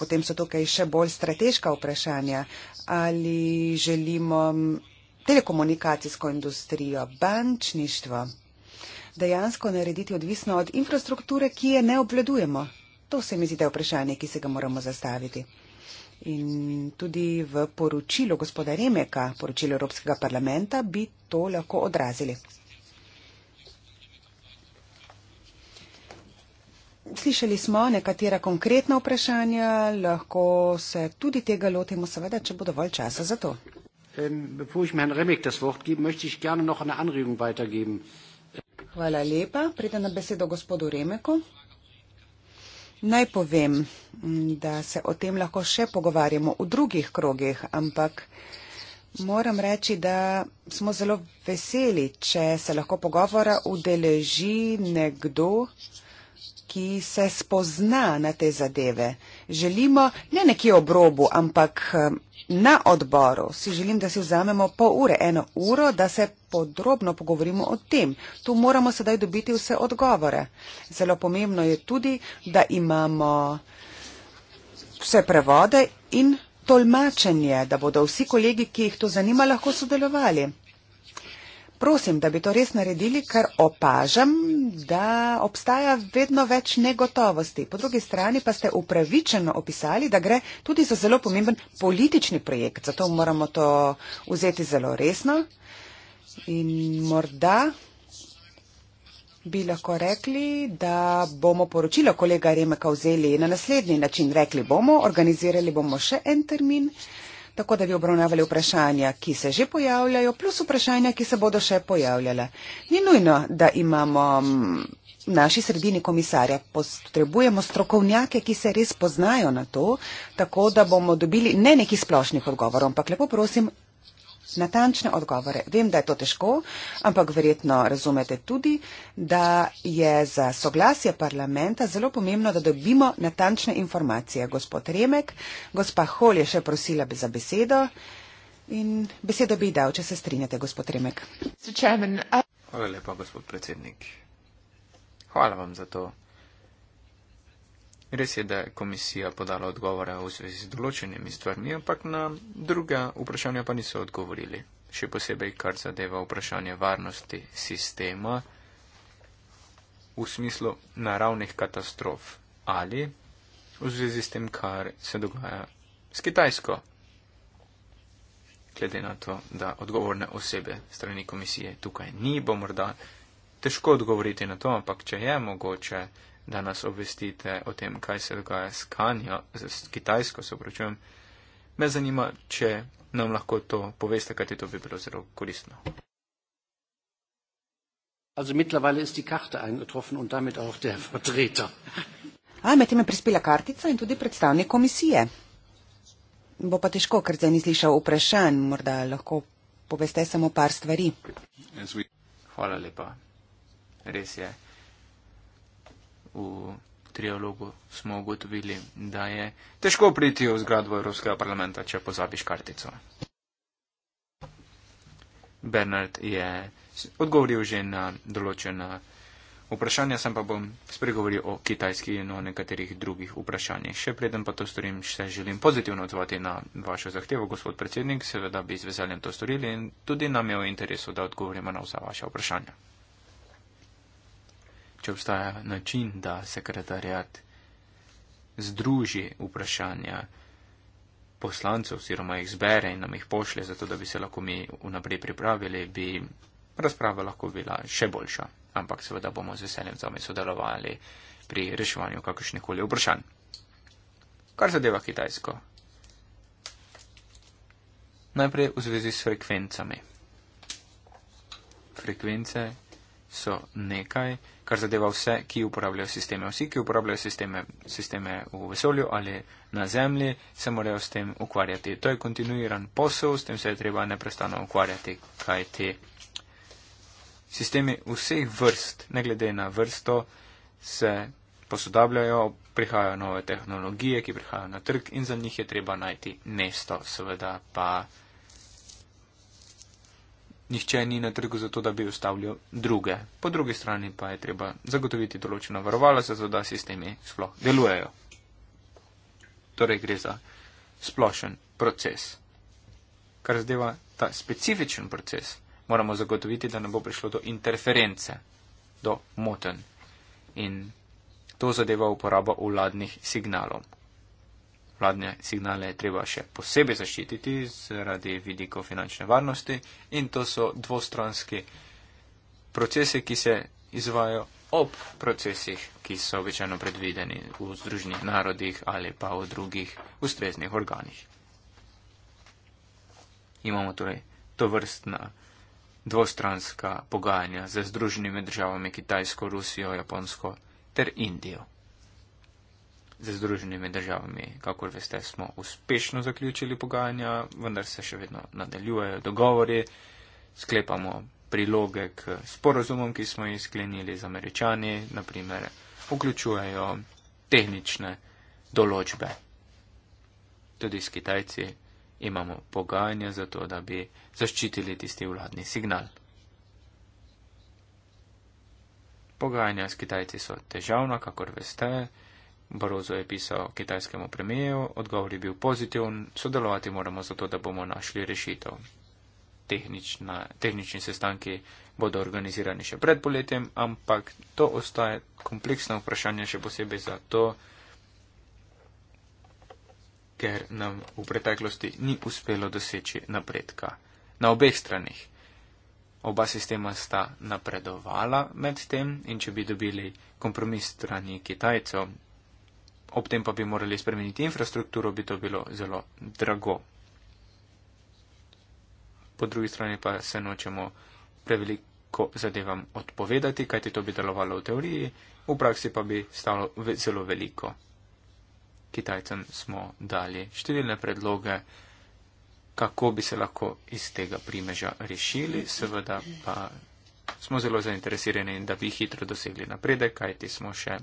B: Potem so tukaj še bolj strateška vprašanja, ali želimo telekomunikacijsko industrijo, bančništvo dejansko narediti odvisno od infrastrukture, ki je ne obvladujemo. To se mi zdi, da je vprašanje, ki se ga moramo zastaviti. In tudi v poročilu gospoda Remeka, poročilu Evropskega parlamenta, bi to lahko odrazili. Slišali smo nekatera konkretna vprašanja, lahko se tudi tega lotimo, seveda, če bo dovolj časa za to. Ähm, Hvala lepa, preden na besedo gospodu Remeku. Naj povem, da se o tem lahko še pogovarjamo v drugih krogih, ampak moram reči, da smo zelo veseli, če se lahko pogovora udeleži nekdo, ki se spozna na te zadeve. Želimo ne nekje obrobu, ampak Na odboru si želim, da si vzamemo pol ure, eno uro, da se podrobno pogovorimo o tem. Tu moramo sedaj dobiti vse odgovore. Zelo pomembno je tudi, da imamo vse prevode in tolmačenje, da bodo vsi kolegi, ki jih to zanima, lahko sodelovali prosim, da bi to res naredili, ker opažam, da obstaja vedno več negotovosti. Po drugi strani pa ste upravičeno opisali, da gre tudi za zelo pomemben politični projekt. Zato moramo to vzeti zelo resno. In morda bi lahko rekli, da bomo poročilo kolega Remeka vzeli na naslednji način. Rekli bomo, organizirali bomo še en termin tako da bi obravnavali vprašanja, ki se že pojavljajo, plus vprašanja, ki se bodo še pojavljala. Ni nujno, da imamo mm, v naši sredini komisarja. Potrebujemo strokovnjake, ki se res poznajo na to, tako da bomo dobili ne nekih splošnih odgovorov, ampak lepo prosim, natančne odgovore. Vem, da je to težko, ampak verjetno razumete tudi, da je za soglasje parlamenta zelo pomembno, da dobimo natančne informacije. Gospod Remek, gospa Hol je še prosila za besedo in besedo bi dal, če se strinjate, gospod Remek. Uh
C: Hvala lepa, gospod predsednik. Hvala vam za to Res je, da je komisija podala odgovore v zvezi z določenimi stvarmi, ampak na druga vprašanja pa niso odgovorili. Še posebej, kar zadeva vprašanje varnosti sistema v smislu naravnih katastrof ali v zvezi s tem, kar se dogaja s Kitajsko. Glede na to, da odgovorne osebe strani komisije tukaj ni, bo morda težko odgovoriti na to, ampak če je mogoče da nas obvestite o tem, kaj se dogaja s Kanjo, z Kitajsko, se opračujem. Me zanima, če nam lahko to poveste, kaj ti to bi bilo zelo koristno.
B: A, medtem je prispela kartica in tudi predstavnik komisije. Bo pa težko, ker zdaj ni slišal vprašanj, morda lahko poveste samo par stvari.
C: Hvala lepa. Res je v trialogu smo ugotovili, da je težko priti v zgradbo Evropskega parlamenta, če pozabiš kartico. Bernard je odgovoril že na določena vprašanja, sem pa bom spregovoril o kitajski in o nekaterih drugih vprašanjih. Še preden pa to storim, še želim pozitivno odzvati na vašo zahtevo, gospod predsednik, seveda bi z veseljem to storili in tudi nam je v interesu, da odgovorimo na vsa vaša vprašanja če obstaja način, da sekretarjat združi vprašanja poslancev oziroma jih zbere in nam jih pošlje, zato da bi se lahko mi vnaprej pripravili, bi razprava lahko bila še boljša. Ampak seveda bomo z veseljem z vami sodelovali pri reševanju kakršnih koli vprašanj. Kar zadeva Kitajsko. Najprej v zvezi s frekvencami. Frekvence so nekaj, kar zadeva vse, ki uporabljajo sisteme. Vsi, ki uporabljajo sisteme, sisteme v vesolju ali na zemlji, se morajo s tem ukvarjati. To je kontinuiran posel, s tem se je treba neprestano ukvarjati, kaj te sistemi vseh vrst, ne glede na vrsto, se posodabljajo, prihajajo nove tehnologije, ki prihajajo na trg in za njih je treba najti mesto, seveda pa nihče ni na trgu zato, da bi ustavljal druge. Po drugi strani pa je treba zagotoviti določeno varovalo, zato da sistemi sploh delujejo. Torej gre za splošen proces. Kar zadeva ta specifičen proces, moramo zagotoviti, da ne bo prišlo do interference, do moten. In to zadeva uporaba vladnih signalov vladne signale je treba še posebej zaščititi zaradi vidikov finančne varnosti in to so dvostranski procesi, ki se izvajo ob procesih, ki so običajno predvideni v Združenih narodih ali pa v drugih ustreznih organih. Imamo torej to vrstna dvostranska pogajanja z Združenimi državami, Kitajsko, Rusijo, Japonsko ter Indijo z Združenimi državami. Kakor veste, smo uspešno zaključili pogajanja, vendar se še vedno nadaljujejo dogovori, sklepamo priloge k sporozumom, ki smo jih sklenili z američani, naprimer vključujejo tehnične določbe. Tudi s Kitajci imamo pogajanja za to, da bi zaščitili tisti vladni signal. Pogajanja s Kitajci so težavna, kakor veste, Barozo je pisal kitajskemu premijeju, odgovor je bil pozitiven, sodelovati moramo zato, da bomo našli rešitev. Tehnična, tehnični sestanki bodo organizirani še pred poletjem, ampak to ostaje kompleksno vprašanje še posebej zato, ker nam v preteklosti ni uspelo doseči napredka na obeh stranih. Oba sistema sta napredovala med tem in če bi dobili kompromis strani Kitajcev, ob tem pa bi morali spremeniti infrastrukturo, bi to bilo zelo drago. Po drugi strani pa se nočemo preveliko zadevam odpovedati, kajti to bi delovalo v teoriji, v praksi pa bi stalo zelo veliko. Kitajcem smo dali številne predloge, kako bi se lahko iz tega primeža rešili, seveda pa smo zelo zainteresirani, da bi hitro dosegli napredek, kajti smo še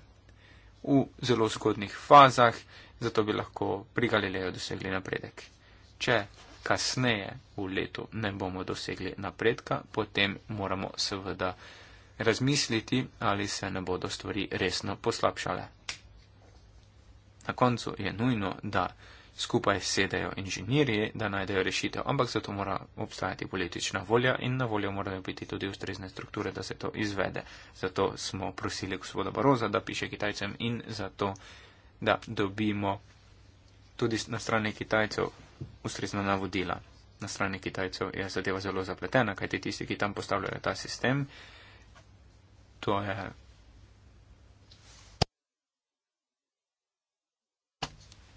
C: v zelo zgodnih fazah, zato bi lahko pri Galileju dosegli napredek. Če kasneje v letu ne bomo dosegli napredka, potem moramo seveda razmisliti, ali se ne bodo stvari resno poslabšale. Na koncu je nujno, da skupaj sedejo inženirji, da najdejo rešitev, ampak za to mora obstajati politična volja in na voljo morajo biti tudi ustrezne strukture, da se to izvede. Zato smo prosili gospoda Baroza, da piše Kitajcem in zato, da dobimo tudi na strani Kitajcev ustrezna navodila. Na strani Kitajcev je zadeva zelo zapletena, kajti tisti, ki tam postavljajo ta sistem, to je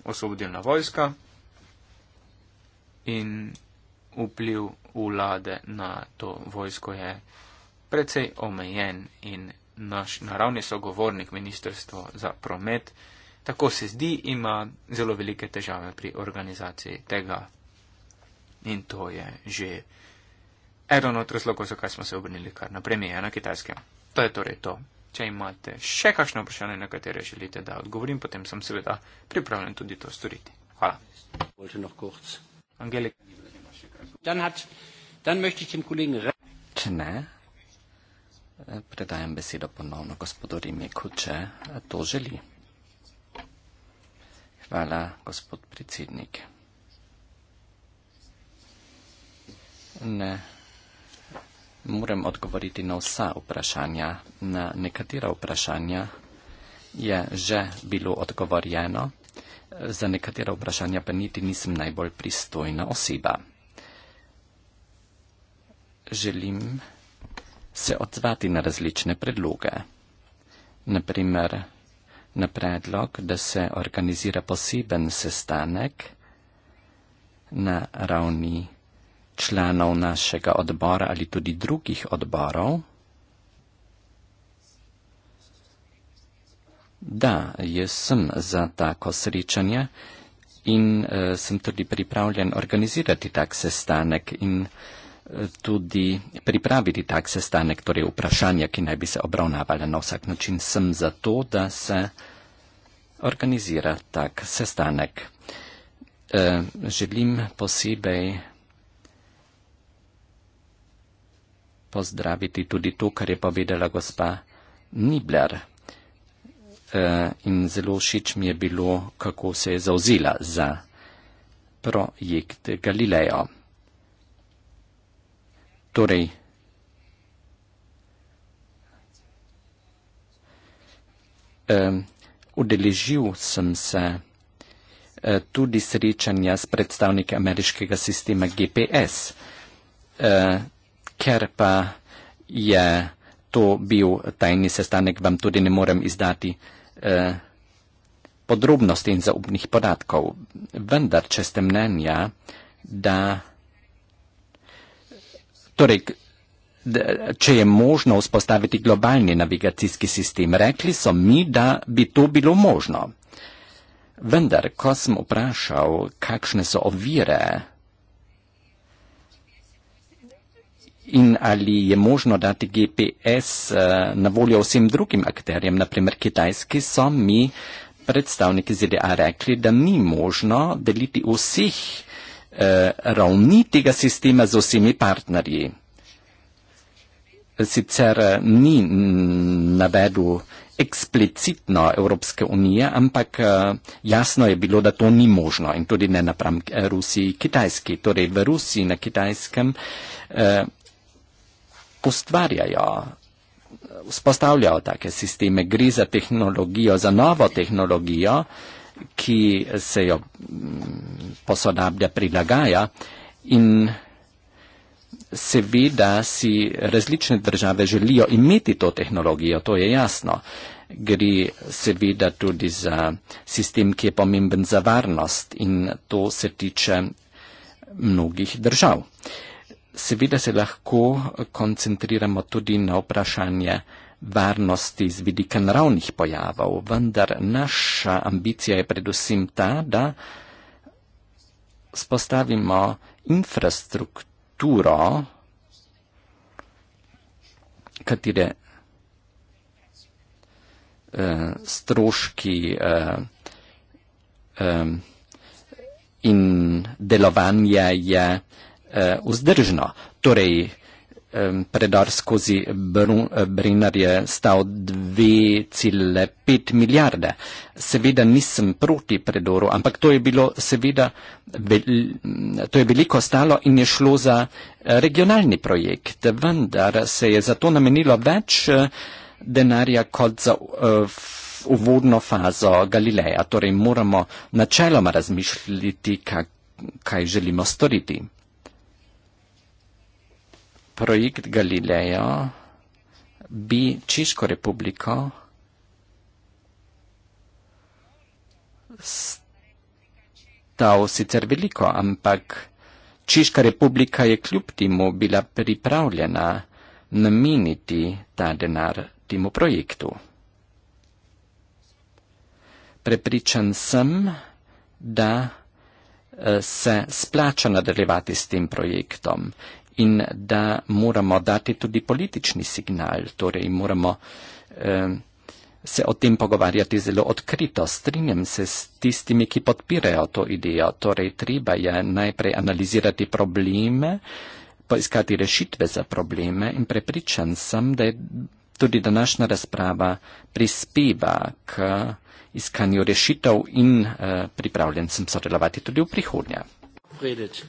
C: osvobodilna vojska in vpliv vlade na to vojsko je precej omejen in naš naravni sogovornik, Ministrstvo za promet, tako se zdi, ima zelo velike težave pri organizaciji tega. In to je že eden od razlogov, zakaj smo se obrnili kar na premije na kitajskem. To je torej to če imate še kakšno vprašanje, na katere želite, da odgovorim, potem sem seveda pripravljen tudi to storiti. Hvala.
A: Če ne, eh, predajam besedo ponovno gospodu Rimiku, če eh, to želi. Hvala, gospod predsednik. Ne moram odgovoriti na vsa vprašanja. Na nekatera vprašanja je že bilo odgovorjeno, za nekatera vprašanja pa niti nisem najbolj pristojna oseba. Želim se odzvati na različne predloge. Naprimer, na predlog, da se organizira poseben sestanek na ravni članov našega odbora ali tudi drugih odborov? Da, jaz sem za tako srečanje in uh, sem tudi pripravljen organizirati tak sestanek in eh, tudi pripraviti tak sestanek, torej vprašanja, ki naj bi se obravnavale na vsak način, sem za to, da se organizira tak sestanek. E, želim posebej pozdraviti tudi to, kar je povedala gospa Nibler. E, in zelo všeč mi je bilo, kako se je zauzela za projekt Galileo. Torej, e, udeležil sem se e, tudi srečanja s predstavniki ameriškega sistema GPS ker pa je to bil tajni sestanek, vam tudi ne morem izdati eh, podrobnosti in zaupnih podatkov. Vendar, če ste mnenja, da. Torej, če je možno vzpostaviti globalni navigacijski sistem, rekli so mi, da bi to bilo možno. Vendar, ko sem vprašal, kakšne so ovire In ali je možno dati GPS uh, eh, na voljo vsem drugim akterjem, naprimer Kitajski, so mi predstavniki ZDA rekli, da ni možno deliti vseh uh, ravni tega sistema z vsemi partnerji. Sicer eh, ni navedel eksplicitno Evropske unije, ampak jasno je bilo, da to ni možno in tudi ne napram Rusiji, Kitajski. Torej v Rusiji, na Kitajskem ustvarjajo, vzpostavljajo take sisteme, gre za tehnologijo, za novo tehnologijo, ki se jo mm, posodablja, prilagaja in seveda si različne države želijo imeti to tehnologijo, to je jasno. Gre seveda tudi za sistem, ki je pomemben za varnost in to se tiče mnogih držav. Seveda se lahko koncentriramo tudi na vprašanje varnosti z vidika naravnih pojavov, vendar naša ambicija je predvsem ta, da spostavimo infrastrukturo, katere eh, stroški eh, eh, in delovanje je eh, eh, vzdržno. Torej, eh, predor skozi eh, Brinar je stal 2,5 milijarde. Seveda nisem proti predoru, ampak to je bilo seveda, to je veliko stalo in je šlo za eh, regionalni projekt, vendar se je za to namenilo več eh, denarja kot za uvodno fazo Galileja. Torej moramo načeloma razmišljati, kaj, kaj želimo storiti. Projekt Galileo bi Češko republiko stal sicer veliko, ampak Češka republika je kljub temu bila pripravljena nameniti ta denar temu projektu. Prepričan sem, da eh, se splača nadaljevati s tem projektom in da moramo dati tudi politični signal, torej moramo eh, se o tem pogovarjati zelo odkrito. Strinjam se s tistimi, ki podpirajo to idejo. Torej, treba je najprej analizirati probleme, poiskati rešitve za probleme in prepričan sem, da je tudi današnja razprava prispeva k iskanju rešitev in eh, pripravljen sem sodelovati tudi v prihodnje.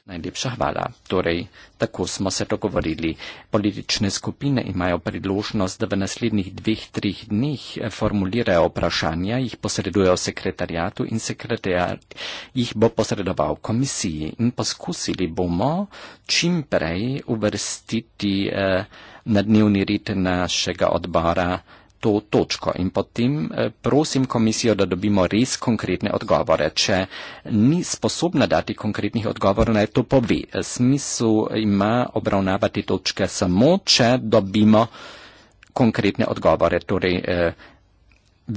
A: Najlepša hvala. Torej, tako smo se dogovorili. Politične skupine imajo priložnost, da v naslednjih dveh, treh dneh eh, formulirajo vprašanja, jih posredujejo sekretarjatu in sekretarjat jih bo posredoval komisiji. In poskusili bomo čim prej uvrstiti eh, na dnevni red našega odbora to točko in potem eh, prosim komisijo, da dobimo res konkretne odgovore. Če ni sposobna dati konkretnih odgovorov, naj to pove. Eh, smisel ima obravnavati točke samo, če dobimo konkretne odgovore. Torej, eh,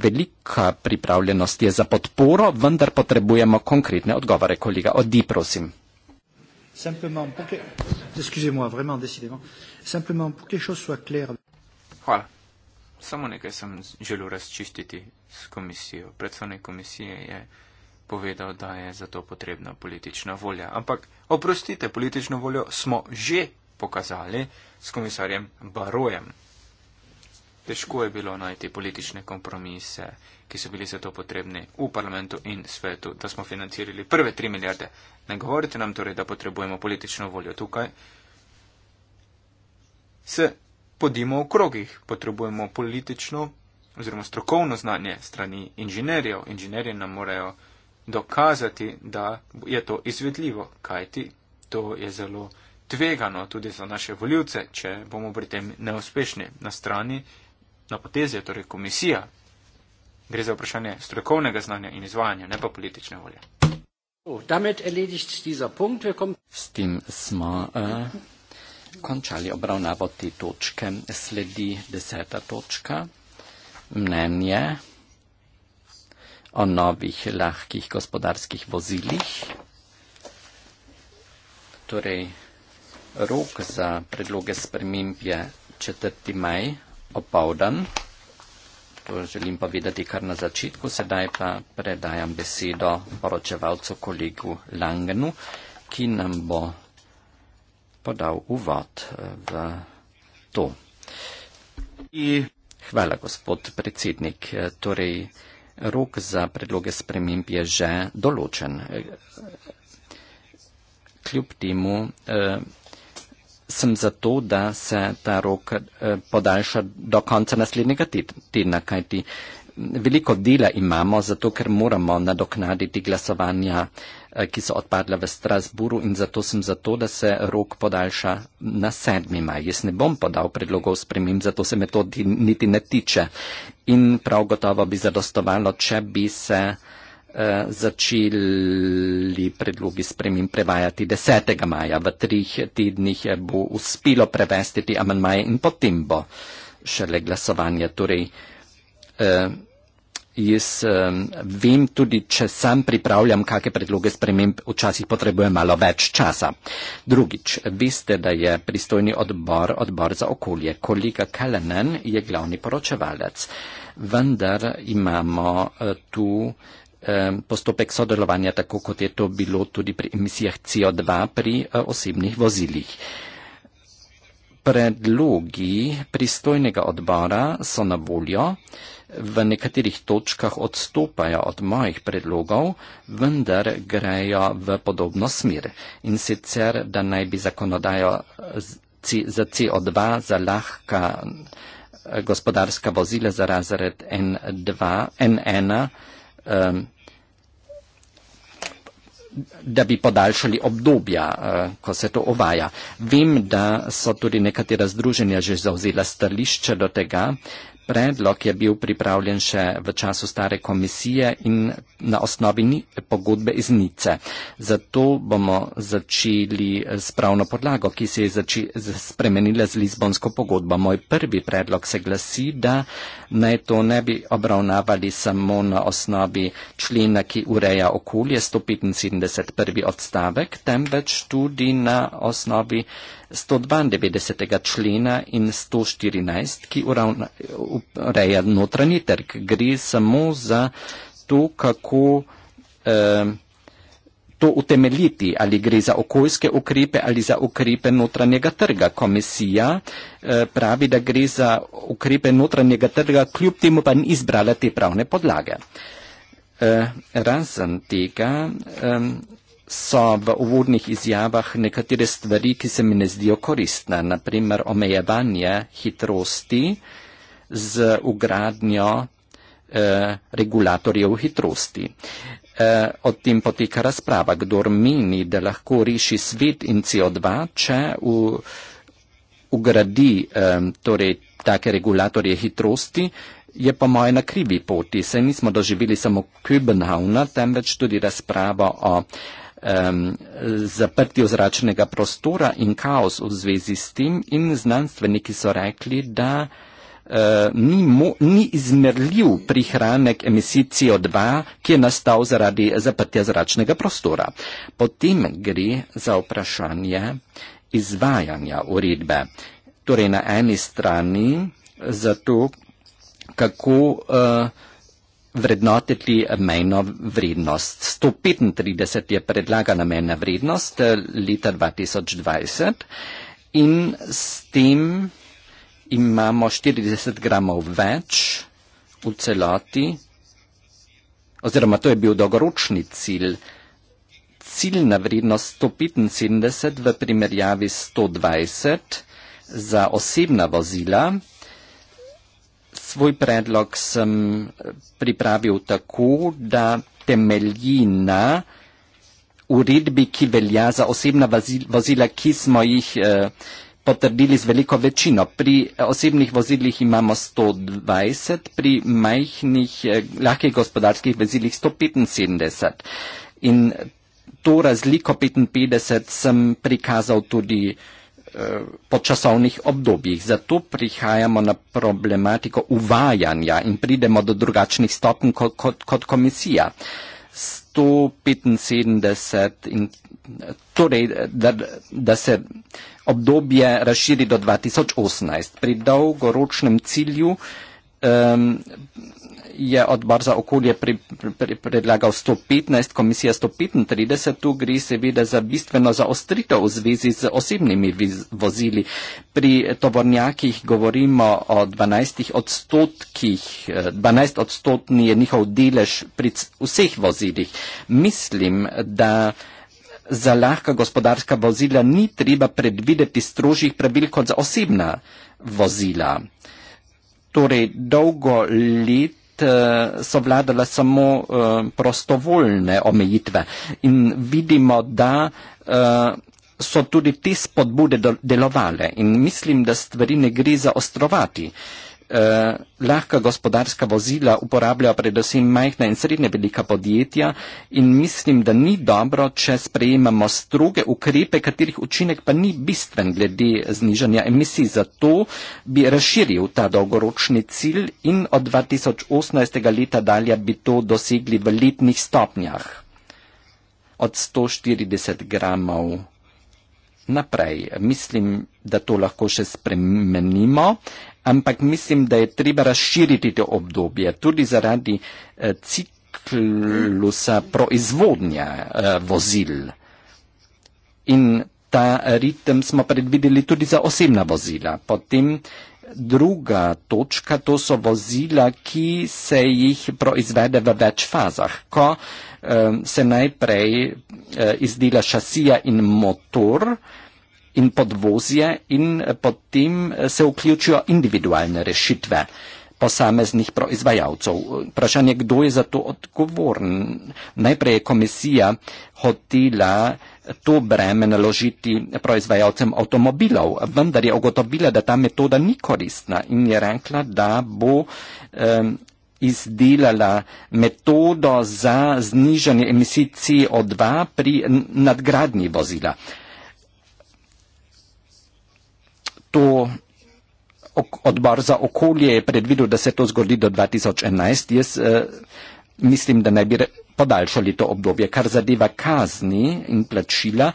A: velika pripravljenost je za podporo, vendar potrebujemo konkretne odgovore. Kolega, odi, prosim.
C: Simplement, pour que... Excusez-moi, vraiment, décidément. Simplement, pour que les choses soient claires. Voilà samo nekaj sem želel razčistiti s komisijo. Predstavnik komisije je povedal, da je za to potrebna politična volja. Ampak, oprostite, politično voljo smo že pokazali s komisarjem Barojem. Težko je bilo najti politične kompromise, ki so bili za to potrebni v parlamentu in svetu, da smo financirali prve tri milijarde. Ne govorite nam torej, da potrebujemo politično voljo tukaj. S podimo v krogih, potrebujemo politično oziroma strokovno znanje strani inženirjev. Inženirje nam morajo dokazati, da je to izvedljivo, kajti to je zelo tvegano tudi za naše voljivce, če bomo pri tem neuspešni. Na strani, na potezi je torej komisija. Gre za vprašanje strokovnega znanja in izvajanja, ne pa politične volje.
A: Oh, S tem smo. Uh končali obravnavo te točke. Sledi deseta točka, mnenje o novih lahkih gospodarskih vozilih. Torej, rok za predloge sprememb je 4. maj opovdan. To želim povedati kar na začetku, sedaj pa predajam besedo poročevalcu kolegu Langenu, ki nam bo podal uvod eh, v to. In hvala, gospod predsednik. Eh, torej, rok za predloge sprememb je že določen. Kljub temu eh, sem za to, da se ta rok podaljša do konca naslednjega tedna, kajti veliko dela imamo, zato ker moramo nadoknaditi glasovanja eh, Eh, ki so odpadle v Strasburu in zato sem zato, da se rok podaljša na 7. maj. Jaz ne bom podal predlogov spremim, zato se me to niti ne tiče. In prav gotovo bi zadostovalo, če bi se eh, začeli predlogi spremim prevajati 10. maja. V trih tednih eh, bo uspelo prevestiti amen maja in potem bo šele glasovanje. Torej, eh, jaz ehm, vem tudi, če sam pripravljam kakšne predloge sprememb, včasih potrebuje malo več časa. Drugič, veste, da je pristojni odbor, odbor za okolje. Kolega Kalenen je glavni poročevalec, vendar imamo eh, tu ehm, postopek sodelovanja, tako kot je to bilo tudi pri emisijah CO2 pri eh, osebnih vozilih. Predlogi pristojnega odbora so na voljo v nekaterih točkah odstopajo od mojih predlogov, vendar grejo v podobno smer. In sicer, da naj bi zakonodajo za CO2 za lahka eh, gospodarska vozila za razred N2, N1, eh, da bi podaljšali obdobja, eh, ko se to uvaja. Vem, da so tudi nekatera združenja že zauzela stališče do tega, predlog je bil pripravljen še v času stare komisije in na osnovi ni pogodbe iz Nice. Zato bomo začeli s pravno podlago, ki se je zači, spremenila z Lizbonsko pogodbo. Moj prvi predlog se glasi, da naj to ne bi obravnavali samo na osnovi člena, ki ureja okolje 175. odstavek, temveč tudi na osnovi 192. člena in 114, ki uravna, ureja notranji trg. Gre samo za to, kako eh, to utemeljiti, ali gre za okoljske ukrepe ali za ukrepe notranjega trga. Komisija eh, pravi, da gre za ukrepe notranjega trga, kljub temu pa ni izbrala te pravne podlage. Eh, razen tega. Eh, so v uvodnih izjavah nekatere stvari, ki se mi ne zdijo koristne, naprimer omejevanje hitrosti z ugradnjo eh, regulatorjev hitrosti. Eh, o tem poteka razprava, kdo meni, da lahko reši svet in CO2, če v, ugradi eh, torej, take regulatorje hitrosti je po moje na krivi poti. Se nismo doživeli samo Kübenhavna, temveč tudi razpravo o um, zaprti ozračnega prostora in kaos v zvezi s tem in znanstveniki so rekli, da uh, ni, mo, ni izmerljiv prihranek emisij CO2, ki je nastal zaradi zaprtja zračnega prostora. Potem gre za vprašanje izvajanja uredbe. Torej na eni strani za to, kako uh, vrednotiti mejno vrednost. 135 je predlagana mejna vrednost eh, leta 2020 in s tem imamo 40 gramov več v celoti, oziroma to je bil dogoročni cilj. Ciljna vrednost 175 v primerjavi 120 za osebna vozila Svoj predlog sem pripravil tako, da temelji na uredbi, ki velja za osebna vozila, ki smo jih eh, potrdili z veliko večino. Pri eh, osebnih vozilih imamo 120, pri majhnih eh, lahkih gospodarskih vozilih 175. In to razliko 55 sem prikazal tudi. Eh, počasovnih obdobjih. Zato prihajamo na problematiko uvajanja in pridemo do drugačnih stopenj kot, kot, kot komisija. 175 in torej, da, da se obdobje razširi do 2018. Pri dolgoročnem cilju um, je odbor za okolje pri, pri, predlagal 115, komisija 135, tu gre seveda za bistveno zaostritev v zvezi z osebnimi vozili. Pri tovornjakih govorimo o 12 odstotkih, 12 eh, odstotni je njihov delež pri vseh vozilih. Mislim, da za lahka gospodarska vozila ni treba predvideti strožjih pravil kot za osebna vozila. Torej, dolgo let Eh, so vladale samo eh, prostovoljne omejitve. In vidimo, da eh, so tudi te spodbude delovale. In mislim, da stvari ne gre za ostrovati eh, lahka gospodarska vozila uporabljajo predvsem majhna in srednja velika podjetja in mislim, da ni dobro, če sprejemamo stroge ukrepe, katerih učinek pa ni bistven glede znižanja emisij. Zato bi razširil ta dolgoročni cilj in od 2018. leta dalje bi to dosegli v letnih stopnjah od 140 gramov. Naprej. Mislim, da to lahko še spremenimo ampak mislim, da je treba razširiti to obdobje tudi zaradi eh, ciklusa proizvodnja eh, vozil. In ta eh, ritem smo predvideli tudi za osebna vozila. Potem druga točka, to so vozila, ki se jih proizvede v več fazah. Ko eh, se najprej eh, izdela šasija in motor, eh, in podvozje in eh, potem eh, se vključijo individualne rešitve posameznih proizvajalcev. Vprašanje, kdo je za to odgovoren. Najprej je komisija hotela to breme naložiti proizvajalcem avtomobilov, vendar je ugotovila, da ta metoda ni koristna in je rekla, da bo um, izdelala metodo za znižanje emisij CO2 pri nadgradnji vozila. to odbor za okolje je predvidel, da se to zgodi do 2011. Jaz eh, mislim, da naj bi podaljšali to obdobje. Kar zadeva kazni in plačila,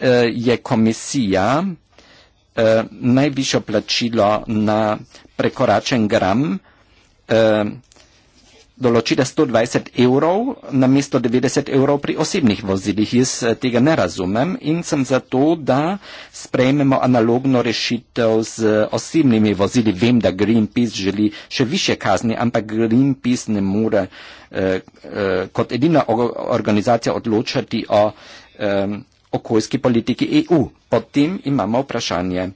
A: eh, je komisija eh, najvišjo plačilo na prekoračen gram. Eh, določila 120 evrov na mesto 90 evrov pri osebnih vozilih. Jaz eh, tega ne razumem in sem zato, da sprejmemo analogno rešitev z eh, osebnimi vozili. Vem, da Greenpeace želi še više kazni, ampak Greenpeace ne more eh, eh, kot edina organizacija odločati o eh, okoljski politiki EU. Potem imamo vprašanje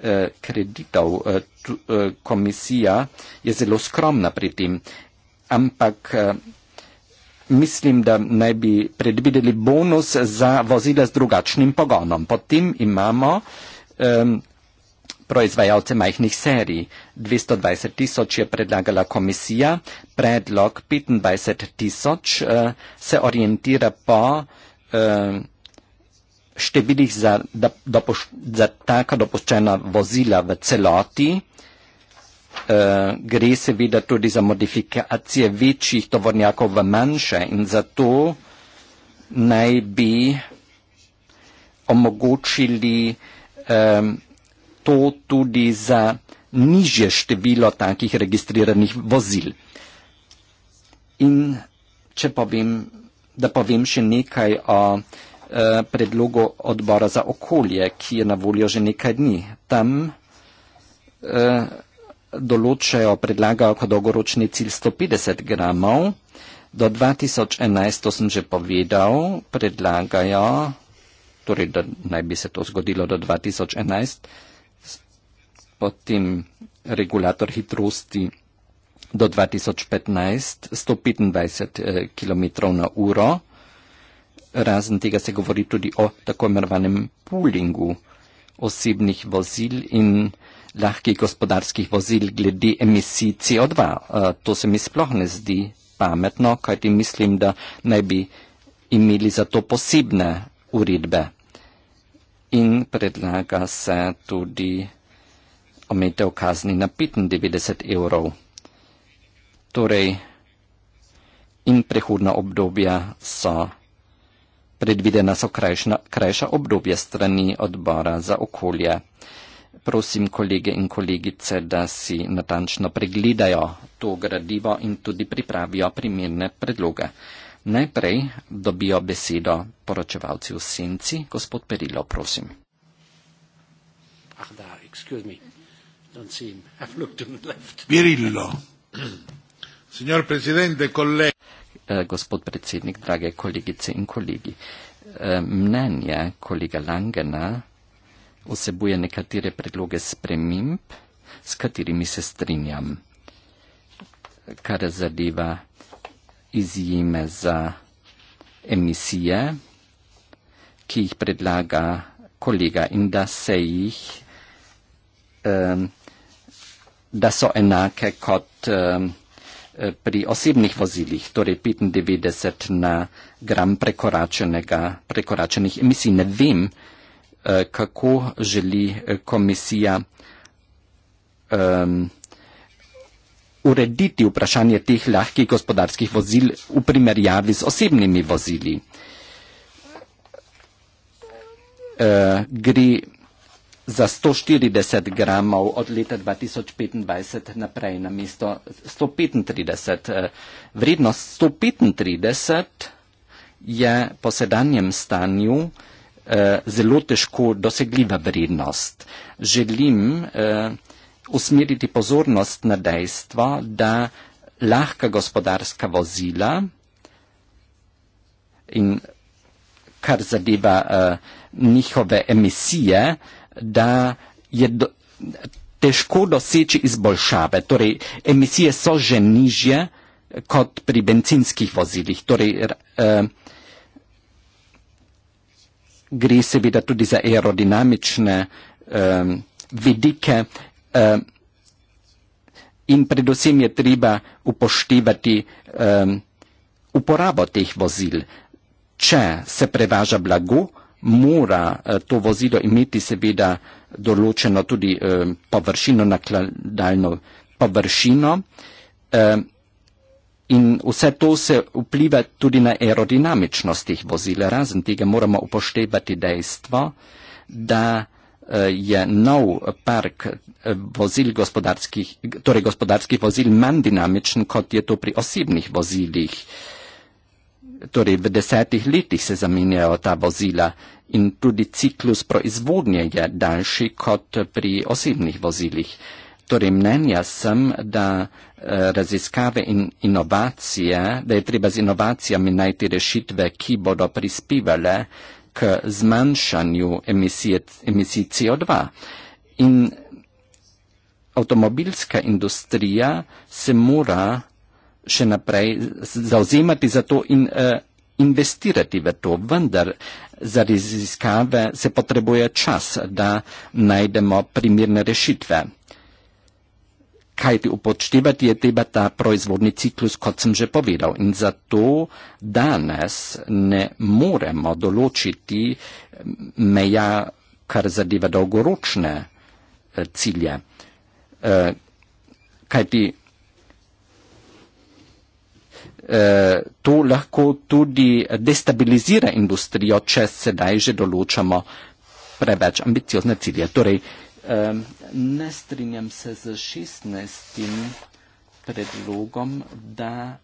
A: eh, kreditov. Komisija je zelo skromna pri tem ampak eh, mislim, da naj bi predvideli bonus za vozile z drugačnim pogonom. Potem imamo um, proizvajalce majhnih serij. 220 tisoč je predlagala komisija, predlog 25 tisoč uh, se orientira po uh, številih za, da, dopuš, za taka dopuščena vozila v celoti uh, gre seveda tudi za modifikacije večjih tovornjakov v manjše in zato naj bi omogočili um, to tudi za nižje število takih registriranih vozil. In če povem, da povem še nekaj o eh, predlogu odbora za okolje, ki je na voljo že nekaj dni. Tam eh, določajo, predlagajo kot dolgoročni cilj 150 gramov. Do 2011, to sem že povedal, predlagajo, torej da naj bi se to zgodilo do 2011, potem regulator hitrosti do 2015 125 km na uro. Razen tega se govori tudi o tako imenovanem poolingu osebnih vozil in lahkih gospodarskih vozil glede emisij CO2. Eh, to se mi sploh ne zdi pametno, kajti mislim, da naj bi imeli za to posebne uredbe. In predlaga se tudi omejitev kazni na 95 evrov. Torej, in prehodna obdobja so predvidena so krajšna, krajša obdobja strani odbora za okolje prosim kolege in kolegice, da si natančno pregledajo to gradivo in tudi pripravijo primerne predloge. Najprej dobijo besedo poročevalci v senci. Gospod Perilo, prosim. Ah, da, Perilo. Signor Presidente, kolega. Eh, gospod predsednik, drage kolegice in kolegi. Eh, mnenje kolega Langena vsebuje nekatere predloge sprememb, s katerimi se strinjam, kar zadeva izjeme za emisije, ki jih predlaga kolega in da se jih, um, da so enake kot um, pri osebnih vozilih, torej 95 na gram prekoračenih emisij. Ne vem, Eh, kako želi eh, komisija um, urediti vprašanje teh lahkih gospodarskih vozil v primerjavi z osebnimi vozili. Uh, gre za 140 gramov od leta 2025 naprej na mesto 135. Vrednost 135 je po sedanjem stanju Eh, zelo težko dosegljiva vrednost. Želim eh, usmeriti pozornost na dejstvo, da lahka gospodarska vozila in kar zadeva eh, njihove emisije, da je težko doseči izboljšave. Torej, emisije so že nižje kot pri bencinskih vozilih. Torej, uh, gre seveda tudi za aerodinamične um, vidike um, in predvsem je treba upoštevati um, uporabo teh vozil. Če se prevaža blago, mora eh, to vozilo imeti seveda določeno tudi površino, nakladalno površino. Um, In vse to se vpliva tudi na aerodinamičnost teh vozil. Razen tega moramo upoštevati dejstvo, da eh, je nov park eh, vozil gospodarskih, torej gospodarskih vozil manj dinamičen, kot je to pri osebnih vozilih. Torej v desetih letih se zamenjajo ta vozila in tudi ciklus proizvodnje je daljši kot pri osebnih vozilih. Torej, mnenja sem, da eh, raziskave in inovacije, da je treba z inovacijami najti rešitve, ki bodo prispivale k zmanjšanju emisij CO2. In avtomobilska industrija se mora še naprej zauzemati za to in uh, investirati v to, vendar za raziskave se potrebuje čas, da najdemo primirne rešitve kajti upočtevati je treba ta proizvodni ciklus, kot sem že povedal. In zato danes ne moremo določiti meja, kar zadeva dolgoročne eh, cilje. Eh, kajti eh, to lahko tudi destabilizira industrijo, če sedaj že določamo preveč ambiciozne cilje. Torej, ne strinjam se z 16. predlogom, da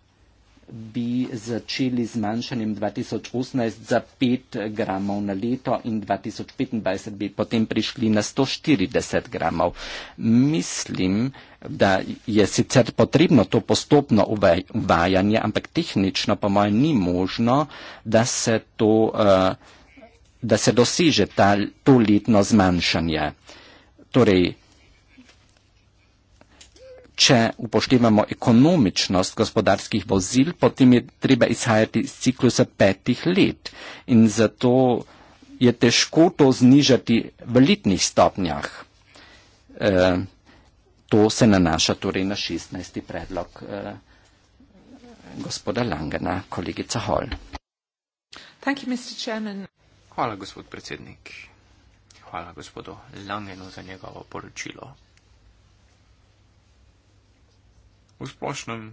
A: bi začeli zmanjšanjem 2018 za 5 gramov na leto in 2025 bi potem prišli na 140 gramov. Mislim, da je sicer potrebno to postopno uvajanje, ampak tehnično po mojem ni možno, da se, to, eh, da se doseže ta, to letno zmanjšanje. Torej, če upoštevamo ekonomičnost gospodarskih vozil, potem je treba izhajati iz ciklusa petih let in zato je težko to znižati v letnih stopnjah. E, to se nanaša torej na 16. predlog e, gospoda Langena, kolegica Hall.
B: Thank you, Mr. Chairman.
C: Hvala, gospod predsednik hvala gospodu Langenu za njegovo poročilo. V splošnem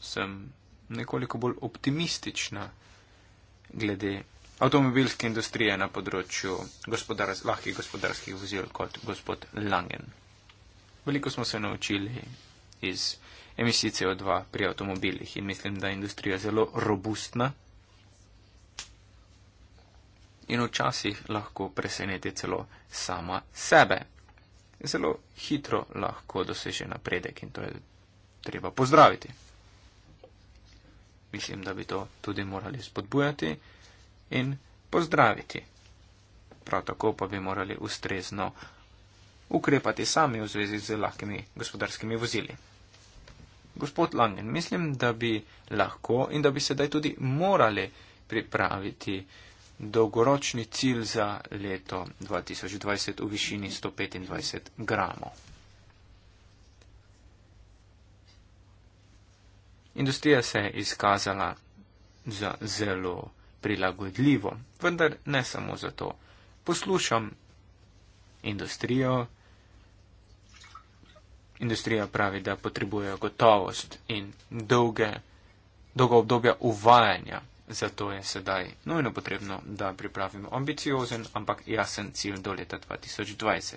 C: sem nekoliko bolj optimistična glede avtomobilske industrije na področju gospodars lahkih gospodarskih vozil kot gospod Langen. Veliko smo se naučili iz emisij CO2 pri avtomobilih in mislim, da je industrija zelo robustna in včasih lahko preseneti celo sama sebe. Zelo hitro lahko doseže napredek in to je treba pozdraviti. Mislim, da bi to tudi morali spodbujati in pozdraviti. Prav tako pa bi morali ustrezno ukrepati sami v zvezi z lahkimi gospodarskimi vozili. Gospod Langen, mislim, da bi lahko in da bi sedaj tudi morali pripraviti dolgoročni cilj za leto 2020 v višini 125 gramov. Industrija se je izkazala za zelo prilagodljivo, vendar ne samo zato. Poslušam industrijo. Industrija pravi, da potrebuje gotovost in dolge, dolgo obdobja uvajanja Zato je sedaj nujno potrebno, da pripravimo ambiciozen, ampak jasen cilj do leta 2020.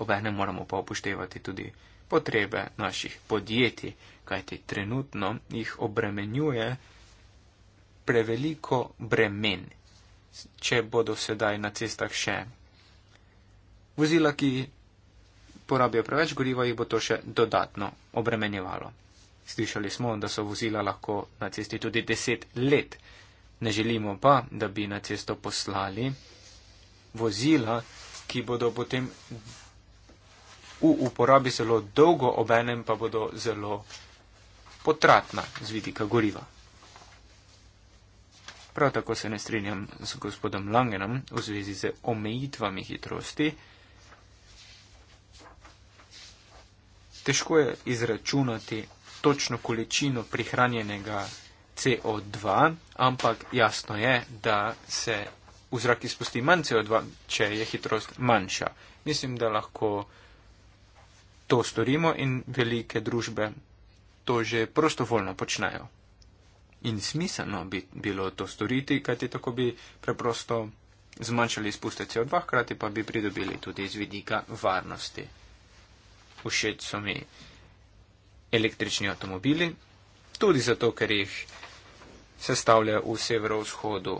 C: Obene moramo pa upoštevati tudi potrebe naših podjetij, kajti trenutno jih obremenjuje preveliko bremen, če bodo sedaj na cestah še vozila, ki porabijo preveč goriva, jih bo to še dodatno obremenjevalo. Slišali smo, da so vozila lahko na cesti tudi deset let. Ne želimo pa, da bi na cesto poslali vozila, ki bodo potem v uporabi zelo dolgo, obenem pa bodo zelo potratna z vidika goriva. Prav tako se ne strinjam z gospodom Langenom v zvezi z omejitvami hitrosti. Težko je izračunati točno količino prihranjenega CO2, ampak jasno je, da se v zrak izpusti manj CO2, če je hitrost manjša. Mislim, da lahko to storimo in velike družbe to že prostovoljno počnejo. In smiselno bi bilo to storiti, kajti tako bi preprosto zmanjšali izpuste CO2, hkrati pa bi pridobili tudi iz vidika varnosti. Všeč so mi električni avtomobili, tudi zato, ker jih sestavlja v severovzhodu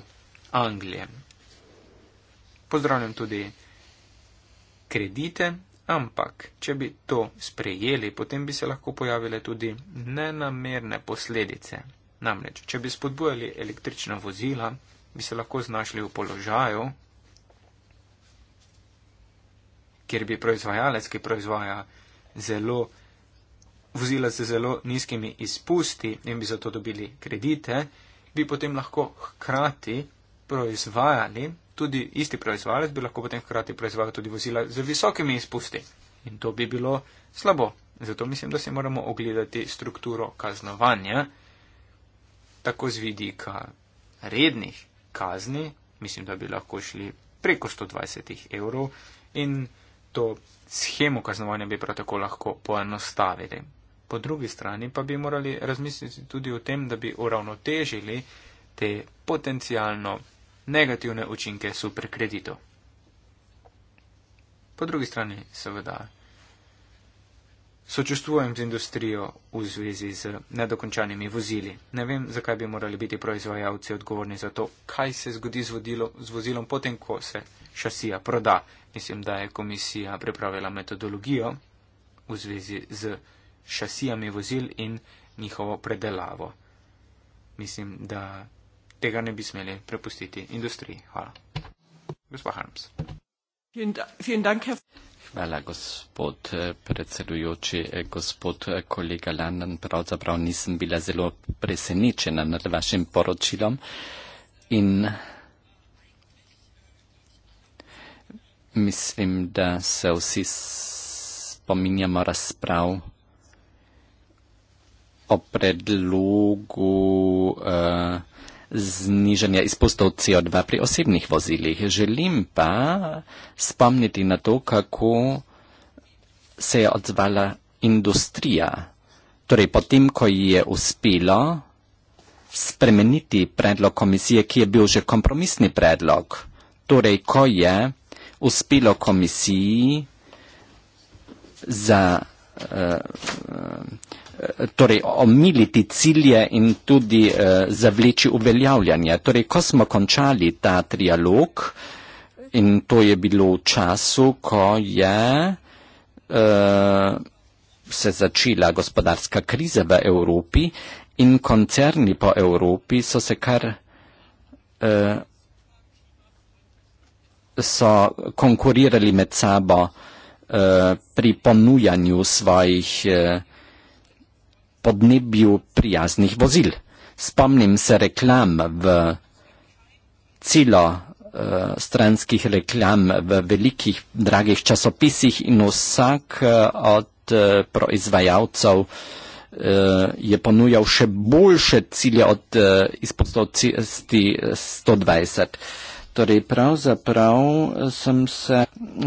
C: Anglije. Pozdravljam tudi kredite, ampak če bi to sprejeli, potem bi se lahko pojavile tudi nenamerne posledice. Namreč, če bi spodbujali električna vozila, bi se lahko znašli v položaju, kjer bi proizvajalec, ki proizvaja zelo vozila z zelo nizkimi izpusti in bi zato dobili kredite, bi potem lahko hkrati proizvajali, tudi isti proizvajalec bi lahko potem hkrati proizvajal tudi vozila z visokimi izpusti. In to bi bilo slabo. Zato mislim, da si moramo ogledati strukturo kaznovanja, tako z vidika rednih kazni, mislim, da bi lahko šli preko 120 evrov in to schemo kaznovanja bi prav tako lahko poenostavili po drugi strani pa bi morali razmisliti tudi o tem, da bi uravnotežili te potencijalno negativne učinke superkreditov. Po drugi strani seveda sočustvujem z industrijo v zvezi z nedokončanimi vozili. Ne vem, zakaj bi morali biti proizvajalci odgovorni za to, kaj se zgodi z, vodilo, z vozilom potem, ko se šasija proda. Mislim, da je komisija pripravila metodologijo v zvezi z šasijami vozil in njihovo predelavo. Mislim, da tega ne bi smeli prepustiti industriji. Hvala. Gospa
A: Harms. Hvala, gospod eh, predsedujoči. Eh, gospod eh, kolega Landan, pravzaprav nisem bila zelo presenečena nad vašim poročilom in mislim, da se vsi spominjamo razprav o predlogu e, eh, zniženja izpustov CO2 pri osebnih vozilih. Želim pa spomniti na to, kako se je odzvala industrija. Torej, potem, ko ji je uspelo spremeniti predlog komisije, ki je bil že kompromisni predlog, torej, ko je uspelo komisiji za uh, torej omiliti cilje in tudi eh, zavleči uveljavljanje. Torej, ko smo končali ta trialog in to je bilo v času, ko je eh, se začela gospodarska kriza v Evropi in koncerni po Evropi so se kar eh, so konkurirali med sabo eh, pri ponujanju svojih eh, podnebju prijaznih vozil. Spomnim se reklam v cilo eh, stranskih reklam v velikih dragih časopisih in vsak eh, od eh, proizvajalcev je ponujal še boljše cilje od izpostavljosti 120. Torej, pravzaprav sem se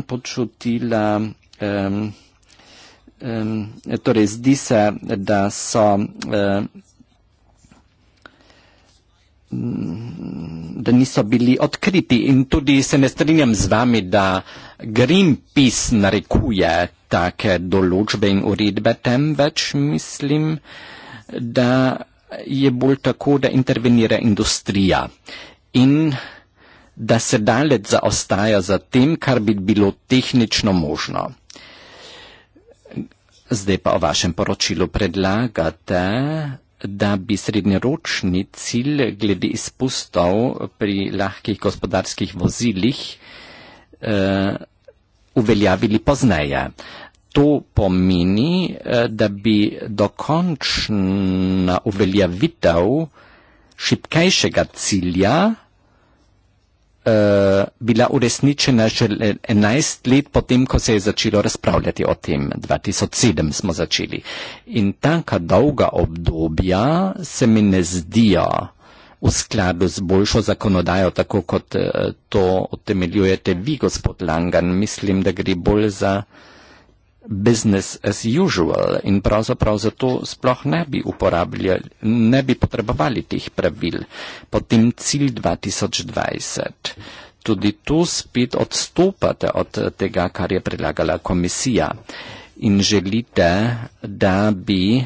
A: počutila um, um, torej zdi se, da so um, da niso bili odkriti in tudi se ne strinjam z vami, da Greenpeace narekuje take določbe in uredbe, temveč mislim, da je bolj tako, da intervenira industrija in da se dalec zaostaja za tem, kar bi bilo tehnično možno. Zdaj pa o vašem poročilu predlagate, da bi srednjeročni cilj glede izpustov pri lahkih gospodarskih vozilih uh, uveljavili pozneje. To pomeni, eh, da bi dokončna uveljavitev šipkejšega cilja Eh, bila uresničena že 11 let potem, ko se je začelo razpravljati o tem. 2007 smo začeli. In taka dolga obdobja se mi ne zdijo v skladu z boljšo zakonodajo, tako kot eh, to utemeljujete vi, gospod Langan. Mislim, da gre bolj za business as usual in pravzaprav zato sploh ne bi uporabljali, ne bi potrebovali teh pravil. Potem cilj 2020. Tudi tu spet odstopate od tega, kar je predlagala komisija in želite, da bi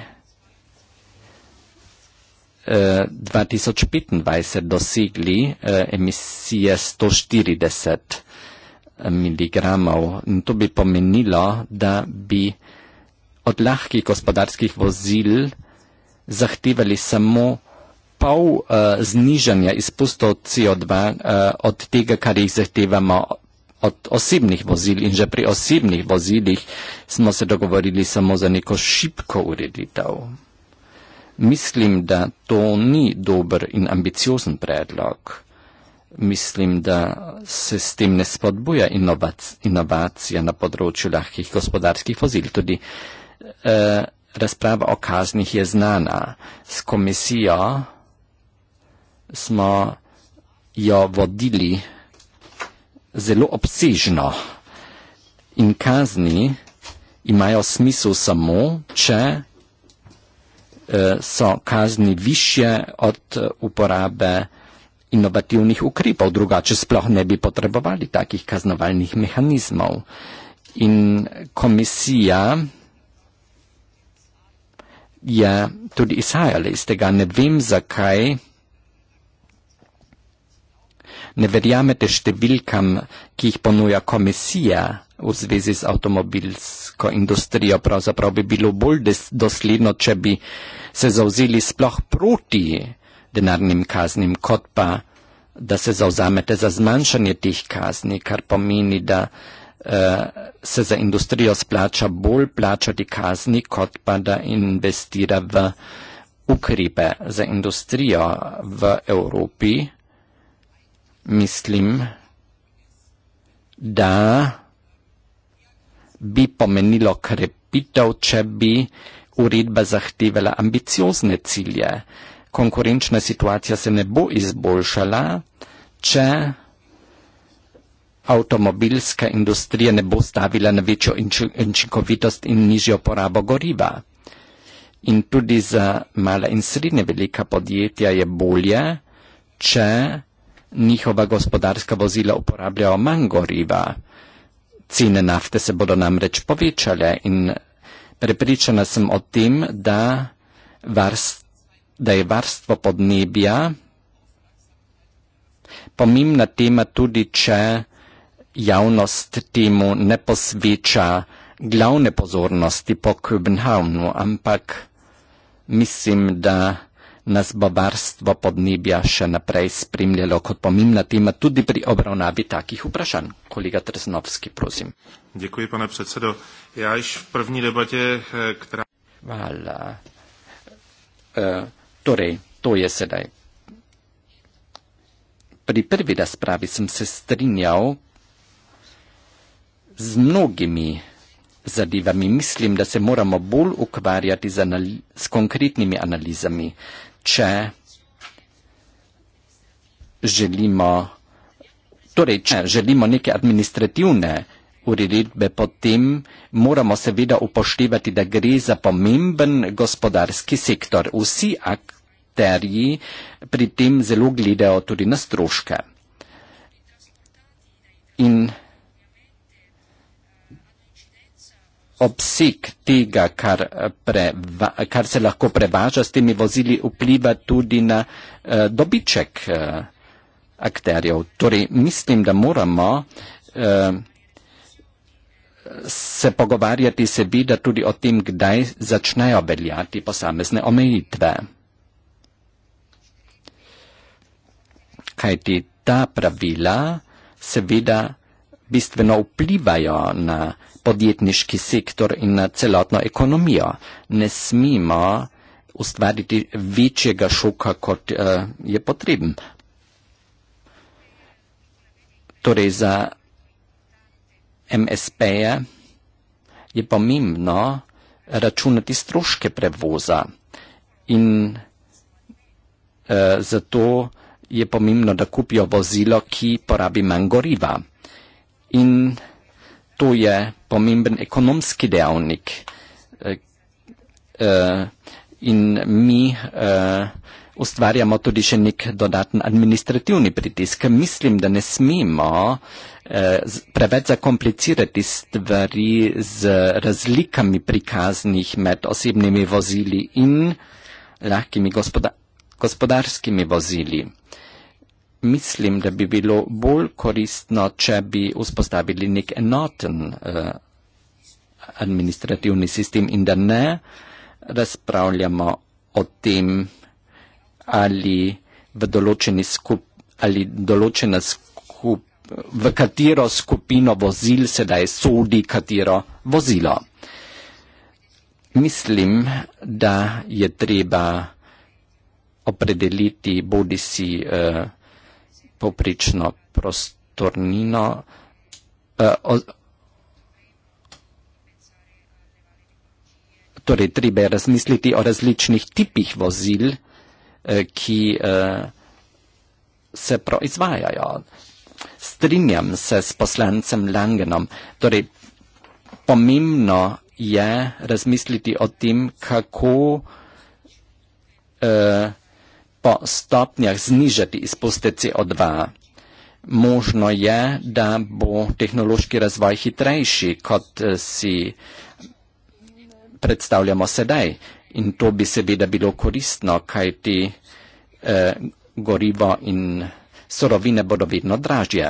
A: 2025 eh, dosegli eh, emisije 140 miligramov. In to bi pomenilo, da bi od lahkih gospodarskih vozil zahtevali samo pol uh, znižanja izpustov CO2 uh, eh, od tega, kar jih zahtevamo od osebnih vozil. In že pri osebnih vozilih smo se dogovorili samo za neko šipko ureditev. Mislim, da to ni dober in ambiciozen predlog mislim, da se s tem ne spodbuja inovac, inovacija na področju lahkih gospodarskih vozil. Tudi eh, razprava o kaznih je znana. S komisijo smo jo vodili zelo obsežno in kazni imajo smisel samo, če eh, so kazni više od eh, uporabe eh, inovativnih ukrepov, drugače sploh ne bi potrebovali takih kaznovalnih mehanizmov. In komisija je tudi izhajala iz tega, ne vem zakaj. Ne verjamete številkam, ki jih ponuja komisija v zvezi z avtomobilsko industrijo. Pravzaprav bi bilo bolj dosledno, če bi se zauzeli sploh proti denarnim kaznim, kot pa da se zauzamete za zmanjšanje teh kazni, kar pomeni, da uh, se za industrijo splača bolj plačati kazni, kot pa da investira v ukrepe za industrijo v Evropi. Mislim, da bi pomenilo krepitev, če bi uredba zahtevala ambiciozne cilje. Uh, konkurenčna situacija se ne bo izboljšala, če avtomobilska industrija ne bo stavila na večjo učinkovitost in nižjo porabo goriva. In tudi za mala in srednje velika podjetja je bolje, če njihova gospodarska vozila uporabljajo manj goriva. Cene nafte se bodo namreč povečale in prepričana sem o tem, da varstvo da je varstvo podnebja pomembna tema tudi, če javnost temu ne posveča glavne pozornosti po Kubenhavnu, ampak mislim, da nas bo varstvo podnebja še naprej spremljalo kot pomembna tema tudi pri obravnavi takih vprašanj. Kolega Trznovski, prosim.
B: Děkuji, pane predsedo. Já již v první debatě, eh,
A: která... Hvala. Uh, Torej, to je sedaj. Pri prvi razpravi sem se strinjal z mnogimi zadevami. Mislim, da se moramo bolj ukvarjati z, z konkretnimi analizami, če želimo, torej, če želimo neke administrativne uredbe, potem moramo seveda upoštevati, da gre za pomemben gospodarski sektor. Vsi akti akterji pri tem zelo gledajo tudi na stroške. In obseg tega, kar, preva, kar se lahko prevaža s temi vozili, vpliva tudi na uh, dobiček uh, akterjev. Torej, mislim, da moramo uh, se pogovarjati sebi, da tudi o tem, kdaj začnejo veljati posamezne omejitve. kajti ta pravila seveda bistveno vplivajo na podjetniški sektor in na celotno ekonomijo. Ne smemo ustvariti večjega šoka, kot uh, je potreben. Torej za MSP-je je pomembno računati stroške prevoza in uh, zato je pomembno, da kupijo vozilo, ki porabi manj goriva. In to je pomemben ekonomski dejavnik. Eh, eh, in mi eh, ustvarjamo tudi še nek dodaten administrativni pritisk. Mislim, da ne smemo preveč zakomplicirati stvari z razlikami prikaznih med osebnimi vozili in lahkimi gospoda, gospodarskimi vozili. Mislim, da bi bilo bolj koristno, če bi vzpostavili nek enoten eh, administrativni sistem in da ne razpravljamo o tem, ali v določeni skup, ali določena skup, v katero skupino vozil sedaj sodi katero vozilo. Mislim, da je treba opredeliti bodi si eh, poprično prostornino, eh, o, torej treba je razmisliti o različnih tipih vozil, eh, ki eh, se proizvajajo. Strinjam se s poslancem Langenom. Torej, pomembno je razmisliti o tem, kako eh, po stopnjah znižati izpuste CO2. Možno je, da bo tehnološki razvoj hitrejši, kot eh, si predstavljamo sedaj. In to bi seveda bilo koristno, kaj ti eh, gorivo in sorovine bodo vedno dražje.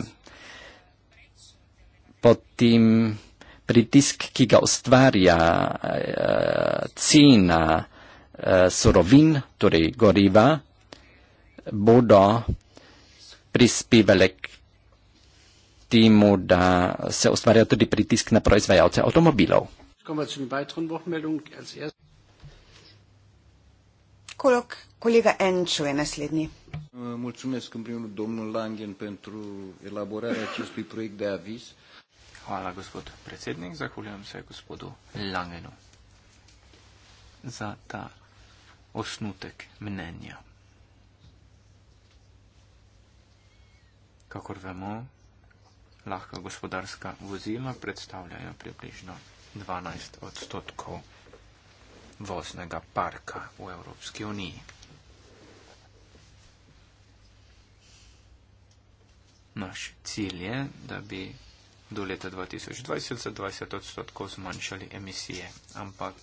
A: Potem pritisk, ki ga ustvarja eh, cena eh, sorovin, torej goriva, bodo prispevali k temu, da se ustvarja tudi pritisk na proizvajalce avtomobilov.
B: Kolok, kolega Enču je naslednji.
C: Hvala, gospod predsednik. Zahvaljujem se gospodu Langenu za ta osnutek mnenja. Kakor vemo, lahko gospodarska vozila predstavljajo približno 12 odstotkov voznega parka v Evropski uniji. Naš cilj je, da bi do leta 2020 za 20 odstotkov zmanjšali emisije, ampak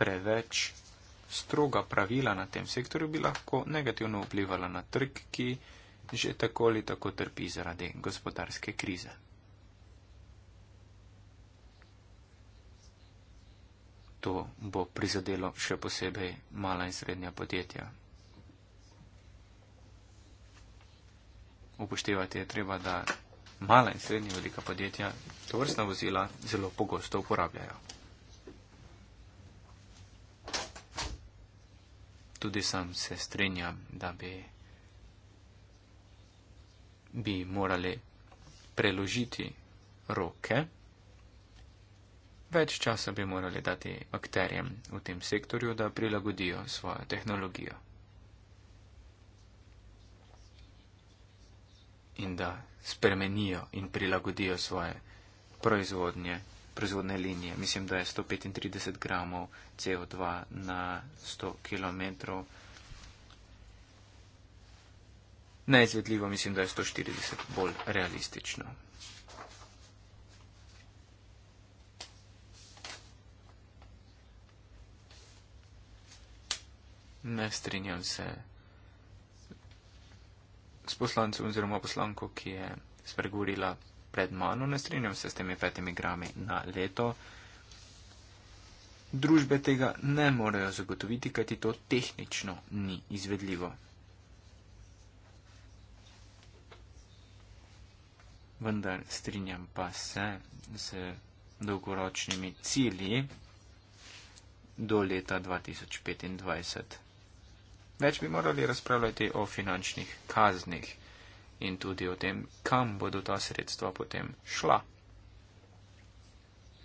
C: preveč stroga pravila na tem sektorju bi lahko negativno vplivala na trg, ki je že tako ali tako trpi zaradi gospodarske krize. To bo prizadelo še posebej mala in srednja podjetja. Upoštevati je treba, da mala in srednja velika podjetja to vrstna vozila zelo pogosto uporabljajo. Tudi sam se strinjam, da bi bi morali preložiti roke, več časa bi morali dati akterjem v tem sektorju, da prilagodijo svojo tehnologijo in da spremenijo in prilagodijo svoje proizvodnje. Proizvodne linije. Mislim, da je 135 gramov CO2 na 100 km. Neizvedljivo mislim, da je 140 bolj realistično. Ne strinjam se s poslancem oziroma poslanko, ki je spregovorila pred mano, ne strinjam se s temi petimi grami na leto. Družbe tega ne morejo zagotoviti, kajti to tehnično ni izvedljivo. vendar strinjam pa se z dolgoročnimi cilji do leta 2025. Več bi morali razpravljati o finančnih kaznih in tudi o tem, kam bodo ta sredstva potem šla.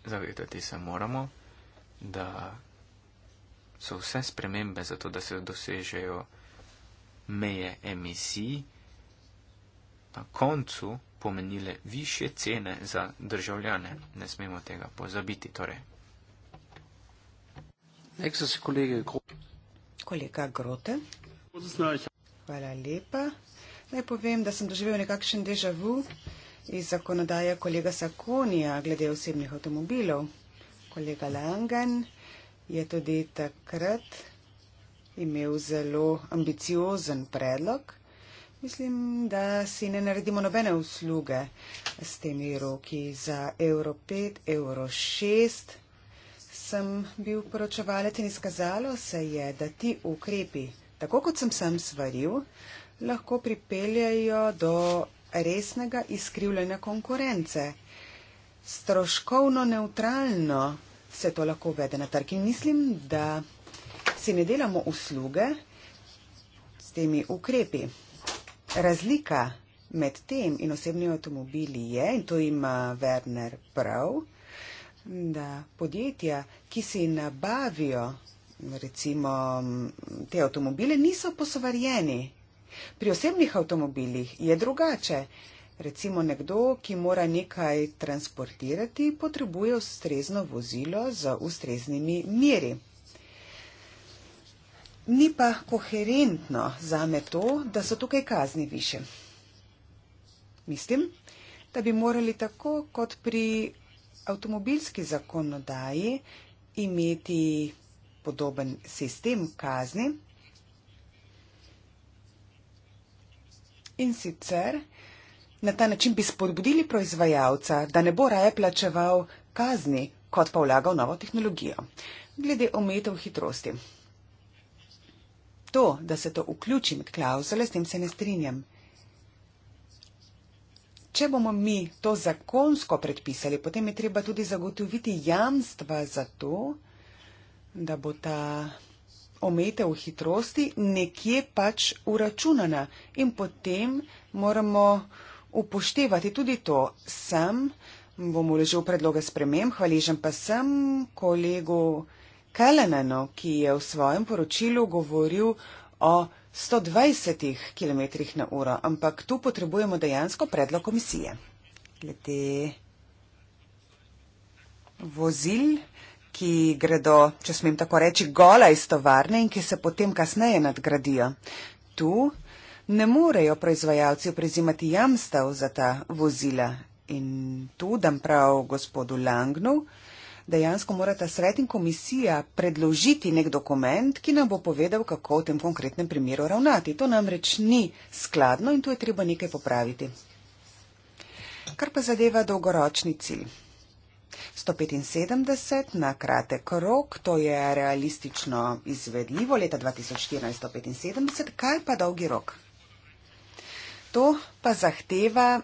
C: Zavedati se moramo, da so vse spremembe zato, da se dosežejo meje emisij na koncu pomenile više cene za državljane. Ne smemo tega pozabiti. Torej.
B: Kolega Grote. Hvala lepa. Naj povem, da sem doživel nekakšen deja vu iz zakonodaje kolega Sakonija glede osebnih avtomobilov. Kolega Langen je tudi takrat imel zelo ambiciozen predlog, Mislim, da si ne naredimo nobene usluge s temi roki za evro 5, evro 6. Sem bil poročevalec in izkazalo se je, da ti ukrepi, tako kot sem sem svaril, lahko pripeljajo do resnega izkrivljanja konkurence. Stroškovno neutralno se to lahko uvede na trg in mislim, da si ne delamo usluge s temi ukrepi. Razlika med tem in osebnimi avtomobili je, in to ima Werner prav, da podjetja, ki si nabavijo recimo te avtomobile, niso posvarjeni. Pri osebnih avtomobilih je drugače. Recimo nekdo, ki mora nekaj transportirati, potrebuje ustrezno vozilo z ustreznimi miri. Ni pa koherentno za me to, da so tukaj kazni više. Mislim, da bi morali tako kot pri avtomobilski zakonodaji imeti podoben sistem kazni. In sicer na ta način bi spodbudili proizvajalca, da ne bo raje plačeval kazni, kot pa vlagal novo tehnologijo. Glede omejitev hitrosti. To, da se to vključi med klauzule, s tem se ne strinjam. Če bomo mi to zakonsko predpisali, potem je treba tudi zagotoviti jamstva za to, da bo ta ometev hitrosti nekje pač uračunana in potem moramo upoštevati tudi to. Sam bom uležil predloge spremem, hvaležen pa sem kolegu. Kelenenu, ki je v svojem poročilu govoril o 120 km na uro, ampak tu potrebujemo dejansko predlog komisije. Glede vozil, ki gredo, če smem tako reči, gola iz tovarne in ki se potem kasneje nadgradijo. Tu ne morejo proizvajalci prezimati jamstev za ta vozila. In tu dam prav gospodu Langnu, dejansko morata svet in komisija predložiti nek dokument, ki nam bo povedal, kako v tem konkretnem primeru ravnati. To namreč ni skladno in tu je treba nekaj popraviti. Kar pa zadeva dolgoročni cilj. 175 na kratek rok, to je realistično izvedljivo, leta 2014-175, kaj pa dolgi rok? To pa zahteva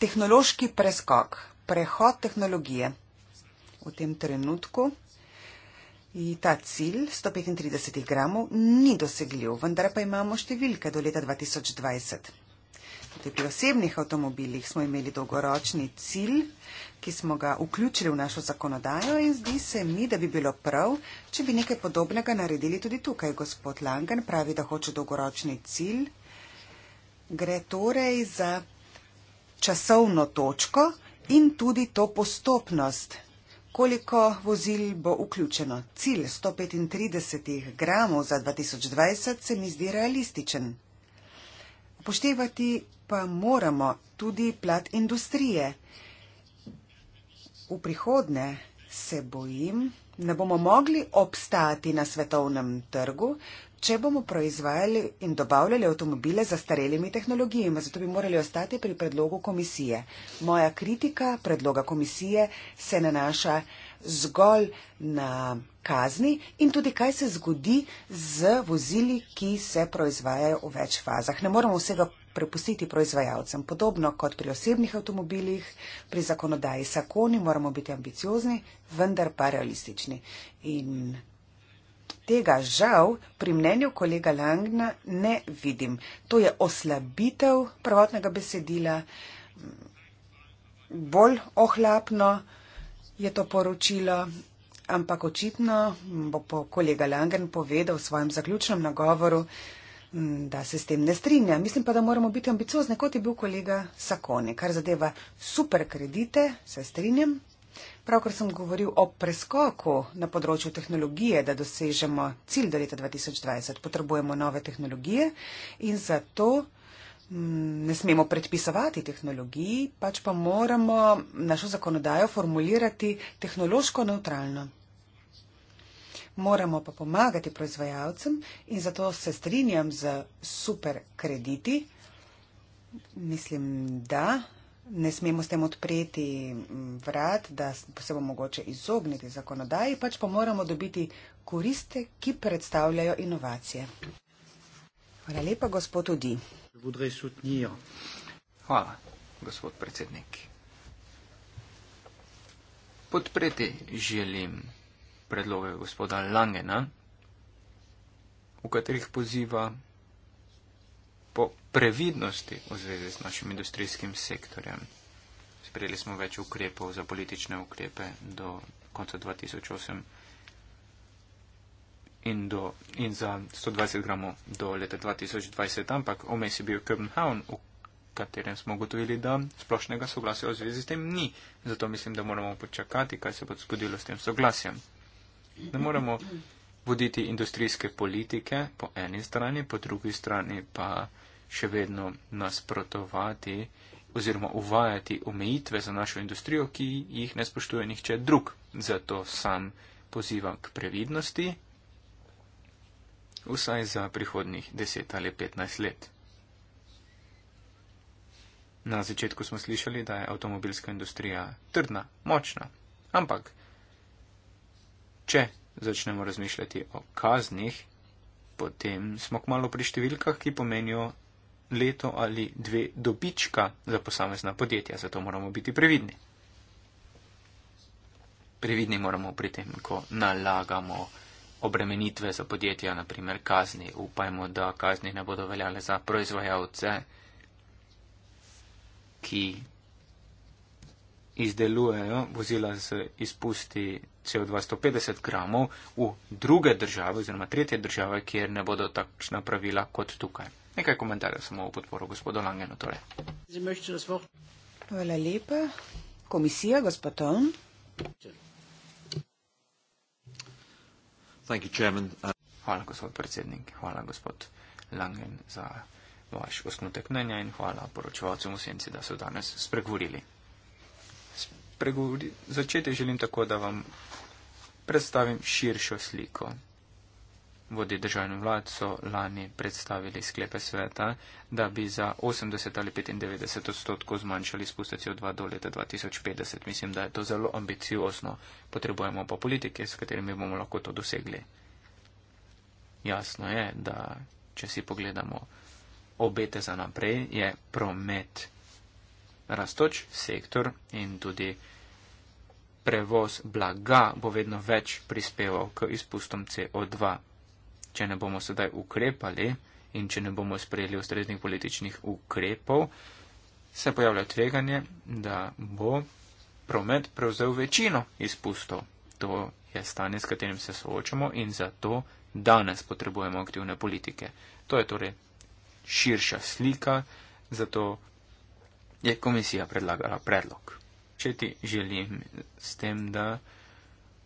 B: tehnološki preskok, prehod tehnologije v tem trenutku. In ta cilj 135 gramov ni dosegljiv, vendar pa imamo številke do leta 2020. Tudi pri osebnih avtomobilih smo imeli dolgoročni cilj, ki smo ga vključili v našo zakonodajo in zdi se mi, da bi bilo prav, če bi nekaj podobnega naredili tudi tukaj. Gospod Langen pravi, da hoče dolgoročni cilj. Gre torej za časovno točko in tudi to postopnost koliko vozil bo vključeno. Cilj 135 gramov za 2020 se mi zdi realističen. Upoštevati pa moramo tudi plat industrije. V prihodne se bojim, ne bomo mogli obstati na svetovnem trgu, če bomo proizvajali in dobavljali avtomobile za starelimi tehnologijami. Zato bi morali ostati pri predlogu komisije. Moja kritika predloga komisije se nanaša zgolj na kazni in tudi kaj se zgodi z vozili, ki se proizvajajo v več fazah. Ne moramo vsega prepustiti proizvajalcem. Podobno kot pri osebnih avtomobilih, pri zakonodaji sakoni moramo biti ambiciozni, vendar pa realistični. In Tega žal pri mnenju kolega Langna ne vidim. To je oslabitev prvotnega besedila, bolj ohlapno je to poročilo, ampak očitno bo po kolega Langen povedal v svojem zaključnem nagovoru, da se s tem ne strinja. Mislim pa, da moramo biti ambiciozni, kot je bil kolega Sakone. Kar zadeva super kredite, se strinjam, Pravkar sem govoril o preskoku na področju tehnologije, da dosežemo cilj do leta 2020. Potrebujemo nove tehnologije in zato mm, ne smemo predpisovati tehnologiji, pač pa moramo našo zakonodajo formulirati tehnološko neutralno. Moramo pa pomagati proizvajalcem in zato se strinjam z super krediti. Mislim, da Ne smemo s tem odpreti mm, vrat, da se bo mogoče izogniti zakonodaji, pač pa moramo dobiti koriste, ki predstavljajo inovacije. Hvala lepa, gospod Udi. Hvala, gospod predsednik.
C: Podpreti želim predloge gospoda Langena, v katerih poziva previdnosti v zvezi z našim industrijskim sektorjem. Sprejeli smo več ukrepov za politične ukrepe do konca 2008 in, do, in za 120 gramov do leta 2020, ampak omes je bil Copenhagen, v katerem smo ugotovili, da splošnega soglasja v zvezi s tem ni. Zato mislim, da moramo počakati, kaj se bo zgodilo s tem soglasjem. Ne moramo voditi industrijske politike po eni strani, po drugi strani pa še vedno nasprotovati oziroma uvajati omejitve za našo industrijo, ki jih ne spoštuje nihče drug. Zato sam pozivam k previdnosti, vsaj za prihodnih 10 ali 15 let. Na začetku smo slišali, da je avtomobilska industrija trdna, močna, ampak če začnemo razmišljati o kaznih, potem smo kmalo pri številkah, ki pomenijo leto ali dve dobička za posamezna podjetja, zato moramo biti previdni. Previdni moramo pri tem, ko nalagamo obremenitve za podjetja, naprimer kazni. Upajmo, da kazni ne bodo veljale za proizvajalce, ki izdelujejo vozila z izpusti CO2 150 gramov v druge države oziroma tretje države, kjer ne bodo takšna pravila kot tukaj. Nekaj komentarjev samo v podporo gospodu Langenu. Torej.
B: Hvala lepa. Komisija, gospod Tom.
C: Thank you, chairman. Uh, hvala, gospod predsednik. Hvala, gospod Langen, za vaš osnutek mnenja in hvala poročevalcem v senci, da so danes spregovorili. Spregovori... Začeti želim tako, da vam predstavim širšo sliko vodi državno vlad so lani predstavili sklepe sveta, da bi za 80 ali 95 odstotkov zmanjšali spuste CO2 do leta 2050. Mislim, da je to zelo ambiciozno. Potrebujemo pa politike, s katerimi bomo lahko to dosegli. Jasno je, da če si pogledamo obete za naprej, je promet rastoč sektor in tudi prevoz blaga bo vedno več prispeval k izpustom CO2 če ne bomo sedaj ukrepali in če ne bomo sprejeli ustreznih političnih ukrepov, se pojavlja tveganje, da bo promet prevzel večino izpustov. To je stanje, s katerim se soočamo in zato danes potrebujemo aktivne politike. To je torej širša slika, zato je komisija predlagala predlog. Če ti želim s tem, da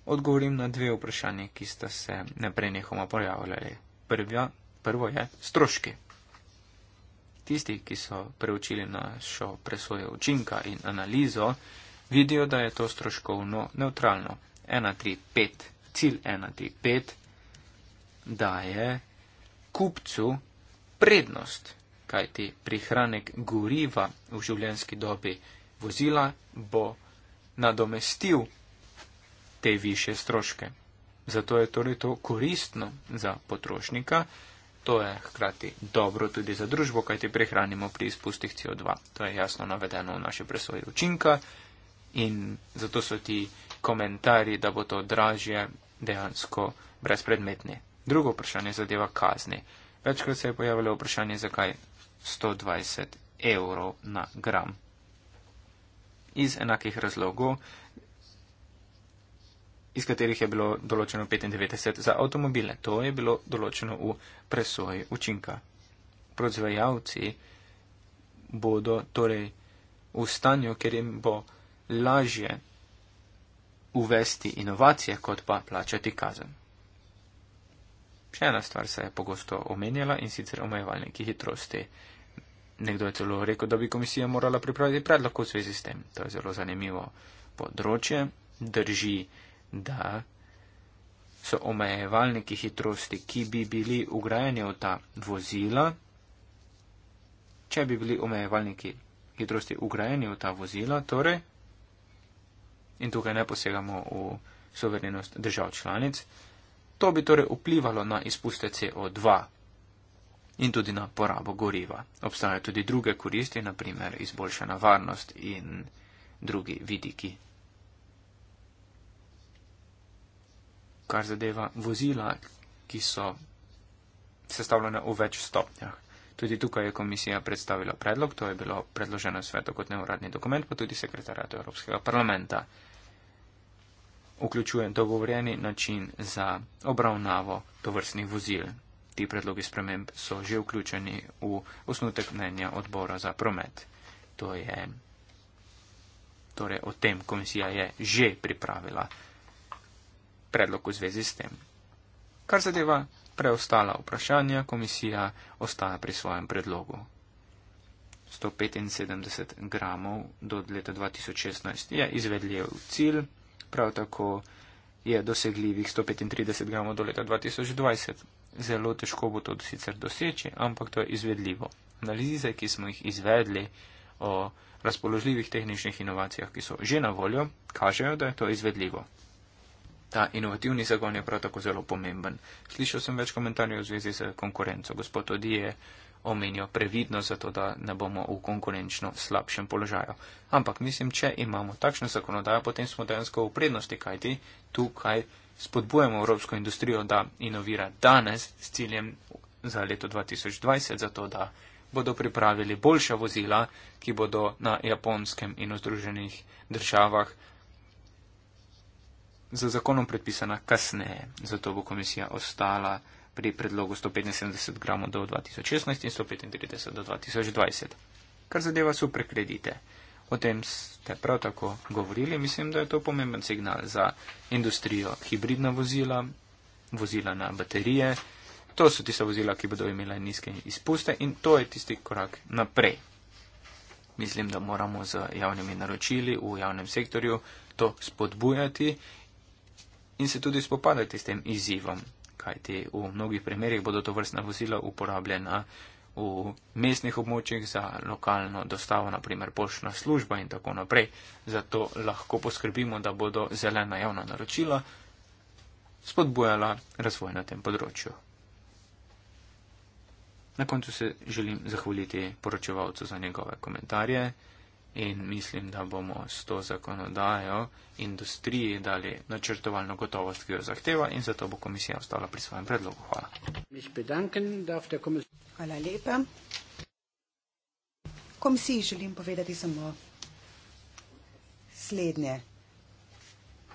C: odgovorim na dve vprašanje, ki sta se neprenehoma pojavljali. Prvo, prvo je stroški. Tisti, ki so preučili našo presojo učinka in analizo, vidijo, da je to stroškovno neutralno. 1.3.5, cilj 1.3.5 daje kupcu prednost, kajti prihranek goriva v življenski dobi vozila bo nadomestil te više stroške. Zato je torej to koristno za potrošnika, to je hkrati dobro tudi za družbo, kajti prehranimo pri izpustih CO2. To je jasno navedeno v naši presoji učinka in zato so ti komentarji, da bo to dražje, dejansko brezpredmetni. Drugo vprašanje zadeva kazni. Večkrat se je pojavilo vprašanje, zakaj 120 evrov na gram. Iz enakih razlogov iz katerih je bilo določeno 95 za avtomobile. To je bilo določeno v presoji učinka. Proizvajalci bodo torej v stanju, ker jim bo lažje uvesti inovacije, kot pa plačati kazen. Še ena stvar se je pogosto omenjala in sicer omejevalniki hitrosti. Nekdo je celo rekel, da bi komisija morala pripraviti predlog v zvezi s tem. To je zelo zanimivo področje. Drži da so omejevalniki hitrosti, ki bi bili ugrajeni v ta vozila, če bi bili omejevalniki hitrosti ugrajeni v ta vozila, torej, in tukaj ne posegamo v soverenost držav članic, to bi torej vplivalo na izpuste CO2 in tudi na porabo goriva. Obstajajo tudi druge koristi, naprimer izboljšana varnost in drugi vidiki kar zadeva vozila, ki so sestavljena v več stopnjah. Tudi tukaj je komisija predstavila predlog, to je bilo predloženo svetu kot neuradni dokument, pa tudi sekretarjatu Evropskega parlamenta. Vključuje dogovorjeni način za obravnavo tovrstnih vozil. Ti predlogi sprememb so že vključeni v osnutek mnenja odbora za promet. To je, torej o tem komisija je že pripravila predlog v zvezi s tem. Kar zadeva preostala vprašanja, komisija ostaja pri svojem predlogu. 175 gramov do leta 2016 je izvedljiv cilj, prav tako je dosegljivih 135 gramov do leta 2020. Zelo težko bo to sicer doseči, ampak to je izvedljivo. Analize, ki smo jih izvedli o razpoložljivih tehničnih inovacijah, ki so že na voljo, kažejo, da je to izvedljivo. Ta inovativni zagon je prav tako zelo pomemben. Slišal sem več komentarjev v zvezi z konkurenco. Gospod Odije omenijo previdno, zato da ne bomo v konkurenčno slabšem položaju. Ampak mislim, če imamo takšno zakonodajo, potem smo dejansko v prednosti, kajti tukaj spodbujamo Evropsko industrijo, da inovira danes s ciljem za leto 2020, zato da bodo pripravili boljša vozila, ki bodo na japonskem in v združenih državah z zakonom predpisana kasneje. Zato bo komisija ostala pri predlogu 175 gramov do 2016 in 135 do 2020. Kar zadeva super kredite. O tem ste prav tako govorili. Mislim, da je to pomemben signal za industrijo hibridna vozila, vozila na baterije. To so tiste vozila, ki bodo imela nizke izpuste in to je tisti korak naprej. Mislim, da moramo z javnimi naročili v javnem sektorju to spodbujati in se tudi spopadati s tem izzivom, kajti v mnogih primerjih bodo to vrstna vozila uporabljena v mestnih območjih za lokalno dostavo, naprimer poštna služba in tako naprej. Zato lahko poskrbimo, da bodo zelena javna naročila spodbujala razvoj na tem področju. Na koncu se želim zahvaliti poročevalcu za njegove komentarje in mislim, da bomo s to zakonodajo industriji dali načrtovalno gotovost, ki jo zahteva in zato bo komisija ostala pri svojem predlogu. Hvala.
B: Hvala lepa. Komisiji želim povedati samo slednje.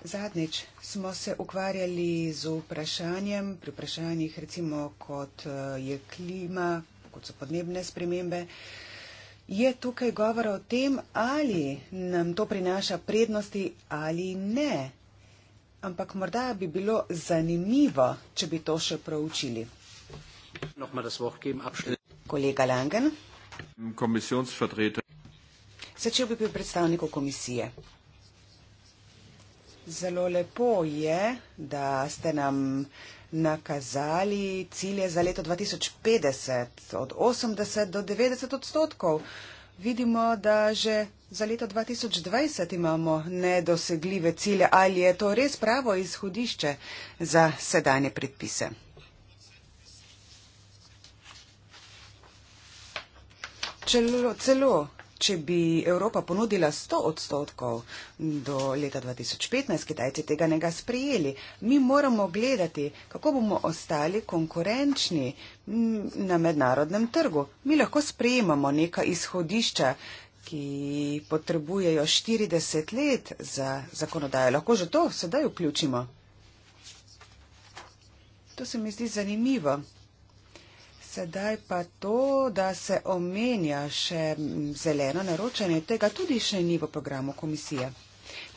B: Zadnjič smo se ukvarjali z vprašanjem, pri vprašanjih recimo kot eh, je klima, kot so podnebne spremembe, je tukaj govora o tem, ali nam to prinaša prednosti ali ne. Ampak morda bi bilo zanimivo, če bi to še proučili. Kolega Langen. Začel bi bil predstavnikov komisije. Zelo lepo je, da ste nam nakazali cilje za leto 2050 od 80 do 90 odstotkov. Vidimo, da že za leto 2020 imamo nedosegljive cilje. Ali je to res pravo izhodišče za sedanje predpise? Čelo, celo če bi Evropa ponudila 100 odstotkov do leta 2015, Kitajci tega ne ga sprijeli. Mi moramo gledati, kako bomo ostali konkurenčni mm, na mednarodnem trgu. Mi lahko sprejemamo neka izhodišča, ki potrebujejo 40 let za zakonodajo. Lahko že to sedaj vključimo. To se mi zdi zanimivo. Sedaj pa to, da se omenja še zeleno naročanje, tega tudi še ni v programu komisije.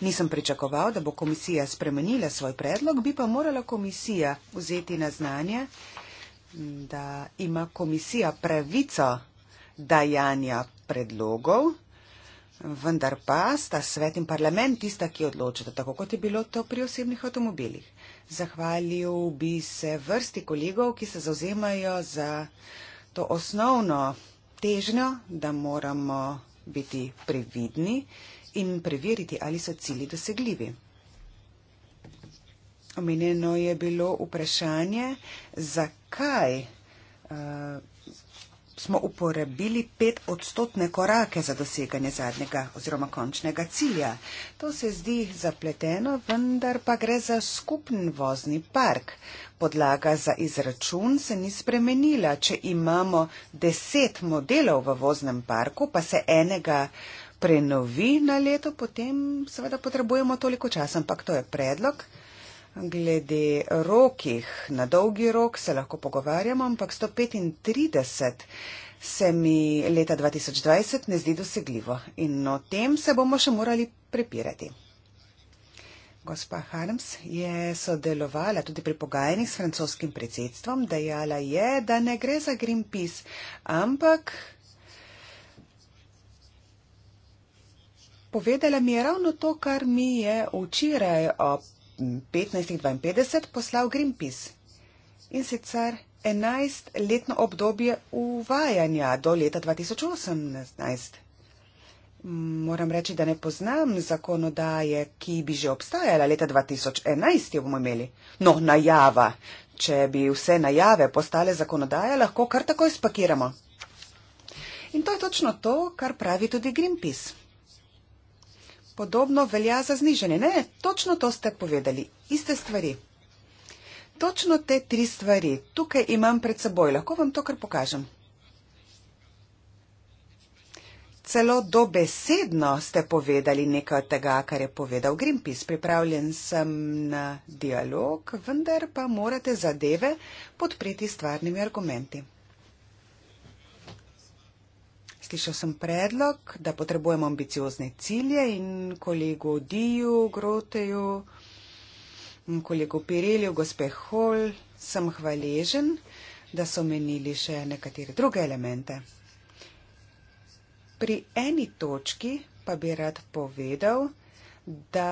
B: Nisem pričakoval, da bo komisija spremenila svoj predlog, bi pa morala komisija vzeti na znanje, da ima komisija pravico dajanja predlogov, vendar pa sta svet in parlament tista, ki odločata, tako kot je bilo to pri osebnih avtomobilih. Zahvalil bi se vrsti kolegov, ki se zauzemajo za to osnovno težnjo, da moramo biti previdni in preveriti, ali so cili dosegljivi. Omenjeno je bilo vprašanje, zakaj uh, smo uporabili pet odstotne korake za doseganje zadnjega oziroma končnega cilja. To se zdi zapleteno, vendar pa gre za skupen vozni park. Podlaga za izračun se ni spremenila. Če imamo deset modelov v voznem parku, pa se enega prenovi na leto, potem seveda potrebujemo toliko časa, ampak to je predlog. Glede rokih, na dolgi rok se lahko pogovarjamo, ampak 135 se mi leta 2020 ne zdi dosegljivo in o tem se bomo še morali prepirati. Gospa Harms je sodelovala tudi pri pogajanjih s francoskim predsedstvom, dejala je, da ne gre za Greenpeace, ampak povedala mi je ravno to, kar mi je včeraj ob 15.52 poslal Greenpeace. In sicer 11-letno obdobje uvajanja do leta 2018. Moram reči, da ne poznam zakonodaje, ki bi že obstajala leta 2011, jo bomo imeli. No, najava. Če bi vse najave postale zakonodaje, lahko kar takoj spakiramo. In to je točno to, kar pravi tudi Greenpeace. Podobno velja za znižanje. Ne, točno to ste povedali. Iste stvari. Točno te tri stvari tukaj imam pred seboj. Lahko vam to kar pokažem. Celo dobesedno ste povedali nekaj od tega, kar je povedal Greenpeace. Pripravljen sem na dialog, vendar pa morate zadeve podpreti stvarnimi argumenti. Slišal sem predlog, da potrebujemo ambiciozne cilje in kolegu Diju, Groteju, kolegu Pirelju, gospe Hol, sem hvaležen, da so menili še nekatere druge elemente. Pri eni točki pa bi rad povedal, da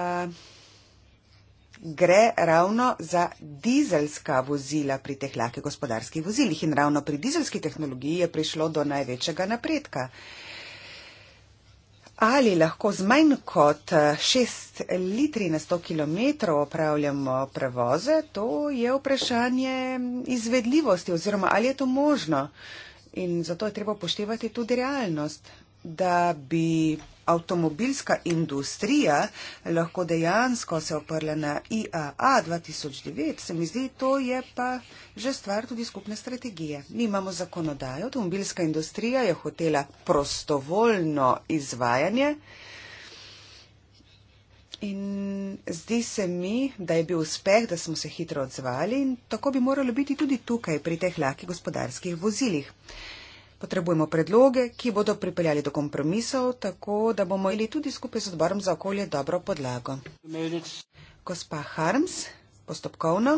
B: gre ravno za dizelska vozila pri teh lahkih gospodarskih vozilih in ravno pri dizelski tehnologiji je prišlo do največjega napredka. Ali lahko z manj kot 6 eh, litri na 100 km opravljamo prevoze, to je vprašanje izvedljivosti oziroma ali je to možno. In zato je treba poštevati tudi realnost, da bi avtomobilska industrija lahko dejansko se oprla na IAA 2009, se mi zdi, to je pa že stvar tudi skupne strategije. Mi imamo zakonodajo, avtomobilska industrija je hotela prostovoljno izvajanje in zdi se mi, da je bil uspeh, da smo se hitro odzvali in tako bi moralo biti tudi tukaj pri teh lahkih gospodarskih vozilih. Potrebujemo predloge, ki bodo pripeljali do kompromisov, tako da bomo imeli tudi skupaj z odborom za okolje dobro podlago. Gospa Harms, postopkovno.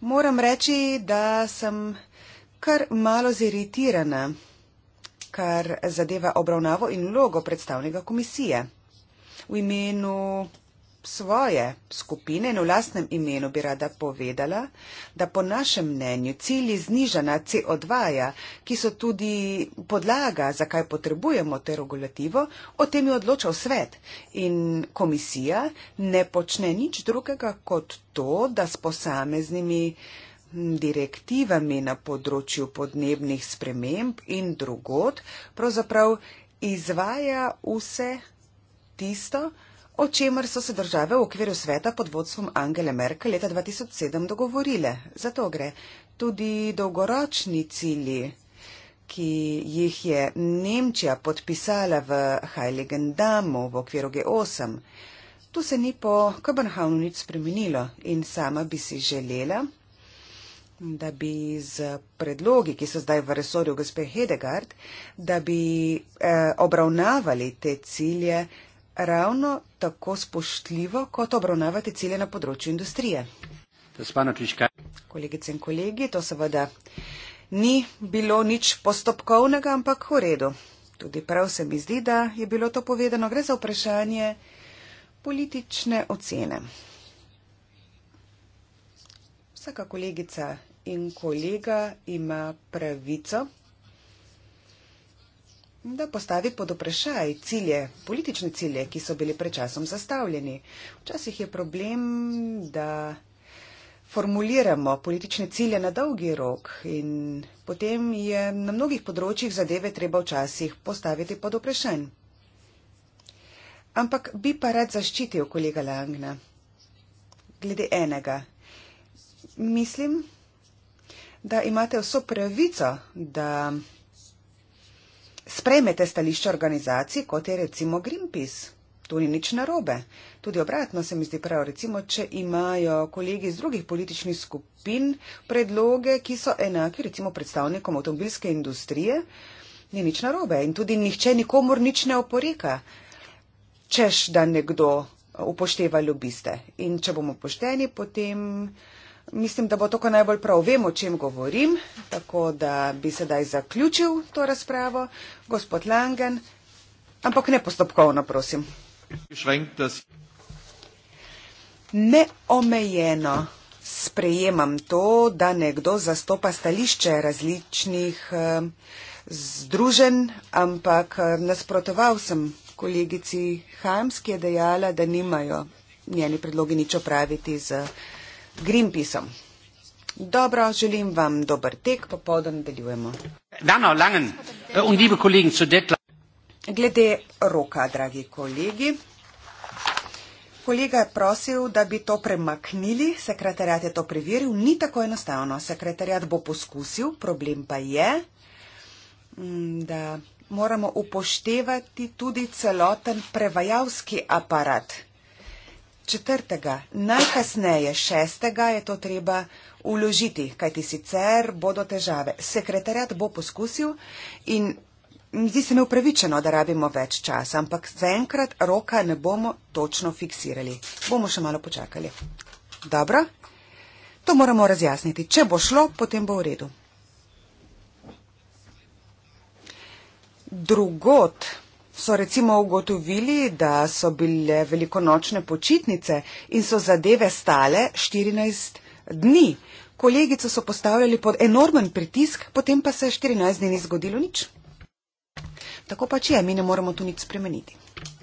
B: Moram reči, da sem kar malo ziritirana, kar zadeva obravnavo in logo predstavnega komisije. V imenu svoje skupine in v lastnem imenu bi rada povedala, da po našem mnenju cilji znižana CO2, -ja, ki so tudi podlaga, zakaj potrebujemo te regulativo, o tem je odločal svet in komisija ne počne nič drugega kot to, da s posameznimi hm, direktivami na področju podnebnih sprememb in drugot pravzaprav izvaja vse tisto, o čemer so se države v okviru sveta pod vodstvom Angele Merkel leta 2007 dogovorile. Zato gre tudi dolgoročni cilji, ki jih je Nemčija podpisala v Heiligen Damu v okviru G8. Tu se ni po Kobenhavnu nič spremenilo in sama bi si želela, da bi z predlogi, ki so zdaj v resorju gospe Hedegard, da bi eh, obravnavali te cilje eh, ravno tako spoštljivo, kot obravnavate cilje na področju industrije. Kolegice in kolegi, to seveda ni bilo nič postopkovnega, ampak v redu. Tudi prav se mi zdi, da je bilo to povedano. Gre za vprašanje politične ocene. Vsaka kolegica in kolega ima pravico da postavi pod vprašaj cilje, politične cilje, ki so bili pred časom zastavljeni. Včasih je problem, da formuliramo politične cilje na dolgi rok in potem je na mnogih področjih zadeve treba včasih postaviti pod vprašanj. Ampak bi pa rad zaščitil kolega Langna. Glede enega. Mislim, da imate vso pravico, da sprejmete stališče organizacij, kot je recimo Greenpeace. To ni nič narobe. Tudi obratno se mi zdi prav, recimo, če imajo kolegi iz drugih političnih skupin predloge, ki so enaki recimo predstavnikom avtomobilske industrije, ni nič narobe in tudi nihče nikomor nič ne oporeka, češ da nekdo upošteva ljubiste. In če bomo pošteni, potem. Mislim, da bo to, kar najbolj prav vem, o čem govorim, tako da bi sedaj zaključil to razpravo. Gospod Langen, ampak ne postopkovno, prosim. Neomejeno sprejemam to, da nekdo zastopa stališče različnih eh, združen, ampak eh, nasprotoval sem kolegici Hams, ki je dejala, da nimajo njeni predlogi nič opraviti z. Greenpeace. Dobro, želim vam dober tek, popoldan nadaljujemo. Eh, Glede roka, dragi kolegi. Kolega je prosil, da bi to premaknili, sekretarjat je to preveril, ni tako enostavno. Sekretarjat bo poskusil, problem pa je, mm, da moramo upoštevati tudi celoten prevajalski aparat četrtega, najkasneje šestega je to treba uložiti, kajti sicer bodo težave. Sekretarjat bo poskusil in zdi se mi upravičeno, da rabimo več časa, ampak zaenkrat roka ne bomo točno fiksirali. Bomo še malo počakali. Dobro? To moramo razjasniti. Če bo šlo, potem bo v redu. Drugot so recimo ugotovili, da so bile velikonočne počitnice in so zadeve stale 14 dni. Kolegico so postavljali pod enormen pritisk, potem pa se 14 dni ni zgodilo nič. Tako pač je, mi ne moremo tu nič spremeniti.